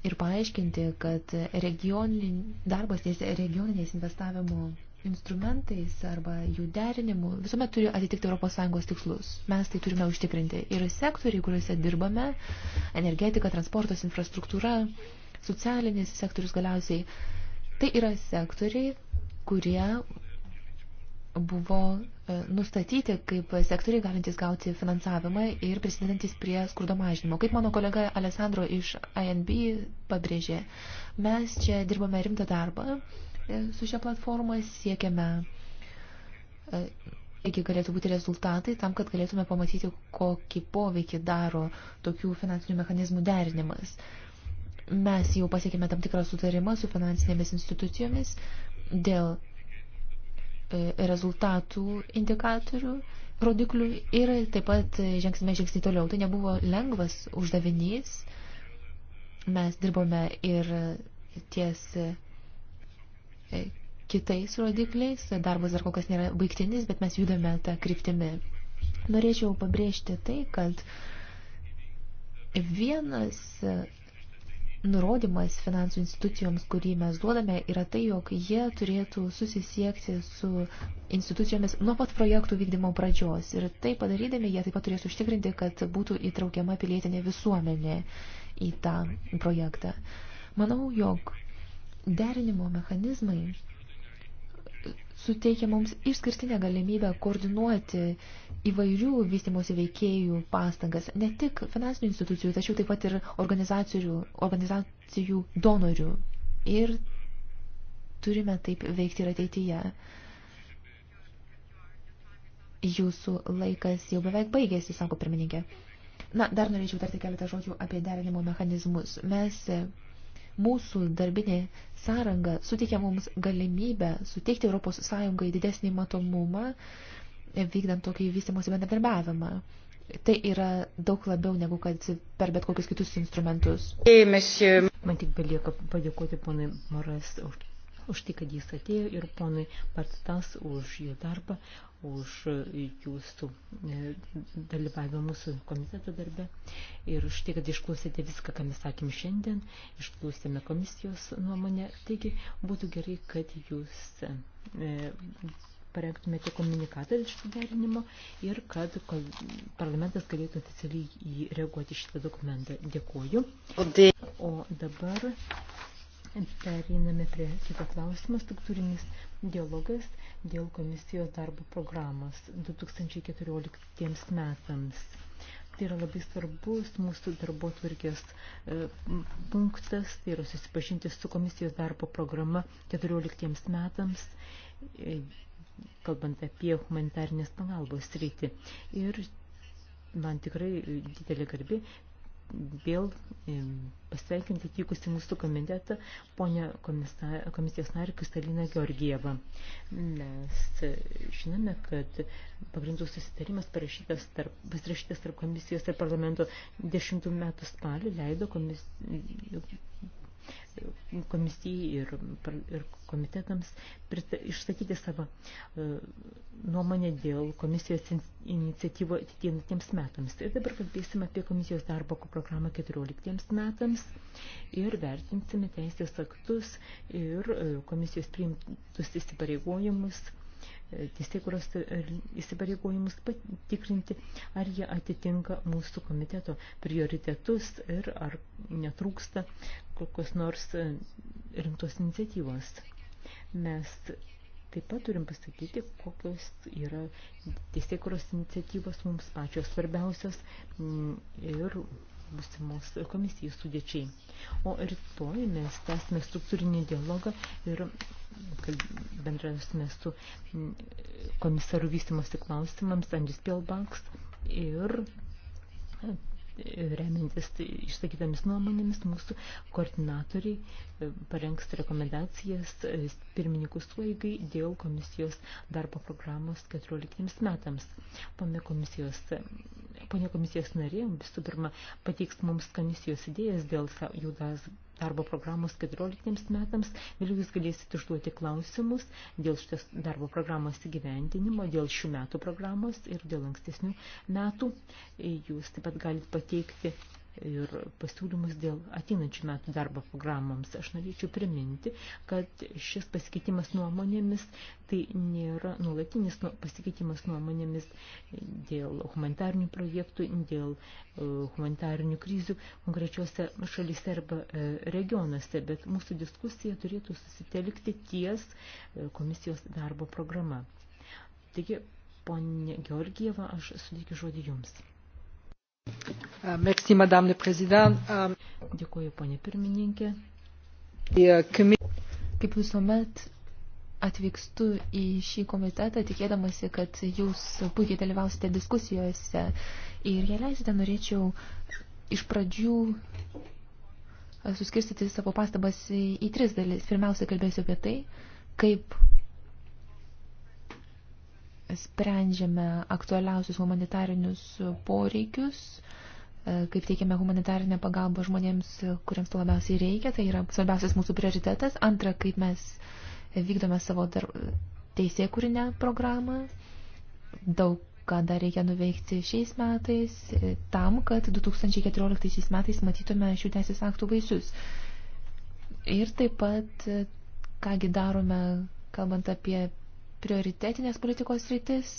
C: ir paaiškinti, kad regionin, darbas ties regioninės investavimo instrumentais arba jų derinimu visuomet turi atitikti ES tikslus. Mes tai turime užtikrinti. Ir sektoriai, kuriuose dirbame, energetika, transportas, infrastruktūra, socialinis sektorius galiausiai, tai yra sektoriai, kurie buvo e, nustatyti kaip sektoriai galintys gauti finansavimą ir prisidedantis prie skurdo mažinimo. Kaip mano kolega Alessandro iš INB pabrėžė, mes čia dirbame rimtą darbą su šia platforma, siekiame, iki e, galėtų būti rezultatai, tam, kad galėtume pamatyti, kokį poveikį daro tokių finansinių mechanizmų derinimas. Mes jau pasiekėme tam tikrą sutarimą su finansinėmis institucijomis dėl e, rezultatų indikatorių, rodiklių ir taip pat žengsime žingsnį toliau. Tai nebuvo lengvas uždavinys. Mes dirbome ir ties E, kitais rodikliais. Darbas dar kol kas nėra baigtinis, bet mes judame tą kryptimį. Norėčiau pabrėžti tai, kad vienas nurodymas finansų institucijoms, kurį mes duodame, yra tai, jog jie turėtų susisiekti su institucijomis nuo pat projektų vykdymo pradžios. Ir tai padarydami, jie taip pat turės užtikrinti, kad būtų įtraukiama pilietinė visuomenė į tą projektą. Manau, jog Derinimo mechanizmai suteikia mums išskirtinę galimybę koordinuoti įvairių vystimosi veikėjų pastangas, ne tik finansinių institucijų, tačiau taip pat ir organizacijų, organizacijų donorių. Ir turime taip veikti ir ateityje. Jūsų laikas jau beveik baigėsi, sako pirmininkė. Na, dar norėčiau tarti keletą žodžių apie derinimo mechanizmus. Mes Mūsų darbinė sąranga suteikia mums galimybę suteikti ES didesnį matomumą, e, vykdant tokį vystimosi bendradarbiavimą. Tai yra daug labiau
A: negu kad per bet kokius kitus instrumentus. E, Man tik belieka padėkoti ponui Moras už, už tai, kad jis atėjo ir ponui Partas už jų darbą, už jūsų e, dalyvavimą mūsų komiteto darbe ir už tai, kad išklausėte viską, ką mes sakėm šiandien, išklausėme komisijos nuomonę. Taigi būtų gerai, kad jūs e, parengtumėte komunikatą dėl šito derinimo ir kad parlamentas galėtų oficialiai reaguoti šitą dokumentą. Dėkuoju. O dabar pereiname prie kito klausimo struktūrinis dialogas dėl komisijos darbo programos 2014 metams. Tai yra labai svarbus mūsų darbo tvarkės e, punktas, tai yra susipažinti su komisijos darbo programa 14 metams, e, kalbant apie humanitarnės pagalbos sritį. Ir man tikrai didelė garbė vėl e, pasveikinti atvykusi mūsų komitetą ponę komisijos narį Kristaliną Georgievą. Mes e, žinome, kad pagrindų susitarimas parašytas tarp, pasirašytas tarp komisijos ir parlamento 10 metų spalį leido komis, komisijai ir, ir komitetams išsakyti savo e, nuomonę dėl komisijos iniciatyvo atitintiems metams. Ir dabar kalbėsime apie komisijos darbo programą 14 metams ir vertinsime teisės aktus ir e, komisijos priimtus įsipareigojimus teisėkuros e, įsipareigojimus patikrinti, ar jie atitinka mūsų komiteto prioritetus ir ar netrūksta kokios nors e, rimtos iniciatyvos. Mes taip pat turim pasakyti, kokios yra teisėkuros iniciatyvos mums pačios svarbiausios ir būsimos komisijos sudėčiai. O rytoj mes tęsime struktūrinį dialogą ir bendrausime su komisaru vystimosi klausimams Andris Pielbaks ir remintis išsakytomis nuomonėmis, mūsų koordinatoriai e, parengs rekomendacijas e, pirmininkų suėgai dėl komisijos darbo programos 14 metams. Pone komisijos, e, ponė komisijos narė visų pirma pateiks mums komisijos idėjas dėl jų darbo darbo programos 14 metams. Vėliau jūs galėsite užduoti klausimus dėl šios darbo programos įgyventinimo, dėl šių metų programos ir dėl ankstesnių metų. Jūs taip pat galite pateikti ir pasiūlymus dėl ateinančių metų darbo programoms. Aš norėčiau priminti, kad šis pasikeitimas nuomonėmis tai nėra nuolatinis nu, pasikeitimas nuomonėmis dėl humanitarinių projektų, dėl e, humanitarinių krizių konkrečiuose šalyse arba e, regionuose, bet mūsų diskusija turėtų susitelkti ties e, komisijos darbo programa. Taigi, ponė Georgieva, aš suteikiu žodį jums. Euh, merci, madame le président. Euh, Dėkuoju, ponė pirmininkė. Euh, kaip visuomet
C: atvykstu į šį komitetą, tikėdamasi, kad jūs puikiai dalyvausite diskusijose. Ir jei leisite, norėčiau iš pradžių e, suskirstyti savo pastabas į tris dalis. Pirmiausia, kalbėsiu apie tai, kaip sprendžiame aktualiausius humanitarinius poreikius, e, kaip teikiame humanitarinę pagalbą žmonėms, kuriems to labiausiai reikia, tai yra svarbiausias mūsų prioritetas. Antra, kaip mes vykdome savo dar... teisėkūrinę programą. Daug ką dar reikia nuveikti šiais metais, e, tam, kad 2014 metais matytume šių teisės aktų vaisius. Ir taip pat, e, kągi darome, kalbant apie prioritetinės politikos rytis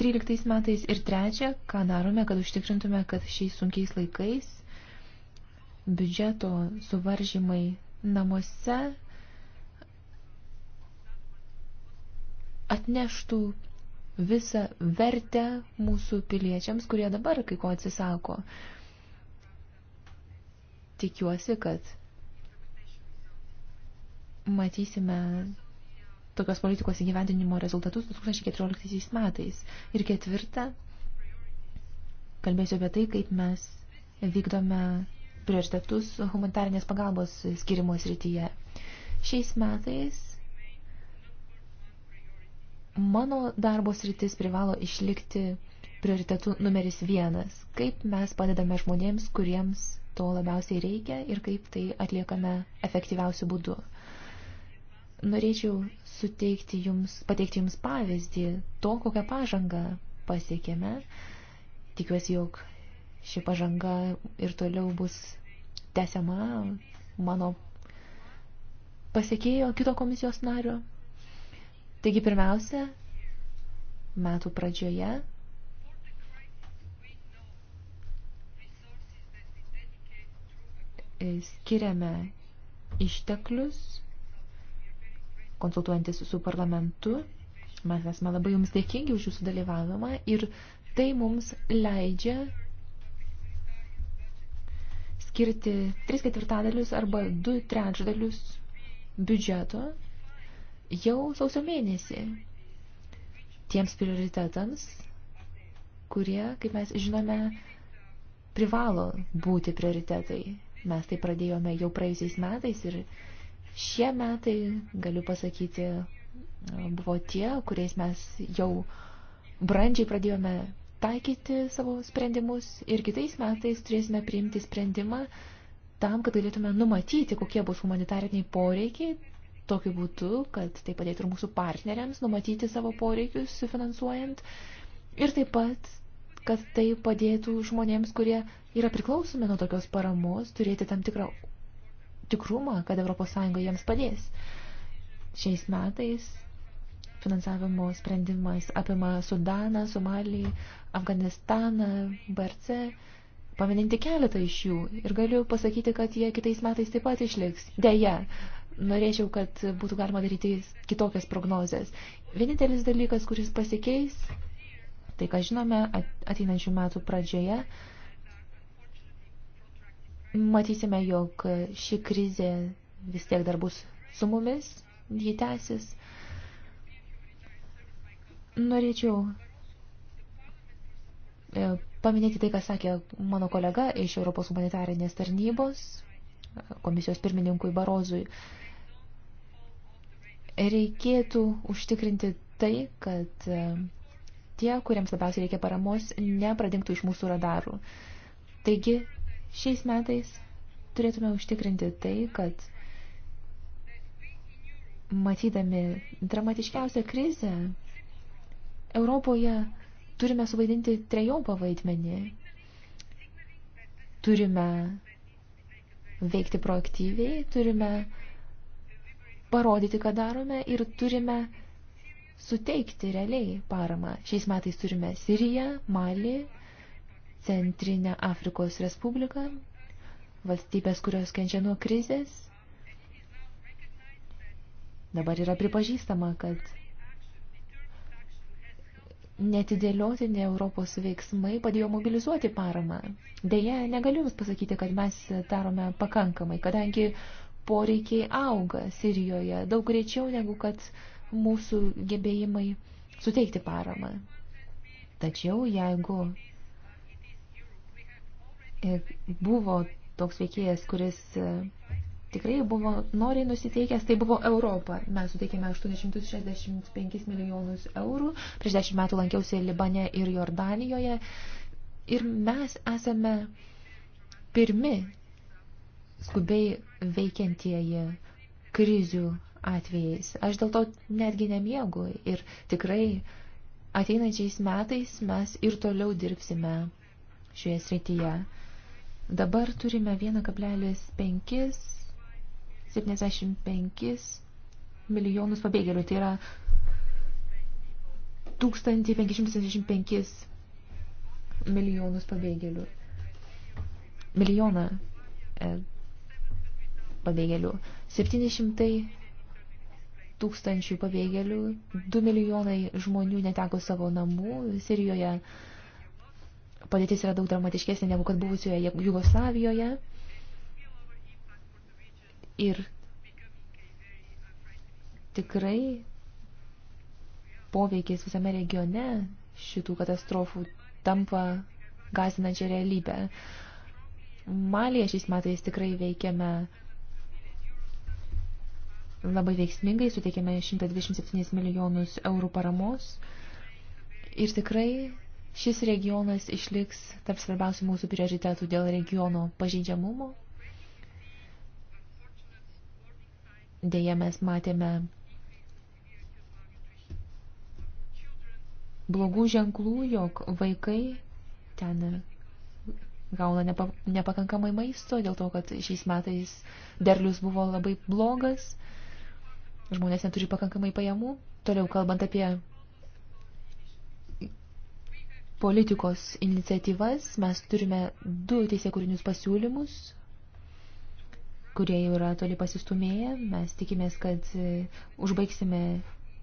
C: 13 metais ir trečia, ką darome, kad užtikrintume, kad šiais sunkiais laikais biudžeto suvaržymai namuose atneštų visą vertę mūsų piliečiams, kurie dabar kai ko atsisako. Tikiuosi, kad matysime tokios politikos įgyvendinimo rezultatus 2014 metais. Ir ketvirta, kalbėsiu apie tai, kaip mes vykdome prioritetus humanitarinės pagalbos skirimo srityje. Šiais metais mano darbo sritis privalo išlikti prioritetu numeris vienas. Kaip mes padedame žmonėms, kuriems to labiausiai reikia ir kaip tai atliekame efektyviausiu būdu. Norėčiau suteikti jums, pateikti jums pavyzdį to, kokią pažangą pasiekėme. Tikiuosi, jog ši pažanga ir toliau bus tęsiama mano pasiekėjo kito komisijos nario. Taigi pirmiausia, metų pradžioje skiriame išteklius konsultuojantis su parlamentu. Mes esame labai jums dėkingi už jūsų dalyvavimą ir tai mums leidžia skirti 3 ketvirtadalius arba 2 trečdalius biudžeto jau sausio mėnesį tiems prioritetams, kurie, kaip mes žinome, privalo būti prioritetai. Mes tai pradėjome jau praėjusiais metais ir Šie metai, galiu pasakyti, buvo tie, kuriais mes jau brandžiai pradėjome taikyti savo sprendimus ir kitais metais turėsime priimti sprendimą tam, kad galėtume numatyti, kokie bus humanitariniai poreikiai, tokiu būdu, kad tai padėtų ir mūsų partneriams numatyti savo poreikius, finansuojant ir taip pat, kad tai padėtų žmonėms, kurie yra priklausomi nuo tokios paramos, turėti tam tikrą tikrumą, kad ES jiems padės. Šiais metais finansavimo sprendimas apima Sudaną, Somalį, Afganistaną, BRC, pamininti keletą iš jų ir galiu pasakyti, kad jie kitais metais taip pat išliks. Deja, norėčiau, kad būtų galima daryti kitokias prognozes. Vienintelis dalykas, kuris pasikeis, tai ką žinome ateinančių metų pradžioje, Matysime, jog ši krizė vis tiek dar bus su mumis, jį tęsis. Norėčiau e, paminėti tai, ką sakė mano kolega iš Europos humanitarinės tarnybos, komisijos pirmininkui Barozui. Reikėtų užtikrinti tai, kad e, tie, kuriems labiausiai reikia paramos, nepradingtų iš mūsų radarų. Taigi, Šiais metais turėtume užtikrinti tai, kad matydami dramatiškiausią krizę, Europoje turime suvaidinti trejopą vaidmenį. Turime veikti proaktyviai, turime parodyti, ką darome ir turime suteikti realiai paramą. Šiais metais turime Siriją, Malį, Centrinę Afrikos Respubliką, valstybės, kurios kenčia nuo krizės. Dabar yra pripažįstama, kad netidėliotini Europos veiksmai padėjo mobilizuoti paramą. Deja, negaliu Jums pasakyti, kad mes darome pakankamai, kadangi poreikiai auga Sirijoje daug greičiau negu kad mūsų gebėjimai suteikti paramą. Tačiau, jeigu buvo toks veikėjas, kuris e, tikrai buvo noriai nusiteikęs, tai buvo Europa. Mes suteikėme 865 milijonus eurų. Prieš dešimt metų lankiausi Libane ir Jordanijoje. Ir mes esame pirmi skubiai veikiantieji krizių atvejais. Aš dėl to netgi nemiegu ir tikrai ateinančiais metais mes ir toliau dirbsime šioje srityje. Dabar turime 1,575 milijonus pabėgėlių. Tai yra 1575 milijonus pabėgėlių. Milijoną e, pabėgėlių. 700 tūkstančių pabėgėlių, 2 milijonai žmonių neteko savo namų Sirijoje padėtis yra daug dramatiškesnė negu kad buvusioje Jugoslavijoje. Ir tikrai poveikis visame regione šitų katastrofų tampa gazinančią realybę. Malėje šiais metais tikrai veikiame labai veiksmingai, suteikėme 127 milijonus eurų paramos ir tikrai Šis regionas išliks tarp svarbiausių mūsų prioritetų dėl regiono pažeidžiamumo. Deja, mes matėme blogų ženklų, jog vaikai ten gauna nepa, nepakankamai maisto, dėl to, kad šiais metais derlius buvo labai blogas, žmonės neturi pakankamai pajamų. Toliau kalbant apie politikos iniciatyvas. Mes turime du teisėkūrinius pasiūlymus, kurie jau yra toli pasistumėję. Mes tikimės, kad e, užbaigsime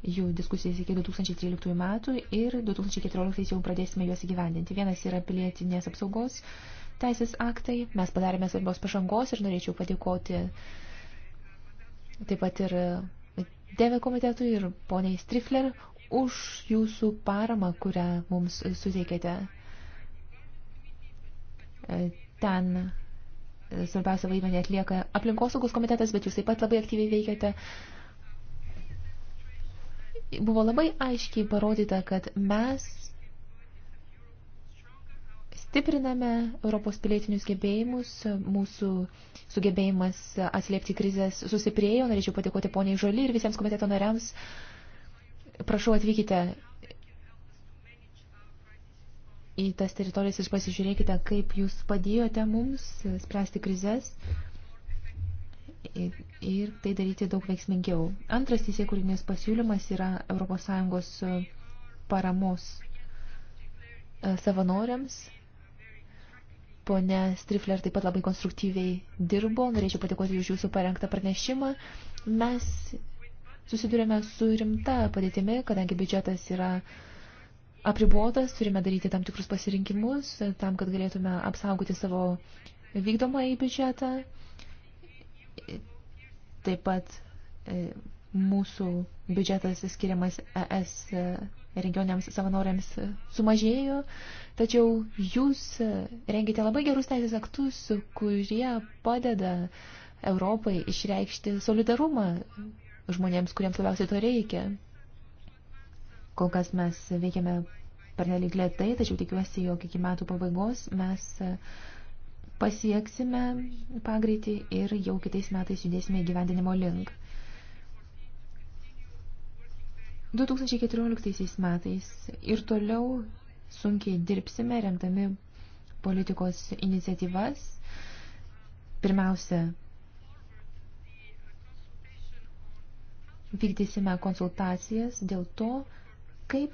C: jų diskusijas iki 2013 metų ir 2014 jau pradėsime juos įgyvendinti. Vienas yra pilietinės apsaugos teisės aktai. Mes padarėme svarbios pažangos ir norėčiau padėkoti taip pat ir Deve komitetui ir poniai Strifler už jūsų paramą, kurią mums suteikėte. E, ten svarbiausia vaidmenį atlieka aplinkosaugos komitetas, bet jūs taip pat labai aktyviai veikiate. Buvo labai aiškiai parodyta, kad mes stipriname Europos pilietinius gebėjimus, mūsų sugebėjimas atsiliepti krizės susiprėjo. Norėčiau padėkoti poniai Žoli ir visiems komiteto nariams Prašau atvykite į tas teritorijas ir pasižiūrėkite, kaip jūs padėjote mums spręsti krizės ir tai daryti daug veiksmingiau. Antras teisėkūrinės pasiūlymas yra ES e, paramos e, savanoriams. Pone Strifler taip pat labai konstruktyviai dirbo. Norėčiau patikoti už jūsų parengtą pranešimą. Mes susidurėme su rimta padėtimi, kadangi biudžetas yra apribuotas, turime daryti tam tikrus pasirinkimus, tam, kad galėtume apsaugoti savo vykdomą į biudžetą. Taip pat e, mūsų biudžetas skiriamas ES regioniams savanoriams sumažėjo, tačiau jūs rengite labai gerus teisės aktus, kurie padeda Europai išreikšti solidarumą žmonėms, kuriems labiausiai to reikia. Kol kas mes veikiame pernelyg lėtai, tačiau tikiuosi, jog iki metų pabaigos mes e, pasieksime pagreitį ir jau kitais metais judėsime įgyvendinimo link. 2014 metais ir toliau sunkiai dirbsime, remdami politikos iniciatyvas. Pirmiausia, vykdysime konsultacijas dėl to, kaip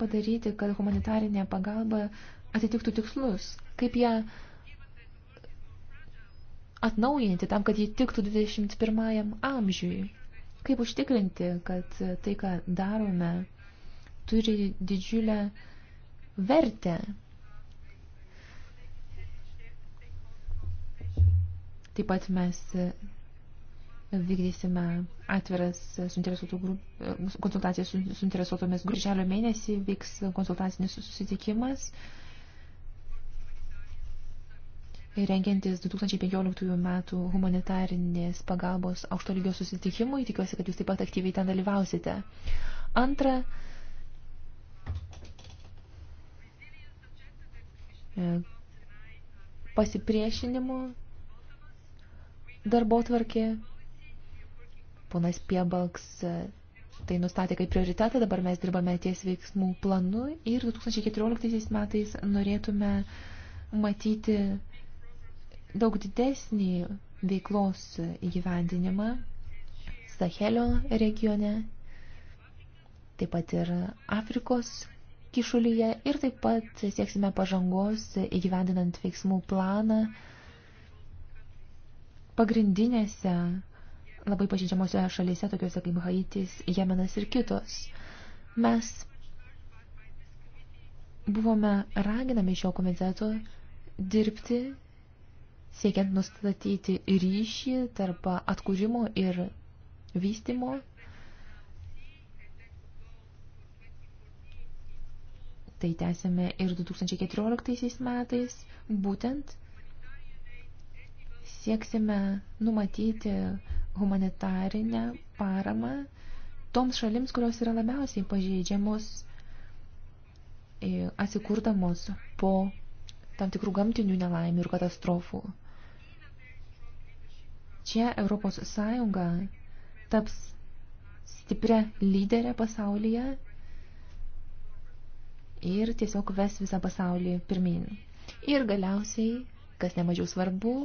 C: padaryti, kad humanitarinė pagalba atitiktų tikslus, kaip ją atnaujinti tam, kad ji tiktų 21 amžiui, kaip užtikrinti, kad tai, ką darome, turi didžiulę vertę. Taip pat mes vykdysime atviras grup, konsultacijas su suinteresuotomis gruželio mėnesį vyks konsultacinis susitikimas. Ir rengiantis 2015 metų humanitarinės pagalbos aukšto lygio susitikimui, tikiuosi, kad jūs taip pat aktyviai ten dalyvausite. Antra, e, pasipriešinimo darbo tvarkė Ponas Piebalks e, tai nustatė kaip prioritetą, dabar mes dirbame ties veiksmų planu ir 2014 metais norėtume matyti daug didesnį veiklos įgyvendinimą Sahelio regione, taip pat ir Afrikos kišulyje ir taip pat sieksime pažangos įgyvendinant veiksmų planą pagrindinėse labai pažydžiamosioje šalyse, tokiuose kaip Haitis, Jemenas ir kitos. Mes buvome raginami šio komiteto dirbti, siekiant nustatyti ryšį tarp atkūrimo ir vystimo. Tai tęsėme ir 2014 metais, būtent sieksime numatyti humanitarinę paramą toms šalims, kurios yra labiausiai pažeidžiamos e, atsikurdamos po tam tikrų gamtinių nelaimių ir katastrofų. Čia Europos Sąjunga taps stiprią lyderę pasaulyje ir tiesiog ves visą pasaulį pirmin. Ir galiausiai, kas nemažiau svarbu,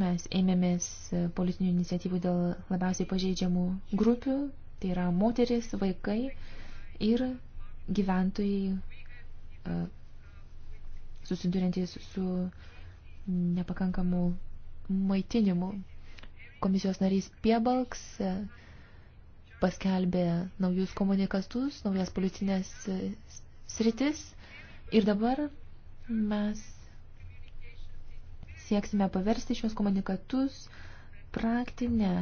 C: Mes ėmėmės e, politinių iniciatyvų dėl labiausiai pažeidžiamų grupių, tai yra moteris, vaikai ir gyventojai e, susidurintys su nepakankamu maitinimu. Komisijos narys Piebalks e, paskelbė naujus komunikatus, naujas policinės sritis ir dabar mes sieksime paversti šios komunikatus praktinę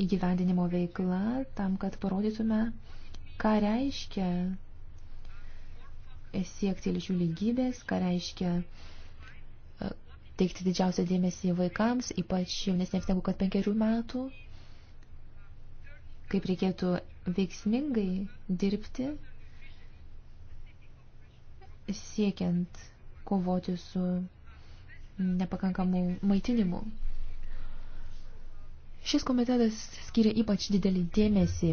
C: įgyvendinimo veiklą tam, kad parodytume, ką reiškia siekti lyčių lygybės, ką reiškia e, teikti didžiausią dėmesį vaikams, ypač jaunesnėms negu kad penkerių metų, kaip reikėtų veiksmingai dirbti, siekiant kovoti su nepakankamų maitinimų. Šis komitetas skiria ypač didelį dėmesį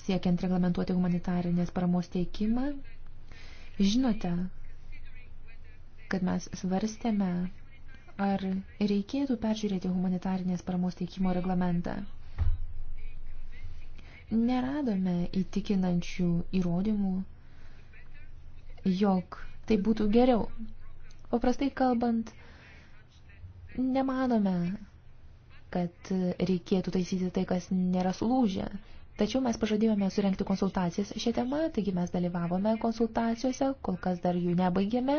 C: siekiant reglamentuoti humanitarinės paramos teikimą. Žinote, kad mes svarstėme, ar reikėtų peržiūrėti humanitarinės paramos teikimo reglamentą. Neradome įtikinančių įrodymų, jog tai būtų geriau. Paprastai kalbant, nemanome, kad reikėtų taisyti tai, kas nėra sulūžę. Tačiau mes pažadėjome surenkti konsultacijas šią temą, taigi mes dalyvavome konsultacijose, kol kas dar jų nebaigėme,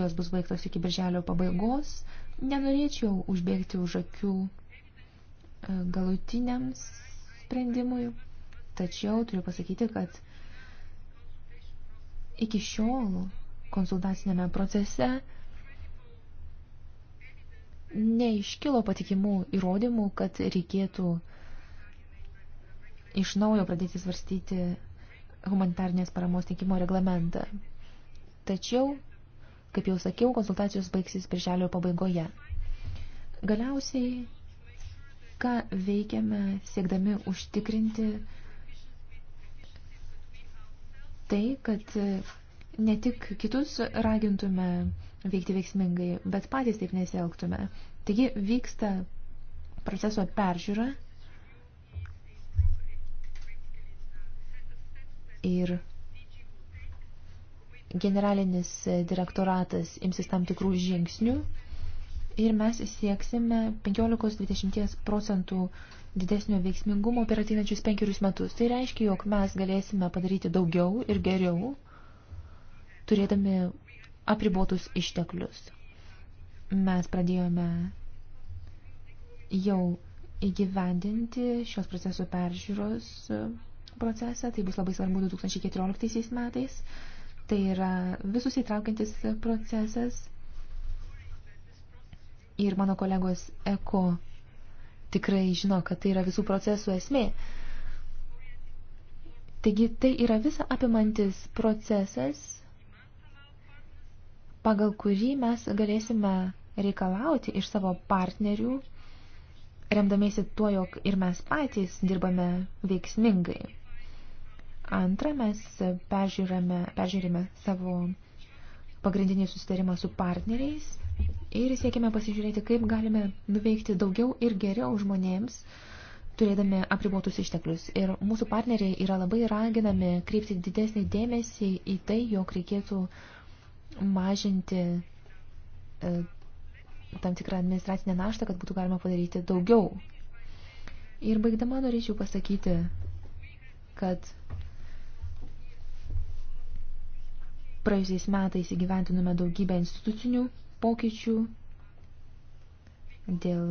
C: jos bus baigtos iki birželio pabaigos. Nenorėčiau užbėgti už akių e, galutiniams sprendimui, tačiau turiu pasakyti, kad iki šiol konsultacinėme procese neiškilo patikimų įrodymų, kad reikėtų iš naujo pradėti svarstyti humanitarnės paramos teikimo reglamentą. Tačiau, kaip jau sakiau, konsultacijos baigsis birželio pabaigoje. Galiausiai, ką veikiame siekdami užtikrinti tai, kad ne tik kitus ragintume veikti veiksmingai, bet patys taip nesielgtume. Taigi vyksta proceso peržiūra ir generalinis direktoratas imsis tam tikrų žingsnių ir mes sieksime 15-20 procentų didesnio veiksmingumo per ateinančius penkerius metus. Tai reiškia, jog mes galėsime padaryti daugiau ir geriau turėdami apribotus išteklius. Mes pradėjome jau įgyvendinti šios procesų peržiūros e, procesą, tai bus labai svarbu 2014 metais. Tai yra visus įtraukiantis procesas ir mano kolegos Eko tikrai žino, kad tai yra visų procesų esmė. Taigi tai yra visa apimantis procesas pagal kurį mes galėsime reikalauti iš savo partnerių, remdamėsi tuo, jog ir mes patys dirbame veiksmingai. Antra, mes peržiūrime, peržiūrime savo pagrindinį susitarimą su partneriais ir siekime pasižiūrėti, kaip galime nuveikti daugiau ir geriau žmonėms, turėdami apribotus išteklius. Ir mūsų partneriai yra labai raginami kreipti didesnį dėmesį į tai, jog reikėtų uh, mažinti e, tam tikrą administracinę naštą, kad būtų galima padaryti daugiau. Ir baigdama norėčiau pasakyti, kad praėjusiais metais įgyventinome daugybę institucinių pokyčių dėl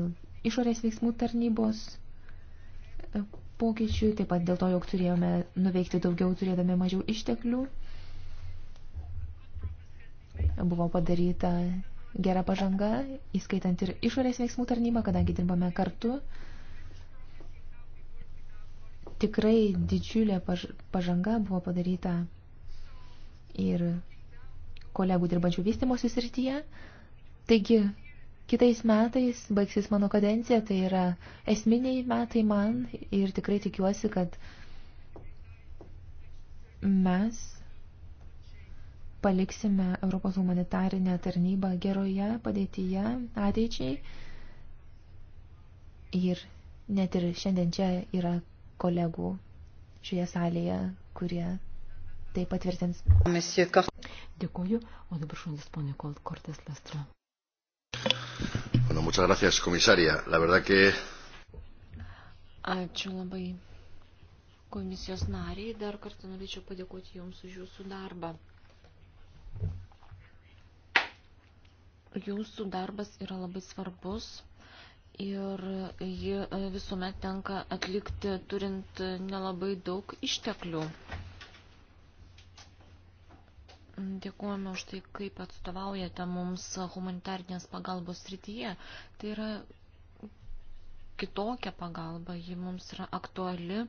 C: išorės veiksmų tarnybos e, pokyčių, taip pat dėl to, jog turėjome nuveikti daugiau turėdami mažiau išteklių buvo padaryta gera pažanga, įskaitant ir išorės veiksmų tarnybą, kadangi dirbame kartu. Tikrai didžiulė pažanga buvo padaryta ir kolegų dirbančių vystimosi srityje. Taigi, kitais metais baigsis mano kadencija, tai yra esminiai metai man ir tikrai tikiuosi, kad mes paliksime Europos humanitarinę tarnybą geroje padėtyje ateičiai. Ir net ir šiandien čia yra kolegų šioje salėje,
B: kurie tai patvirtins.
A: Dėkuoju, o dabar šundis ponė
B: Kortes Lestra.
C: Bueno, muchas gracias, komisarija. La verdad que...
B: Ačiū labai komisijos nariai. Dar kartą norėčiau padėkoti Jums už Jūsų darbą. Jūsų darbas yra labai svarbus ir jį e, visuomet tenka atlikti turint nelabai daug išteklių. Dėkuojame už tai, kaip atstovaujate mums humanitarnės pagalbos srityje. Tai yra kitokia pagalba, ji mums yra aktuali,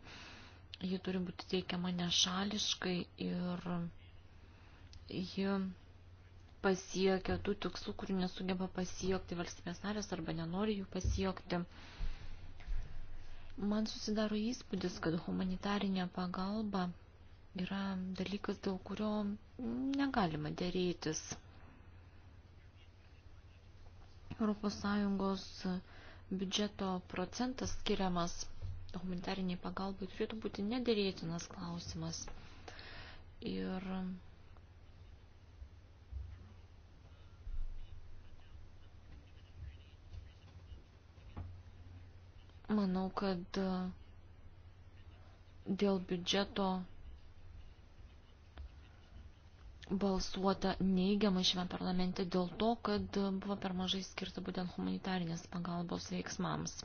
B: ji turi būti teikiama nešališkai ir ji pasiekia tų tikslų, kurių nesugeba pasiekti valstybės narės arba nenori jų pasiekti. Man susidaro įspūdis, kad humanitarinė pagalba yra dalykas, dėl kurio negalima dėrėtis. ES biudžeto procentas skiriamas humanitariniai pagalbai turėtų būti nedėrėtinas klausimas. Ir Manau, kad e, dėl biudžeto balsuota neigiamai šiame parlamente dėl to, kad buvo per mažai skirta būtent humanitarinės pagalbos veiksmams.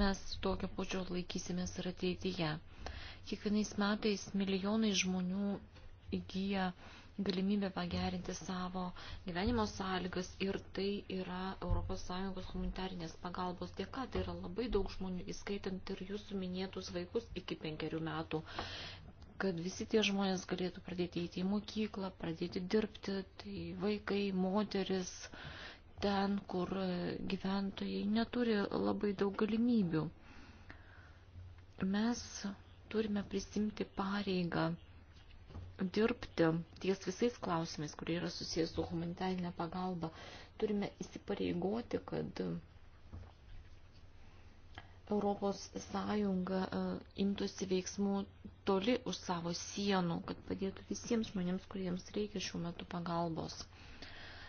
B: Mes tokio požiūrio laikysimės ir ateityje. Kiekvienais metais milijonai žmonių įgyja galimybę pagerinti savo gyvenimo sąlygas ir tai yra ES humanitarinės pagalbos dėka. Tai yra labai daug žmonių, įskaitant ir jūsų minėtus vaikus iki penkerių metų kad visi tie žmonės galėtų pradėti eiti į mokyklą, pradėti dirbti, tai vaikai, moteris, ten, kur gyventojai neturi labai daug galimybių. Mes turime prisimti pareigą dirbti ties visais klausimais, kurie yra susijęs su humanitarinė pagalba. Turime įsipareigoti, kad Europos Sąjunga e, imtųsi veiksmų toli už savo sienų, kad padėtų visiems žmonėms, kuriems reikia šiuo metu pagalbos.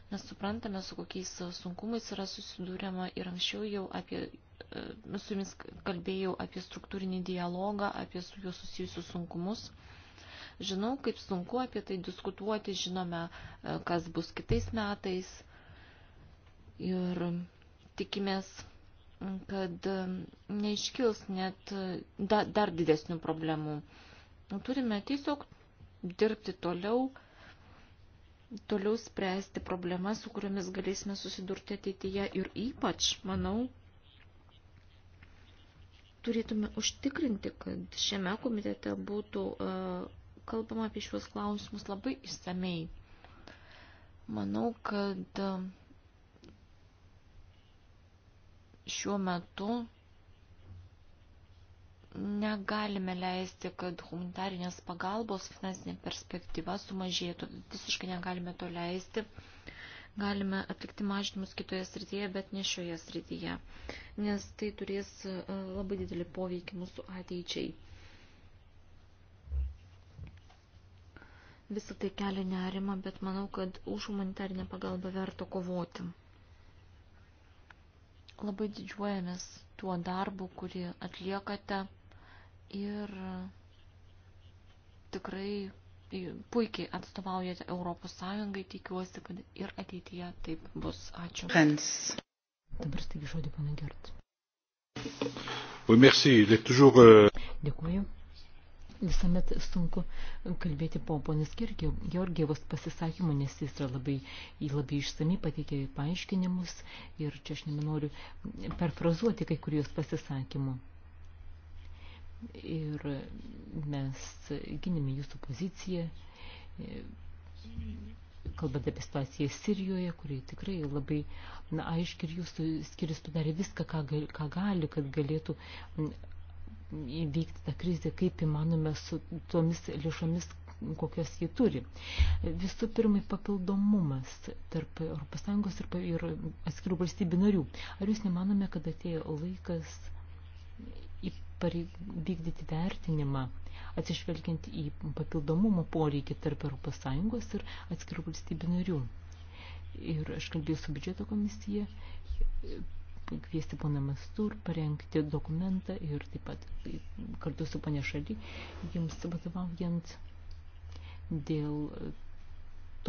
B: Mes suprantame, su kokiais sunkumais yra susidūrėma ir anksčiau jau apie, e, nu, su jumis kalbėjau apie struktūrinį dialogą, apie su juo susijusius sunkumus. Žinau, kaip sunku apie tai diskutuoti, žinome, e, kas bus kitais metais ir tikimės, kad e, neiškils net e, da, dar didesnių problemų. Turime tiesiog dirbti toliau, toliau spręsti problemas, su kuriomis galėsime susidurti ateityje ir ypač, manau, turėtume užtikrinti, kad šiame komitete būtų uh, kalbama apie šiuos klausimus labai išsamei. Manau, kad šiuo metu negalime leisti, kad humanitarinės pagalbos finansinė perspektyva sumažėtų. Visiškai negalime to leisti. Galime atlikti mažinimus kitoje srityje, bet ne šioje srityje, nes tai turės e, labai didelį poveikį mūsų ateičiai. Visą tai kelia nerima, bet manau, kad už humanitarinę pagalbą verta kovoti. Labai didžiuojamės tuo darbu, kurį atliekate ir tikrai puikiai atstovaujate Europos Sąjungai, tikiuosi, kad ir ateityje taip bus. Ačiū.
A: Hans. Dabar staigi žodį panagert. Oui, merci. Il est toujours... Euh, Dėkuoju visuomet sunku kalbėti po ponis Georgievos pasisakymų, nes jis yra labai, labai išsami, pateikė paaiškinimus ir čia aš nenoriu perfrazuoti kai kurios pasisakymų. Ir mes gynėme jūsų poziciją, kalbant apie situaciją Sirijoje, kuri tikrai labai na, aiški ir jūsų skiris padarė viską, ką, ką gali, kad galėtų įveikti tą krizę, kaip įmanome su tomis lėšomis, kokios jį turi. Visų pirma, papildomumas tarp ES ir, ir atskirų valstybių narių. Ar jūs nemanome, kad atėjo laikas vykdyti vertinimą, atsižvelgiant į papildomumo poreikį tarp ES ir atskirų valstybių narių? Ir aš kalbėjau su biudžeto komisija pakviesti poną Mastur, parengti dokumentą ir taip pat kartu su ponė Šaly jums vadovaujant dėl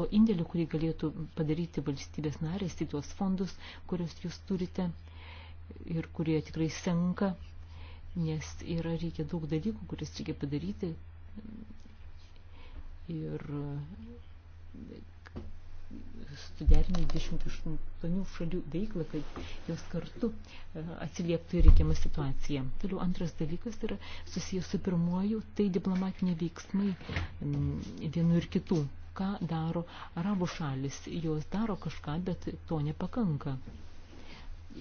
A: to indėlio, kurį galėtų padaryti valstybės narės į tuos fondus, kuriuos jūs turite ir kurie tikrai senka, nes yra reikia daug dalykų, kuris reikia padaryti ir suderina 28 šalių veiklą, kad jos kartu e, atsilieptų į reikiamą situaciją. Toliau antras dalykas yra susijęs su pirmuoju, tai diplomatiniai veiksmai vienų ir kitų. Ką daro arabų šalis? Jos daro kažką, bet to nepakanka.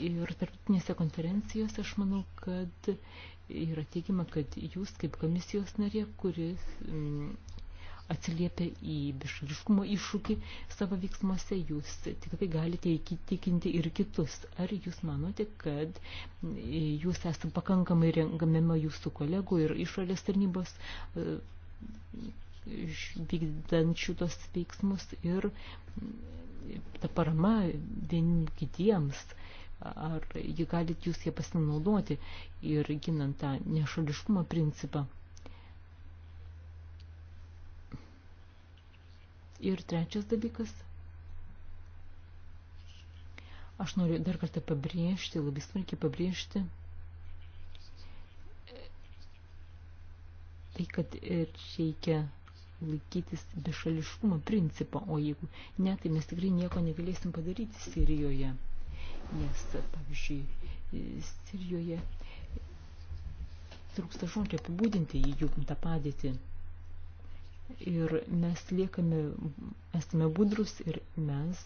A: Ir tarptautinėse konferencijose aš manau, kad yra teigiama, kad jūs kaip komisijos narė, kuris atsiliepia į bišališkumo iššūkį savo veiksmuose, jūs tikrai galite įtikinti ir kitus. Ar jūs manote, kad e, jūs esate pakankamai rengamima jūsų kolegų ir išorės tarnybos e, vykdančių tos veiksmus ir e, ta parama vieni kitiems, ar jį galit jūs jie pasinaudoti ir ginant tą nešališkumo principą. Ir trečias dalykas. Aš noriu dar kartą pabrėžti, labai smarkiai pabrėžti, tai, kad reikia laikytis bešališkumo principo, o jeigu ne, tai mes tikrai nieko negalėsim padaryti Sirijoje. Nes, pavyzdžiui, Sirijoje trūksta žodžio apibūdinti jų tą padėtį ir mes liekame, esame budrus ir mes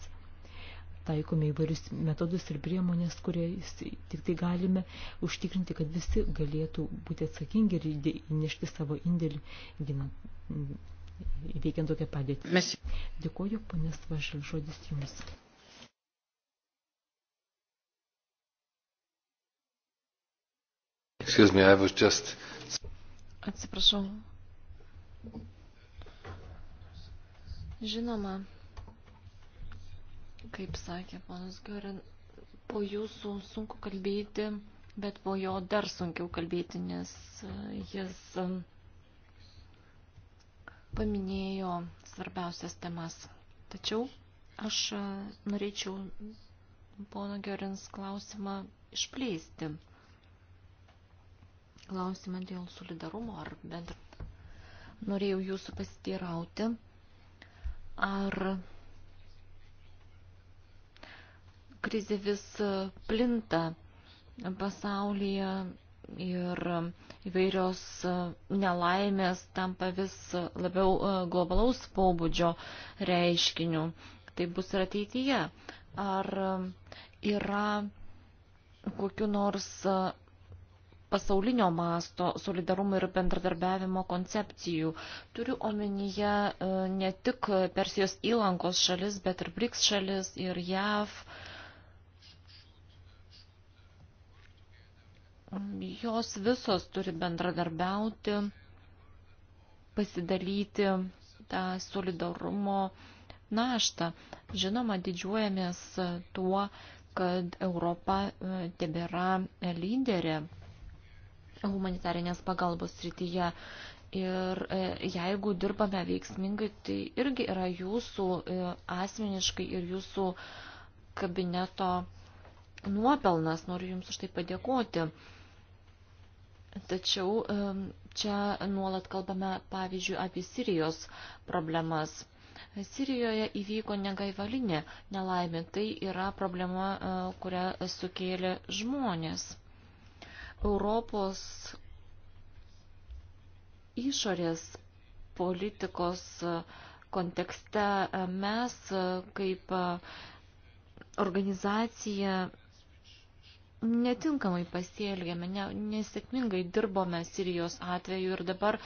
A: taikome įvairius metodus ir priemonės, kuriais tik tai galime užtikrinti, kad visi galėtų būti atsakingi ir įnešti savo indėlį įveikiant tokią padėtį. Mes. Dėkuoju, ponės Vašel, žodis jums. Excuse me, I was just...
B: Atsiprašau. Žinoma, kaip sakė ponas Garin, po jūsų sunku kalbėti, bet po jo dar sunkiau kalbėti, nes e, jis e, paminėjo svarbiausias temas. Tačiau aš e, norėčiau pono Gerins klausimą išplėsti. Klausimą dėl solidarumo ar bendra. Norėjau jūsų pasiteirauti ar krizė vis plinta pasaulyje ir įvairios nelaimės tampa vis labiau e, globalaus pobūdžio reiškiniu. Tai bus ir ateityje. Ar yra kokiu nors e, pasaulinio masto solidarumo ir bendradarbiavimo koncepcijų. Turiu omenyje e, ne tik Persijos įlankos šalis, bet ir BRICS šalis ir JAV. Jos visos turi bendradarbiauti, pasidalyti tą solidarumo naštą. Žinoma, didžiuojamės tuo, kad Europa e, tebėra lyderė humanitarinės pagalbos srityje. Ir e, jeigu dirbame veiksmingai, tai irgi yra jūsų e, asmeniškai ir jūsų kabineto nuopelnas. Noriu Jums už tai padėkoti. Tačiau e, čia nuolat kalbame, pavyzdžiui, apie Sirijos problemas. Sirijoje įvyko negaivalinė nelaimė. Tai yra problema, kurią sukėlė žmonės. Europos išorės politikos kontekste mes kaip organizacija netinkamai pasielgėme, ne, nesėkmingai dirbome Sirijos atveju ir dabar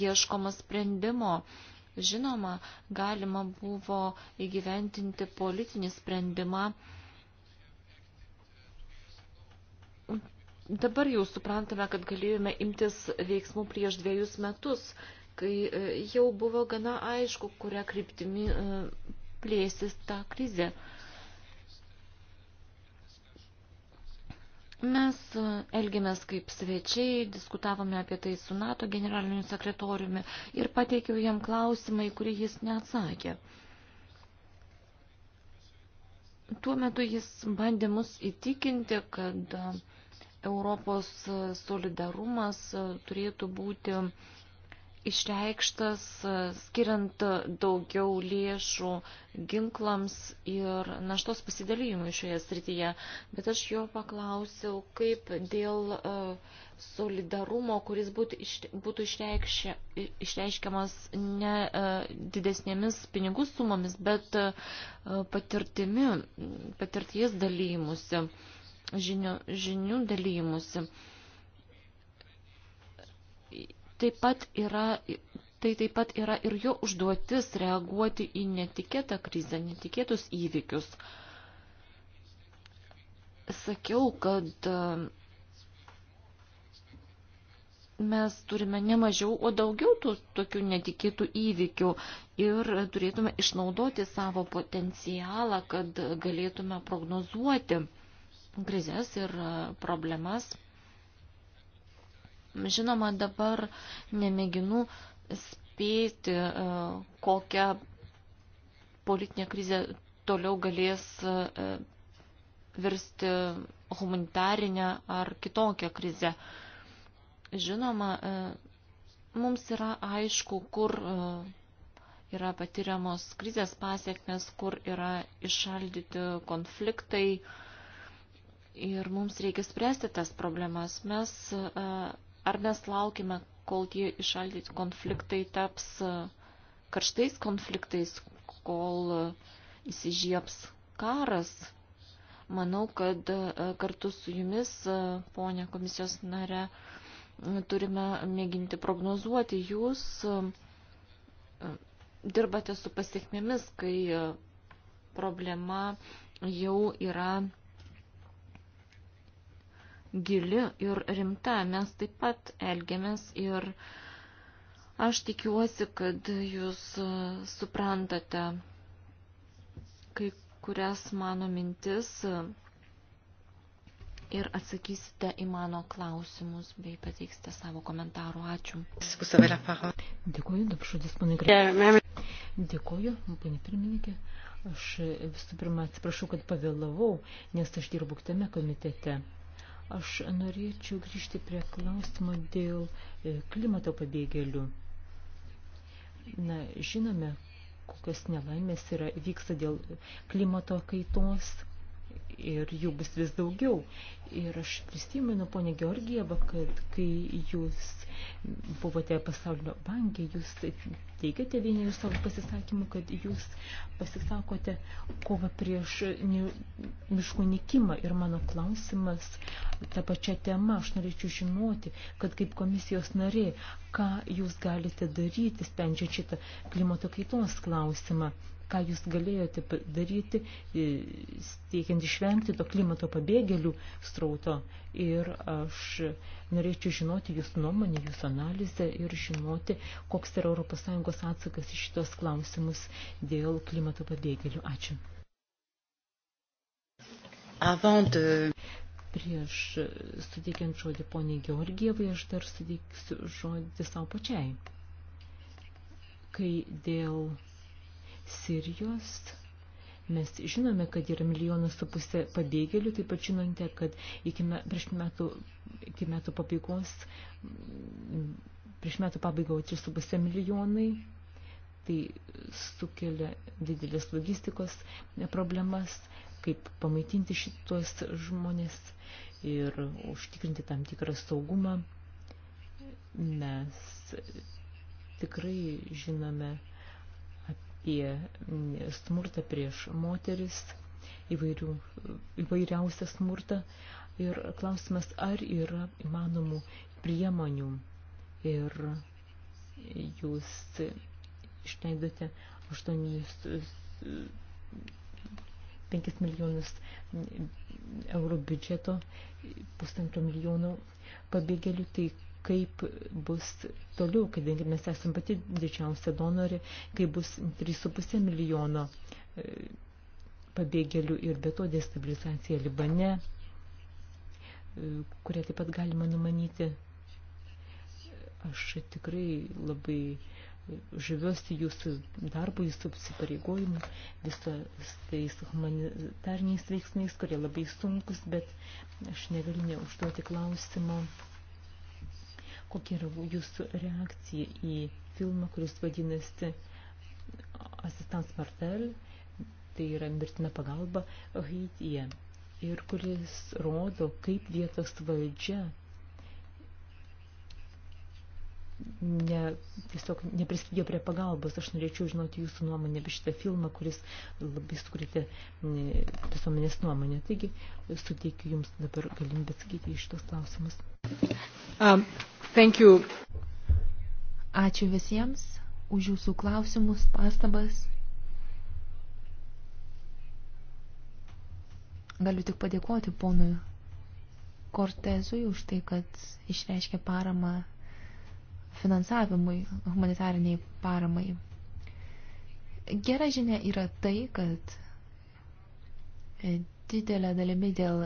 B: ieškoma sprendimo. Žinoma, galima buvo įgyventinti politinį sprendimą Dabar jau suprantame, kad galėjome imtis veiksmų prieš dviejus metus, kai e, jau buvo gana aišku, kuria kryptimi e, plėsis ta krizė. Mes e, elgėmės kaip svečiai, diskutavome apie tai su NATO generaliniu sekretoriumi ir pateikiau jam klausimą, į kurį jis neatsakė. Tuo metu jis bandė mus įtikinti, kad uh, Europos solidarumas turėtų būti išreikštas, skiriant daugiau lėšų ginklams ir naštos pasidalymui šioje srityje. Bet aš jo paklausiau, kaip dėl e, solidarumo, kuris būtų išreiškiamas ne e, didesnėmis pinigų sumomis, bet e, patirtimi, patirties dalymusi žinių, žinių dalymusi. Taip pat yra tai taip pat yra ir jo užduotis reaguoti į netikėtą krizę, netikėtus įvykius. Sakiau, kad e, mes turime ne mažiau, o daugiau tų tokių netikėtų įvykių ir turėtume išnaudoti savo potencialą, kad galėtume prognozuoti krizės ir e, problemas. Žinoma, dabar nemėginu spėti, e, kokią politinę krizę toliau galės e, virsti humanitarinę ar kitokią krizę. Žinoma, mums yra aišku, kur yra patiriamos krizės pasiekmes, kur yra išaldyti konfliktai, Ir mums reikia spręsti tas problemas. Mes, e, ar mes laukime, kol tie išaldyti konfliktai taps e, karštais konfliktais, kol e, įsižieps karas. Manau, kad kartu su jumis, ponė komisijos nare, turime mėginti prognozuoti. Jūs dirbate su pasiekmėmis, kai problema jau yra gili ir rimta. Mes taip pat elgiamės ir aš tikiuosi, kad jūs e, suprantate kai kurias mano mintis e, ir atsakysite į mano klausimus bei pateiksite savo komentarų. Ačiū.
A: Dėkuoju, dapšudis, panai Grėmė. Dėkuoju, panai pirmininkė. Aš visų pirma atsiprašau, kad pavėlavau, nes aš dirbu tame komitete. Aš norėčiau grįžti prie klausimo dėl e, klimato pabėgėlių. Na, žinome, kokios nelaimės yra, vyksta dėl klimato kaitos ir jų bus vis daugiau. Ir aš prisimenu, ponė Georgieva, kad kai jūs buvote pasaulio bankė, jūs teikėte vieną iš savo pasisakymų, kad jūs pasisakote kovą prieš miškų nikimą. Ir mano klausimas tą pačią temą, aš norėčiau žinoti, kad kaip komisijos narė, ką jūs galite daryti, sprendžiant šitą klimato kaitos klausimą ką jūs galėjote daryti, siekiant išvengti to klimato pabėgėlių strauto. Ir aš norėčiau žinoti jūsų nuomonę, jūsų analizę ir žinoti, koks yra ES atsakas į šitos klausimus dėl klimato pabėgėlių. Ačiū. Avant de prieš suteikiant žodį poniai Georgievai, aš dar suteiksiu žodį savo pačiai. Kai dėl Sirijos. Mes žinome, kad yra milijonas su pusė pabėgėlių, taip pat žinote, kad iki me, prieš metų, iki metų pabaigos, prieš metų pabaigą 3,5 milijonai, tai sukelia didelės logistikos problemas, kaip pamaitinti šitos žmonės ir užtikrinti tam tikrą saugumą. Mes tikrai žinome, apie smurtą prieš moteris, įvairių, įvairiausią smurtą. Ir klausimas, ar yra įmanomų priemonių. Ir jūs išleidote 8 5 milijonus eurų biudžeto, pusantro milijono pabėgėlių, tai kaip bus toliau, kadangi mes esam pati didžiausia donorė, kai bus 3,5 milijono e, pabėgėlių ir be to destabilizacija Libane, e, kurią taip pat galima numanyti. Aš tikrai labai žaviuosi jūsų darbu, jūsų apsipareigojimu, visais tais humanitarniais veiksmais, kurie labai sunkus, bet aš negaliu neužduoti klausimo Kokia yra jūsų reakcija į filmą, kuris vadinasi Assistance Martel, tai yra mirtina pagalba Haityje, ir kuris rodo, kaip vietos valdžia ne, tiesiog neprisidėjo prie pagalbos. Aš norėčiau žinoti jūsų nuomonę apie šitą filmą, kuris labai sukrėtė visuomenės nuomonę. Taigi, suteikiu jums dabar galimybę atsakyti į šitos klausimus. Um. Thank you. Ačiū visiems už
C: jūsų klausimus, pastabas. Galiu tik padėkoti ponui Kortezui už tai, kad išreiškė paramą finansavimui, humanitariniai paramai. Gera žinia yra tai, kad e, didelė dalimi dėl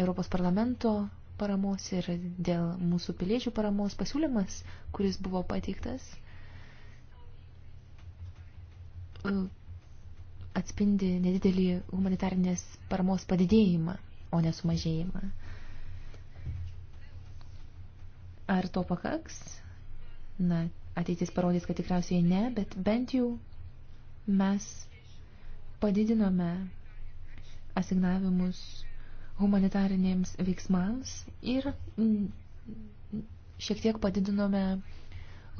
C: Europos parlamento paramos ir dėl mūsų piliečių paramos pasiūlymas, kuris buvo pateiktas, e, atspindi nedidelį humanitarnės paramos padidėjimą, o ne sumažėjimą. Ar to pakaks? Na, ateitis parodys, kad tikriausiai ne, bet bent jau mes padidinome asignavimus humanitarinėms veiksmams ir mm, šiek tiek padidinome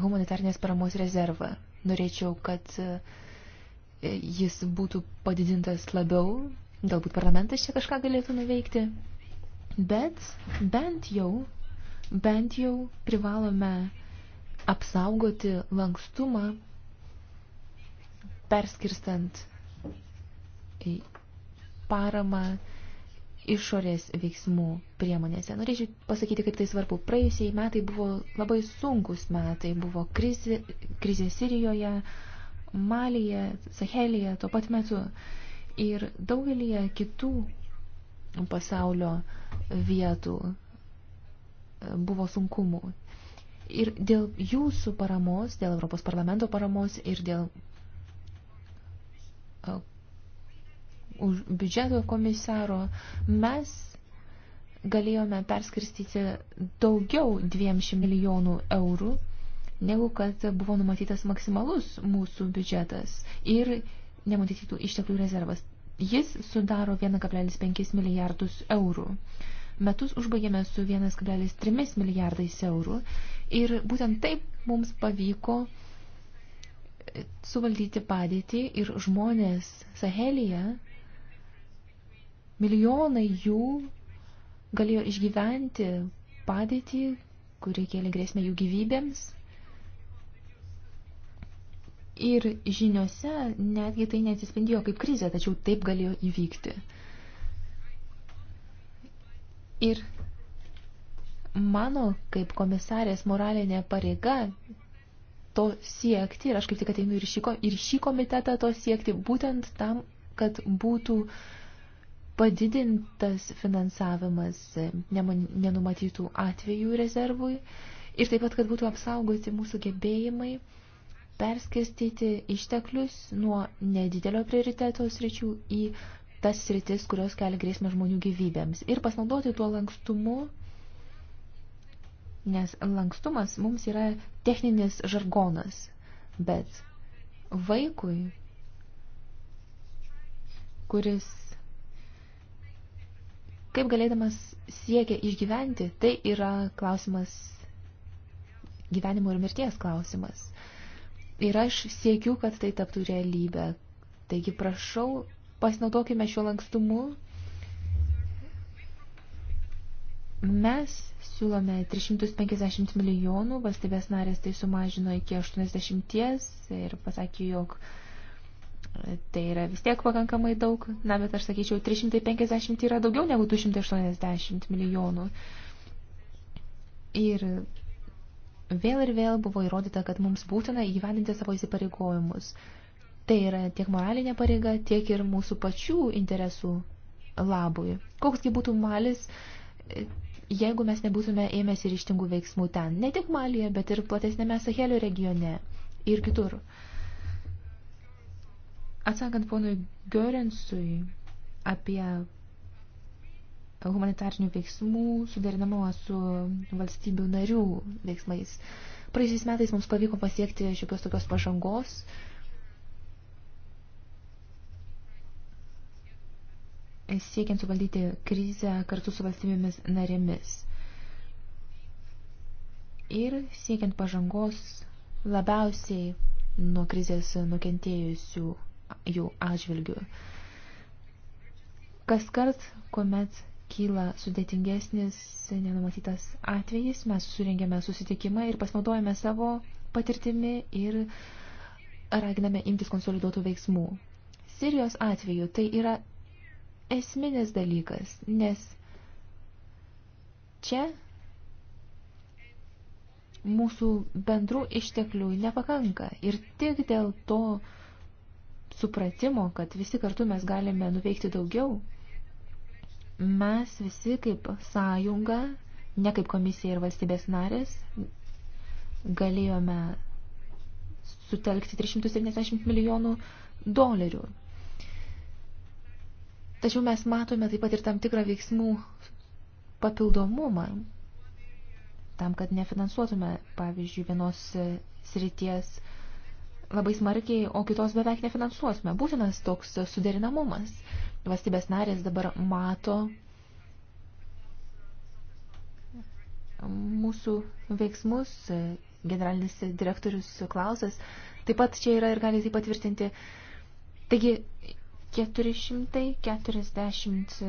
C: humanitarnės paramos rezervą. Norėčiau, kad e, jis būtų padidintas labiau, galbūt parlamentas čia kažką galėtų nuveikti, bet bent jau, bent jau privalome apsaugoti lankstumą, perskirstant paramą išorės veiksmų priemonėse. Norėčiau pasakyti, kaip tai svarbu. Praėjusiai metai buvo labai sunkus metai. Buvo krizi, krizė Sirijoje, Malyje, Sahelėje tuo pat metu. Ir daugelį kitų pasaulio vietų e, buvo sunkumų. Ir dėl jūsų paramos, dėl Europos parlamento paramos ir dėl e, už biudžeto komisaro, mes galėjome perskirstyti daugiau 200 milijonų eurų, negu kad buvo numatytas maksimalus mūsų biudžetas ir nematytų išteklių rezervas. Jis sudaro 1,5 milijardus eurų. Metus užbaigėme su 1,3 milijardais eurų ir būtent taip mums pavyko suvaldyti padėtį ir žmonės Sahelija Milijonai jų galėjo išgyventi padėtį, kuri kėlė grėsmę jų gyvybėms. Ir žiniuose netgi tai neatsispindėjo kaip krizė, tačiau taip galėjo įvykti. Ir mano kaip komisarės moralinė pareiga to siekti, ir aš kaip tik ateinu ir šį, ir šį komitetą to siekti, būtent tam, kad būtų uh, padidintas finansavimas nenumatytų atvejų rezervui ir taip pat, kad būtų apsaugoti mūsų gebėjimai perskirstyti išteklius nuo nedidelio prioriteto sričių į tas sritis, kurios kelia grėsmę žmonių gyvybėms ir pasinaudoti tuo lankstumu, nes lankstumas mums yra techninis žargonas, bet vaikui, kuris kaip galėdamas siekia išgyventi, tai yra klausimas gyvenimo ir mirties klausimas. Ir aš siekiu, kad tai taptų realybę. Taigi prašau, pasinaudokime šiuo lankstumu. Mes siūlome 350 milijonų, valstybės narės tai sumažino iki 80 ir pasakė, jog Tai yra vis tiek pakankamai daug, na, bet aš sakyčiau, 350 yra daugiau negu 280 milijonų. Ir vėl ir vėl buvo įrodyta, kad mums būtina įgyvendinti savo įsipareigojimus. Tai yra tiek moralinė pareiga, tiek ir mūsų pačių interesų labui. Koksgi būtų malis, jeigu mes nebūtume ėmėsi ryštingų veiksmų ten, ne tik Malyje, bet ir platesnėme Sahelio regione ir kitur. Uh, Atsakant ponui Görensui apie humanitarinių veiksmų suderinamumą su valstybių narių veiksmais. Praėjusiais metais mums pavyko pasiekti šiokios tokios pažangos. siekiant suvaldyti krizę kartu su valstybėmis narėmis. Ir siekiant pažangos labiausiai nuo krizės nukentėjusių jų atžvilgių. Kas kart, kuomet kyla sudėtingesnis nenumatytas atvejis, mes surengėme susitikimą ir pasinaudojame savo patirtimi ir raginame imtis konsoliduotų veiksmų. Sirijos atveju tai yra esminis dalykas, nes čia mūsų bendrų išteklių nepakanka ir tik dėl to, supratimo, kad visi kartu mes galime nuveikti daugiau, mes visi kaip sąjunga, ne kaip komisija ir valstybės narės, galėjome sutelkti 370 milijonų dolerių. Tačiau mes matome taip pat ir tam tikrą veiksmų papildomumą, tam, kad nefinansuotume, pavyzdžiui, vienos srities uh, labai smarkiai, o kitos beveik nefinansuosime. Būtinas toks suderinamumas. Valstybės narės dabar mato mūsų veiksmus. Generalinis direktorius Klausas taip pat čia yra ir gali tai patvirtinti. Taigi 440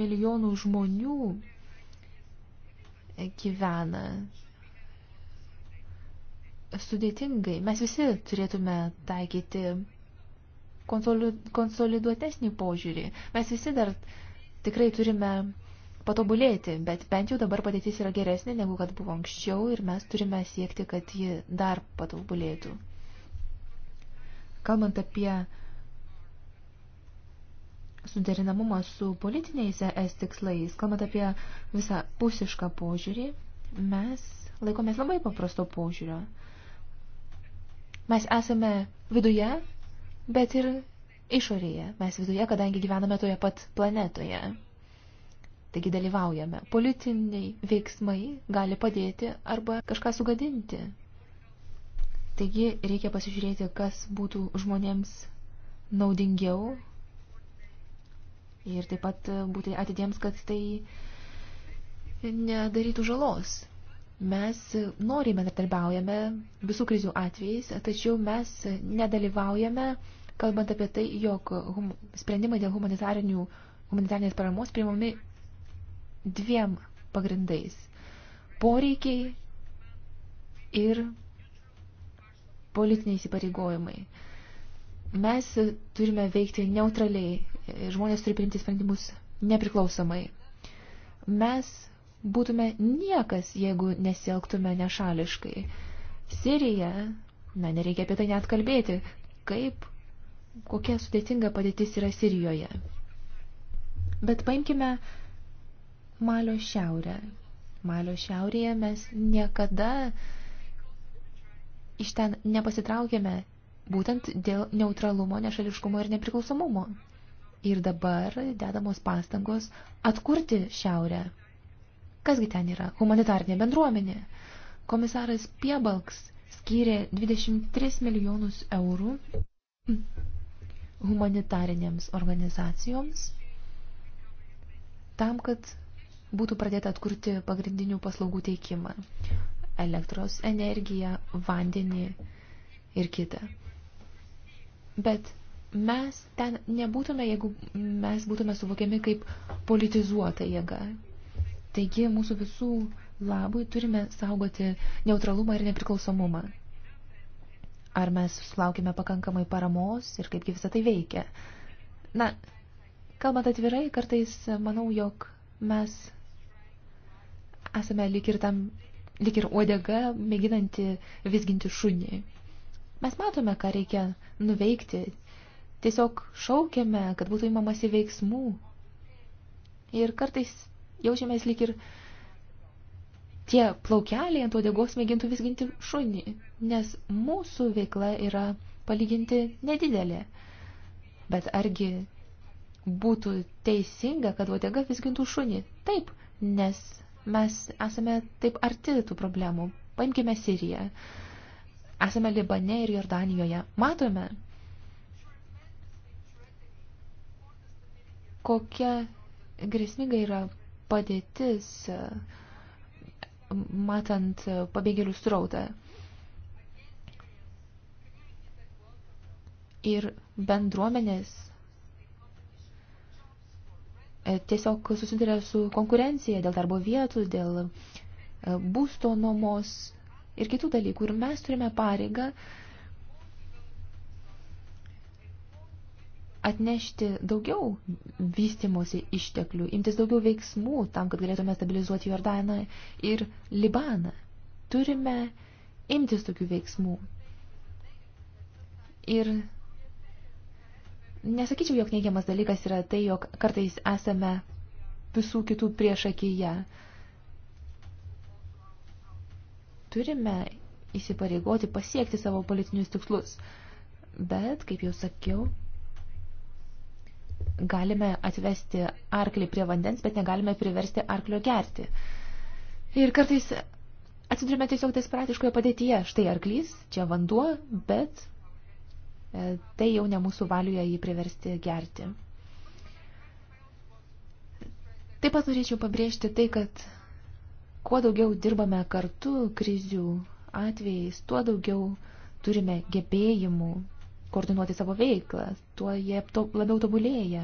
C: milijonų žmonių gyvena sudėtingai. Mes visi turėtume taikyti konsoliduotesnį požiūrį. Mes visi dar tikrai turime patobulėti, bet bent jau dabar padėtis yra geresnė negu kad buvo anksčiau ir mes turime siekti, kad ji dar patobulėtų. Kalbant apie suderinamumą su politiniais es tikslais, kalbant apie visą pusišką požiūrį, mes laikomės labai paprasto požiūrio. Mes esame viduje, bet ir išorėje. Mes viduje, kadangi gyvename toje pat planetoje. Taigi dalyvaujame. Politiniai veiksmai gali padėti arba kažką sugadinti. Taigi reikia pasižiūrėti, kas būtų žmonėms naudingiau ir taip pat būti atidiems, kad tai nedarytų žalos. Mes noriai bendradarbiaujame visų krizių atvejais, tačiau mes nedalyvaujame, kalbant apie tai, jog hum, sprendimai dėl humanitarnės paramos priimami dviem pagrindais. Poreikiai ir politiniai įsipareigojimai. Mes turime veikti neutraliai, žmonės turi priimti sprendimus nepriklausomai. Mes būtume niekas, jeigu nesielgtume nešališkai. Sirija, na, nereikia apie tai net kalbėti, kaip, kokia sudėtinga padėtis yra Sirijoje. Bet paimkime Malio šiaurę. Malio šiaurėje mes niekada iš ten nepasitraukėme būtent dėl neutralumo, nešališkumo ir nepriklausomumo. Ir dabar dedamos pastangos atkurti šiaurę. Kasgi ten yra? Humanitarnė bendruomenė. Komisaras Piebalks skyrė 23 milijonus eurų humanitarinėms organizacijoms tam, kad būtų pradėta atkurti pagrindinių paslaugų teikimą – elektros, energiją, vandenį ir kitą. Bet mes ten nebūtume, jeigu mes būtume suvokiami kaip politizuota jėga, Taigi mūsų visų labui turime saugoti neutralumą ir nepriklausomumą. Ar mes sulaukime pakankamai paramos ir kaipgi visą tai veikia? Na, kalbant atvirai, kartais manau, jog mes esame lik ir, tam, lik ir uodega, mėginanti visginti šunį. Mes matome, ką reikia nuveikti. Tiesiog šaukiame, kad būtų įmamasi veiksmų. Ir kartais jaučiamės lyg ir tie plaukeliai ant uodegos mėgintų visginti šunį, nes mūsų veikla yra palyginti nedidelė. Bet argi būtų teisinga, kad uodega visgintų šunį? Taip, nes mes esame taip arti tų problemų. Paimkime Siriją. Esame Libane ir Jordanijoje. Matome, kokia grėsminga yra padėtis, matant pabėgėlių srautą. Ir bendruomenės e, tiesiog susiduria su konkurencija dėl darbo vietų, dėl e, būsto nuomos ir kitų dalykų. Ir mes turime pareigą uh, atnešti daugiau vystimosi išteklių, imtis daugiau veiksmų tam, kad galėtume stabilizuoti Jordaną ir Libaną. Turime imtis tokių veiksmų. Ir nesakyčiau, jog neigiamas dalykas yra tai, jog kartais esame visų kitų priešakyje. Turime įsipareigoti pasiekti savo politinius tikslus. Bet, kaip jau sakiau, galime atvesti arklį prie vandens, bet negalime priversti arklio gerti. Ir kartais atsidurime tiesiog desperatiškoje padėtyje. Štai arklys, čia vanduo, bet e, tai jau ne mūsų valiuje jį priversti gerti. Taip pat norėčiau pabrėžti tai, kad kuo daugiau dirbame kartu krizių atvejais, tuo daugiau turime gebėjimų koordinuoti savo veiklą, tuo jie to, labiau tobulėja.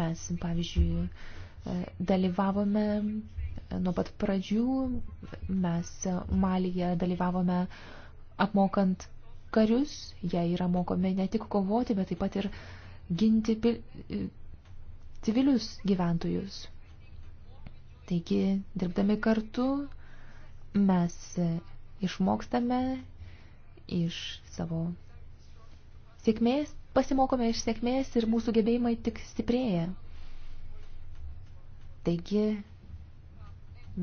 C: Mes, pavyzdžiui, e, dalyvavome e, nuo pat pradžių, mes Malyje dalyvavome apmokant karius, jie yra mokomi ne tik kovoti, bet taip pat ir ginti pil... E, civilius gyventojus. Taigi, dirbdami kartu, mes išmokstame iš savo Sėkmės, pasimokome iš sėkmės ir mūsų gebėjimai tik stiprėja. Taigi,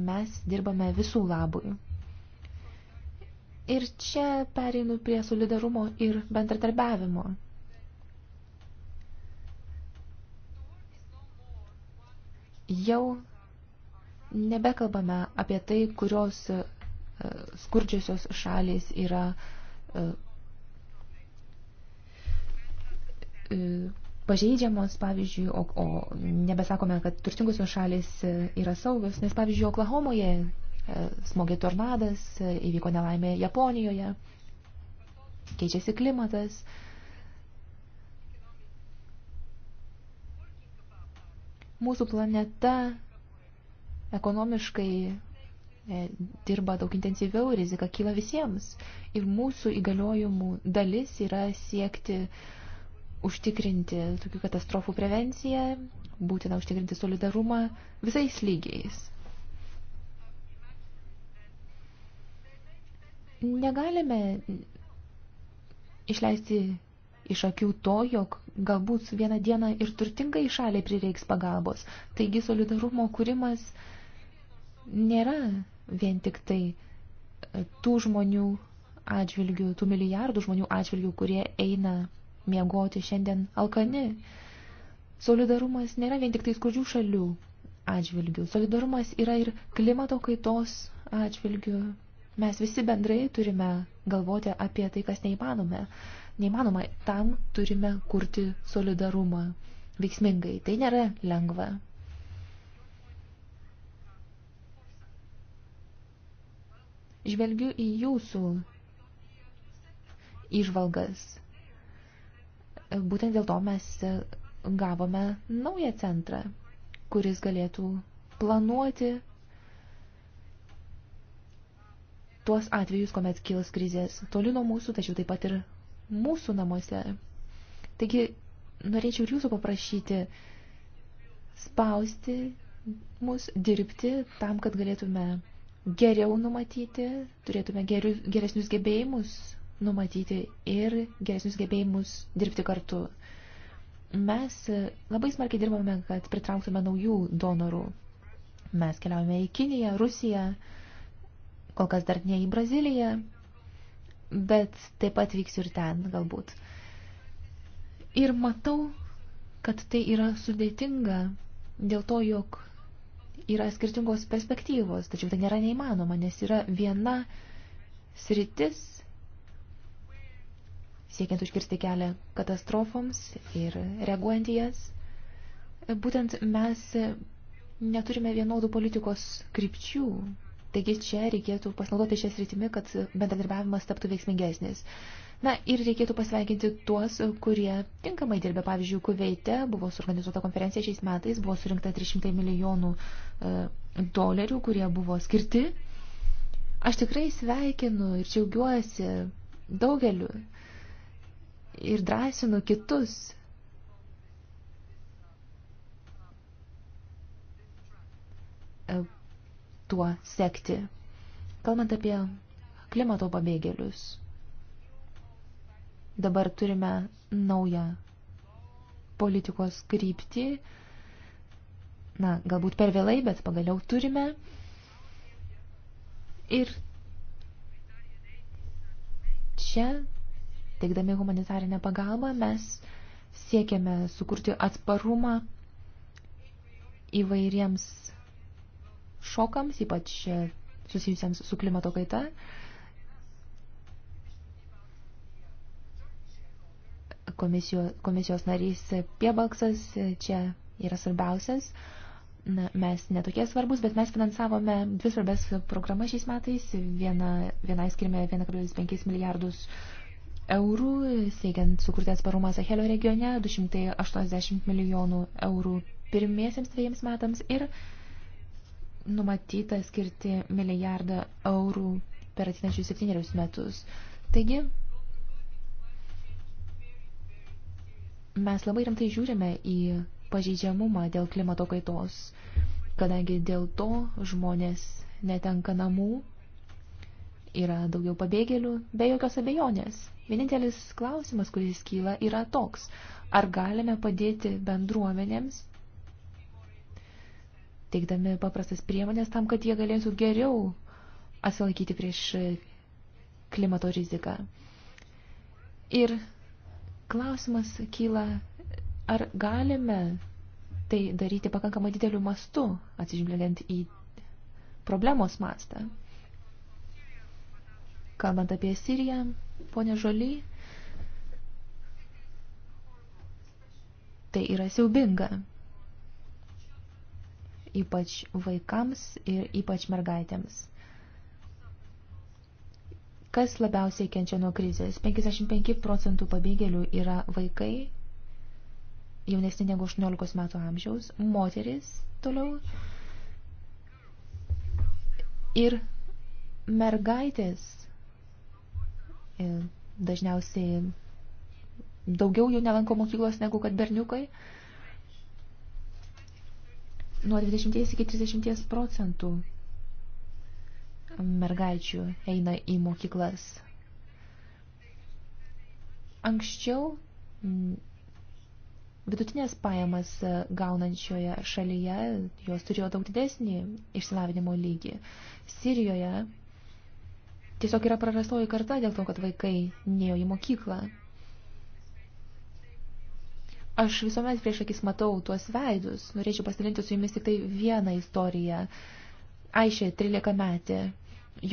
C: mes dirbame visų labui. Ir čia pereinu prie solidarumo ir bendradarbiavimo. Jau nebekalbame apie tai, kurios e, skurdžiosios šalys yra e, E, pažeidžiamos, pavyzdžiui, o, o nebesakome, kad turtingusios šalis e, yra saugios, nes, pavyzdžiui, Oklahomoje e, smogė tornadas, įvyko nelaimė Japonijoje, keičiasi klimatas. Mūsų planeta ekonomiškai dirba daug intensyviau, rizika kyla visiems. Ir mūsų įgaliojimų dalis yra siekti uh, užtikrinti tokių katastrofų prevenciją, būtina užtikrinti solidarumą visais lygiais. Negalime išleisti iš akių to, jog galbūt vieną dieną ir turtingai šaliai prireiks pagalbos. Taigi solidarumo kūrimas nėra vien tik tai e, tų žmonių atžvilgių, tų milijardų žmonių atžvilgių, kurie eina miegoti šiandien alkani. Solidarumas nėra vien tik tai skurdžių šalių atžvilgių. Solidarumas yra ir klimato kaitos atžvilgių. Mes visi bendrai turime galvoti apie tai, kas neįmanome. Neįmanoma, tam turime kurti solidarumą veiksmingai. Tai nėra lengva. Žvelgiu į jūsų išvalgas Būtent dėl to mes e, gavome naują centrą, kuris galėtų planuoti tuos atvejus, kuomet kils krizės toli nuo mūsų, tačiau taip pat ir mūsų namuose. Taigi, norėčiau ir jūsų paprašyti spausti mus dirbti tam, kad galėtume geriau numatyti, turėtume gerius, geresnius gebėjimus numatyti ir geresnius gebėjimus dirbti kartu. Mes labai smarkiai dirbame, kad pritrauktume naujų donorų. Mes keliaujame į Kiniją, Rusiją, kol kas dar ne į Braziliją, bet taip pat vyksiu ir ten galbūt. Ir matau, kad tai yra sudėtinga dėl to, jog yra skirtingos perspektyvos, tačiau tai nėra neįmanoma, nes yra viena sritis, siekiant užkirsti kelią katastrofoms ir reaguojant į jas. Būtent mes neturime vienodų politikos krypčių, taigi čia reikėtų pasinaudoti šią sritimį, kad bendradarbiavimas taptų veiksmingesnis. Na ir reikėtų pasveikinti tuos, kurie tinkamai dirbė. Pavyzdžiui, Kuveite buvo suorganizuota konferencija šiais metais, buvo surinkta 300 milijonų e, dolerių, kurie buvo skirti. Aš tikrai sveikinu ir džiaugiuosi daugeliu ir drąsinu kitus. E, tuo sekti. Kalbant apie klimato pabėgėlius, dabar turime naują politikos kryptį, na, galbūt per vėlai, bet pagaliau turime. Ir čia Teikdami humanitarinę pagalbą mes siekiame sukurti atsparumą įvairiems šokams, ypač susijusiems su klimato kaita. Komisijos, komisijos narys Piebalksas čia yra svarbiausias. Na, mes netokie svarbus, bet mes finansavome dvi svarbės programas šiais metais. Viena, vienai skirime 1,5 milijardus eurų, siekiant sukurti atsparumą Sahelio regione, 280 milijonų eurų pirmiesiems dviejams metams ir numatyta skirti milijardą eurų per atinačius septynerius metus. Taigi, mes labai rimtai žiūrime į pažeidžiamumą dėl klimato kaitos, kadangi dėl to žmonės netenka namų, yra daugiau pabėgėlių, be jokios abejonės. Vienintelis klausimas, kuris kyla, yra toks. Ar galime padėti bendruomenėms, teikdami paprastas priemonės tam, kad jie galėtų geriau atsilaikyti prieš klimato riziką. Ir klausimas kyla, ar galime tai daryti pakankamai dideliu mastu, atsižvelgiant į problemos mastą. Kalbant apie Siriją, Pone Žoly, tai yra siaubinga. Ypač vaikams ir ypač mergaitėms. Kas labiausiai kenčia nuo krizės? 55 procentų pabėgėlių yra vaikai, jaunesni negu 18 metų amžiaus, moteris toliau ir mergaitės E dažniausiai daugiau jų nelanko mokyklos negu kad berniukai. Nuo 20 iki 30 procentų mergaičių eina į mokyklas. Anksčiau mm, vidutinės pajamas gaunančioje šalyje jos turėjo daug didesnį išsilavinimo lygį. Sirijoje tiesiog yra prarastoji karta dėl to, kad vaikai nėjo į mokyklą. Aš visuomet prieš akis matau tuos veidus. Norėčiau pasidalinti su jumis tik tai vieną istoriją. Aišė, 13 metė,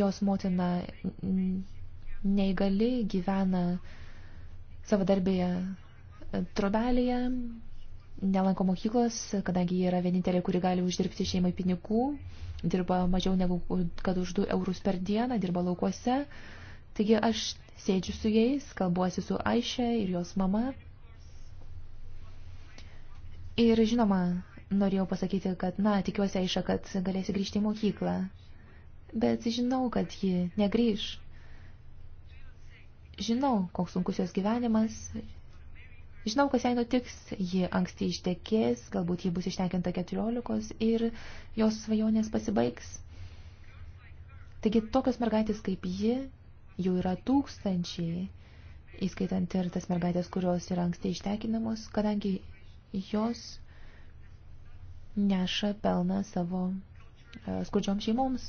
C: jos motina neįgali gyvena savadarbėje trobelėje, nelanko mokyklos, kadangi jie yra vienintelė, kuri gali uždirbti šeimai pinigų, dirba mažiau negu kad už 2 eurus per dieną, dirba laukuose. Taigi aš sėdžiu su jais, kalbuosi su Aišė ir jos mama. Ir žinoma, norėjau pasakyti, kad, na, tikiuosi Aišė, kad galėsi grįžti į mokyklą. Bet žinau, kad ji negrįž. Žinau, koks sunkus jos gyvenimas, Žinau, kas jai nutiks, ji anksti ištekės, galbūt ji bus ištekinta 14 ir jos svajonės pasibaigs. Taigi tokios mergaitės kaip ji, jų yra tūkstančiai, įskaitant ir tas mergaitės, kurios yra anksti ištekinamos, kadangi jos neša pelną savo e, skurdžiom šeimoms.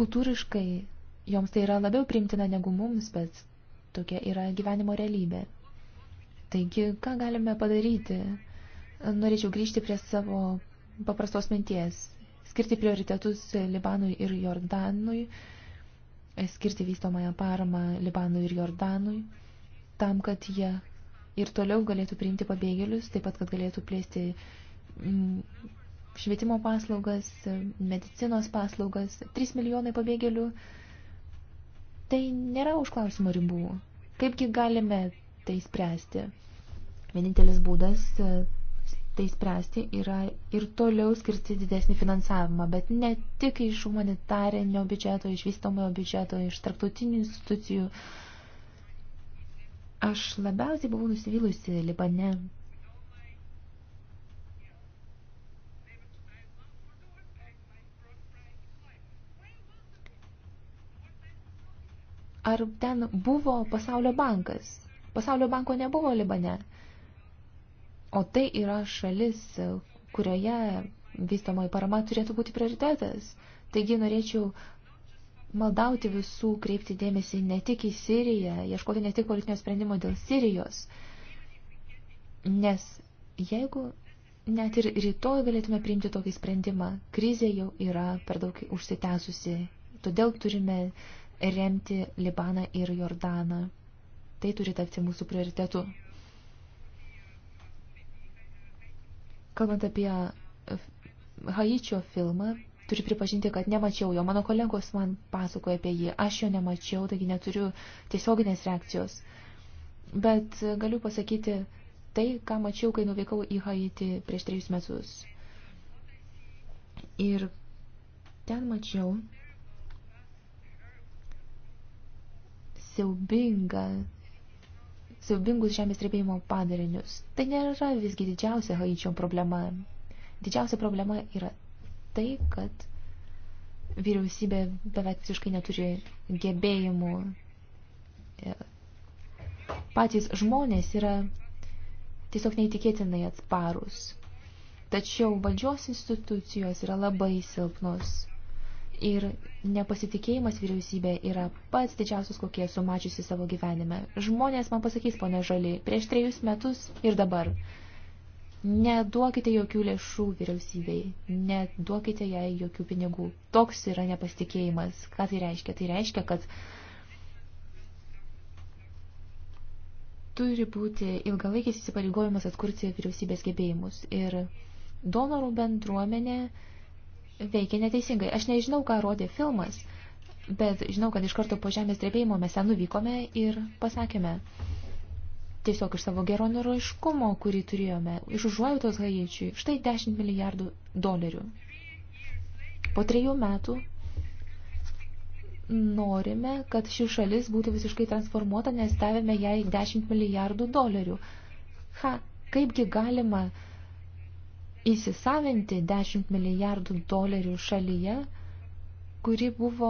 C: Kultūriškai joms tai yra labiau primtina negu mums, bet tokia yra gyvenimo realybė. Taigi, ką galime padaryti? Norėčiau grįžti prie savo paprastos minties. Skirti prioritetus Libanui ir Jordanui, skirti vystomąją paramą Libanui ir Jordanui, tam, kad jie ir toliau galėtų priimti pabėgėlius, taip pat, kad galėtų plėsti mm, švietimo paslaugas, medicinos paslaugas, 3 milijonai pabėgėlių. Tai nėra už klausimo ribų. Kaipgi galime tai spręsti. Vienintelis būdas e, tai spręsti yra ir toliau skirti didesnį finansavimą, bet ne tik iš humanitarinio biudžeto, iš vystamojo biudžeto, iš tarptautinių institucijų. Aš labiausiai buvau nusivylusi Libane ar ten buvo pasaulio bankas. Pasaulio banko nebuvo Libane. O tai yra šalis, kurioje vystamoji parama turėtų būti prioritetas. Taigi norėčiau maldauti visų kreipti dėmesį ne tik į Siriją, ieškoti ne tik politinio sprendimo dėl Sirijos. Nes jeigu net ir rytoj galėtume priimti tokį sprendimą, krizė jau yra per daug užsitęsusi. Todėl turime remti Libaną ir Jordaną. Tai turi tapti mūsų prioritetu. Kalbant apie eh, Haičio filmą, turiu pripažinti, kad nemačiau jo. Mano kolegos man pasakoja apie jį. Aš jo nemačiau, taigi neturiu tiesioginės reakcijos. Bet eh, galiu pasakyti tai, ką mačiau, kai nuvykau į Haitį prieš trejus metus. Ir ten mačiau siaubingą siaubingus žemės drebėjimo padarinius. Tai nėra visgi didžiausia Haičio problema. Didžiausia problema yra tai, kad vyriausybė beveik visiškai neturi gebėjimų. E, patys žmonės yra tiesiog neįtikėtinai atsparus. Tačiau valdžios institucijos yra labai silpnos. Ir nepasitikėjimas vyriausybė yra pats didžiausias, kokie esu mačiusi savo gyvenime. Žmonės man pasakys, pone Žali, prieš trejus metus ir dabar. Neduokite jokių lėšų vyriausybei, neduokite jai jokių pinigų. Toks yra nepasitikėjimas. Ką tai reiškia? Tai reiškia, kad turi būti ilgalaikis įsipareigojimas atkurti vyriausybės gebėjimus. Ir donorų bendruomenė veikia neteisingai. Aš nežinau, ką rodė filmas, bet žinau, kad iš karto po žemės drebėjimo mes ten nuvykome ir pasakėme tiesiog iš savo geronoriškumo, kurį turėjome, iš užuojautos haiečiui, štai 10 milijardų dolerių. Po trejų metų norime, kad ši šalis būtų visiškai transformuota, nes davėme jai 10 milijardų dolerių. Ha, kaipgi galima uh, įsisavinti 10 milijardų dolerių šalyje, kuri buvo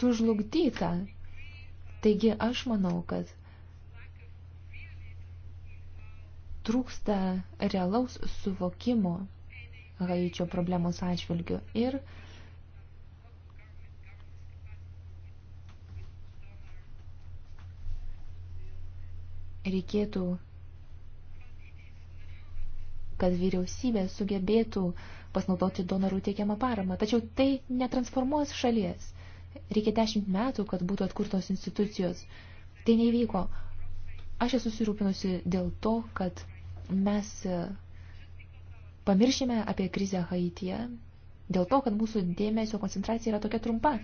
C: sužlugdyta. Taigi aš manau, kad trūksta realaus suvokimo Haičio problemos atžvilgiu ir reikėtų kad vyriausybė sugebėtų pasinaudoti donorų teikiamą paramą. Tačiau tai netransformuos šalies. Reikia dešimt metų, kad būtų atkurtos institucijos. Tai nevyko. Aš esu susirūpinusi dėl to, kad mes e, pamiršime apie krizę Haityje, dėl to, kad mūsų dėmesio koncentracija yra tokia trumpa.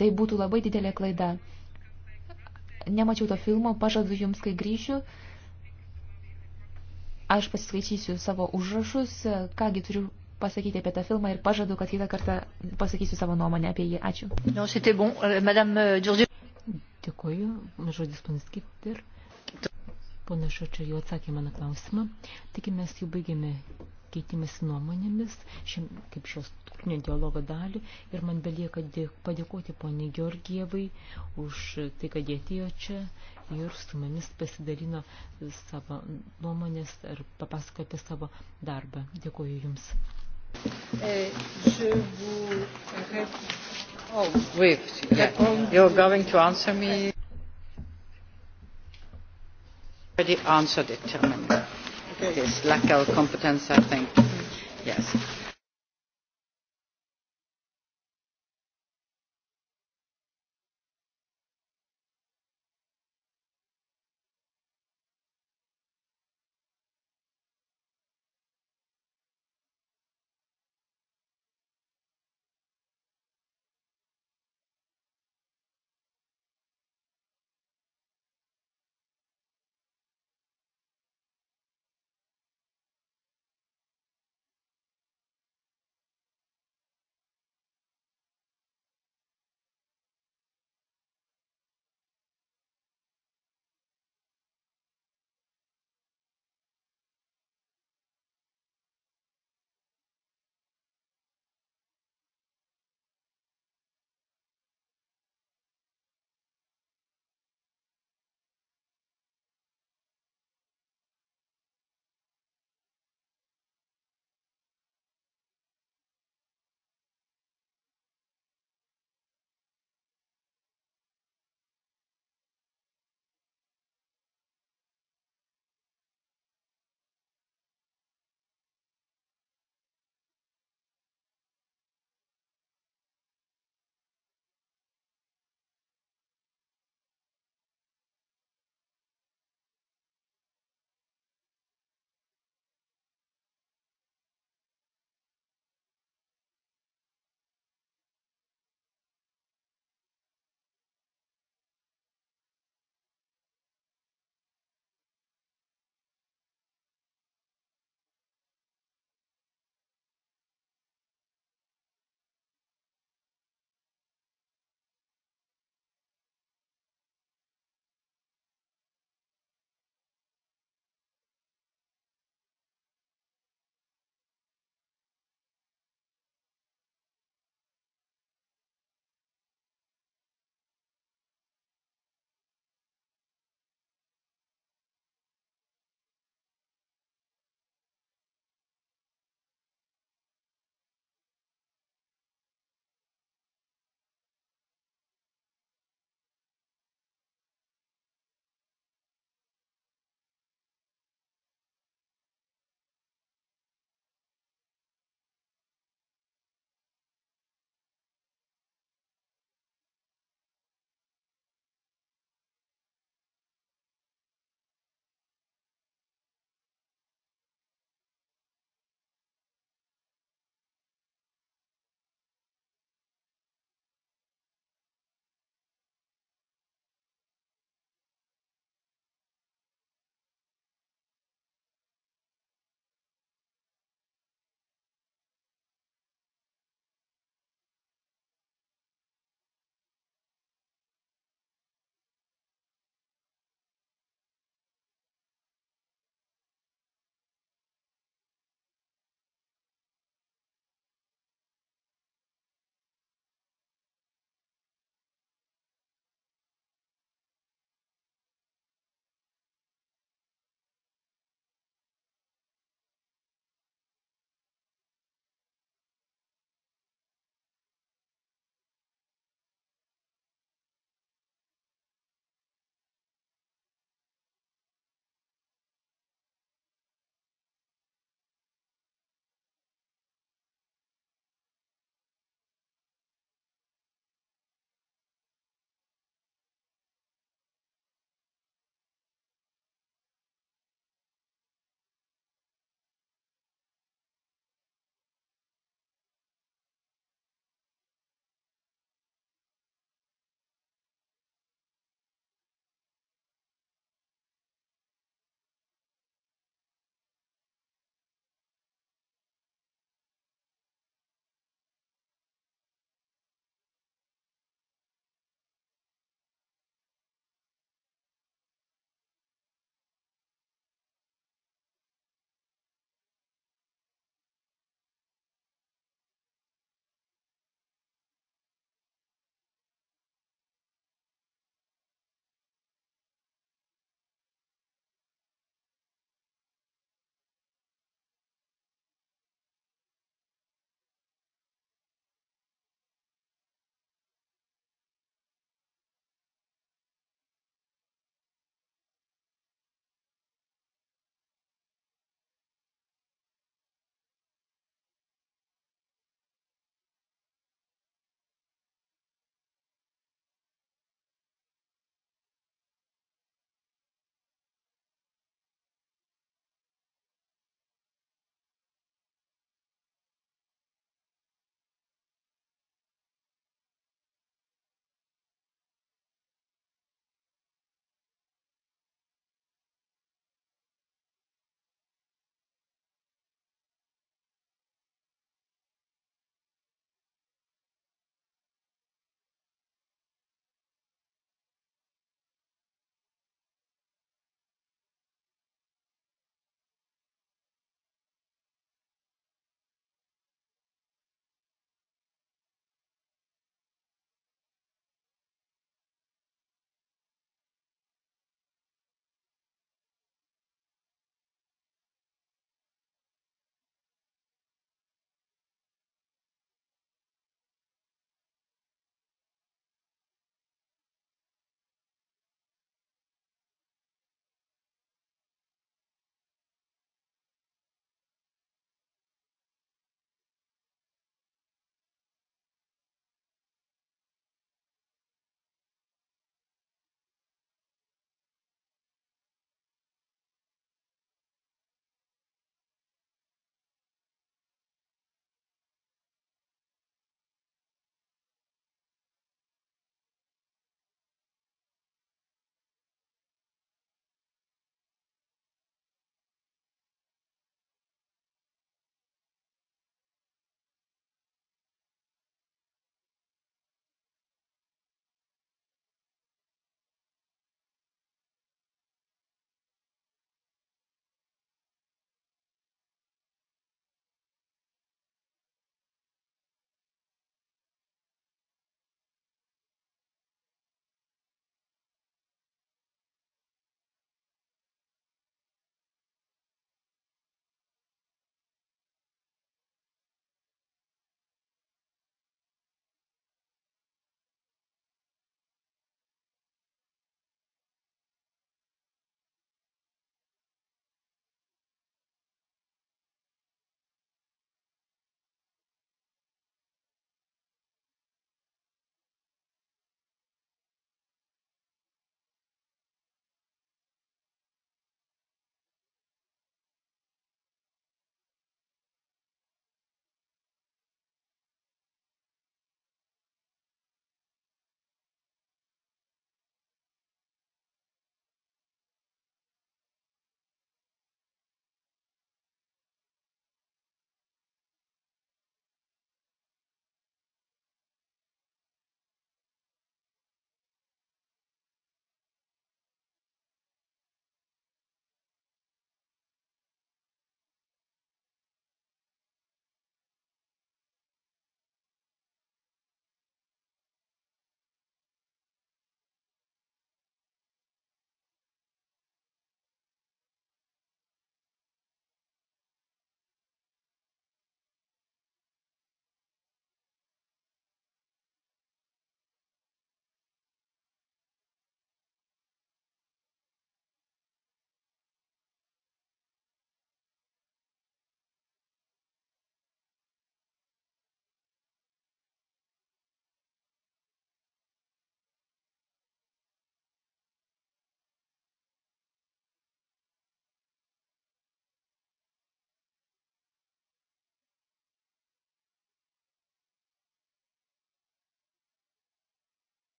C: Tai būtų labai didelė klaida. Nemačiau to filmo, pažadu jums, kai grįšiu. Aš pasiskaitysiu savo užrašus, kągi turiu pasakyti apie tą filmą ir pažadu, kad kitą kartą pasakysiu savo nuomonę apie jį. Ačiū. Non,
A: c'était bon. Euh, madame Džordžiu. Euh, Dėkuoju. Žodis panas Kipter. Pana Šočio jau atsakė mano klausimą. Tikimės jau baigėme keitimis nuomonėmis, šiam, kaip šios turinio dialogo dalį. Ir man belieka padėkoti poniai Georgievai už tai, kad jie atėjo čia ir su mumis pasidalino savo nuomonės ir papasako apie savo darbą. Dėkuoju Jums. E, oh. Already answered it. Okay. This lack of competence, I think. Yes.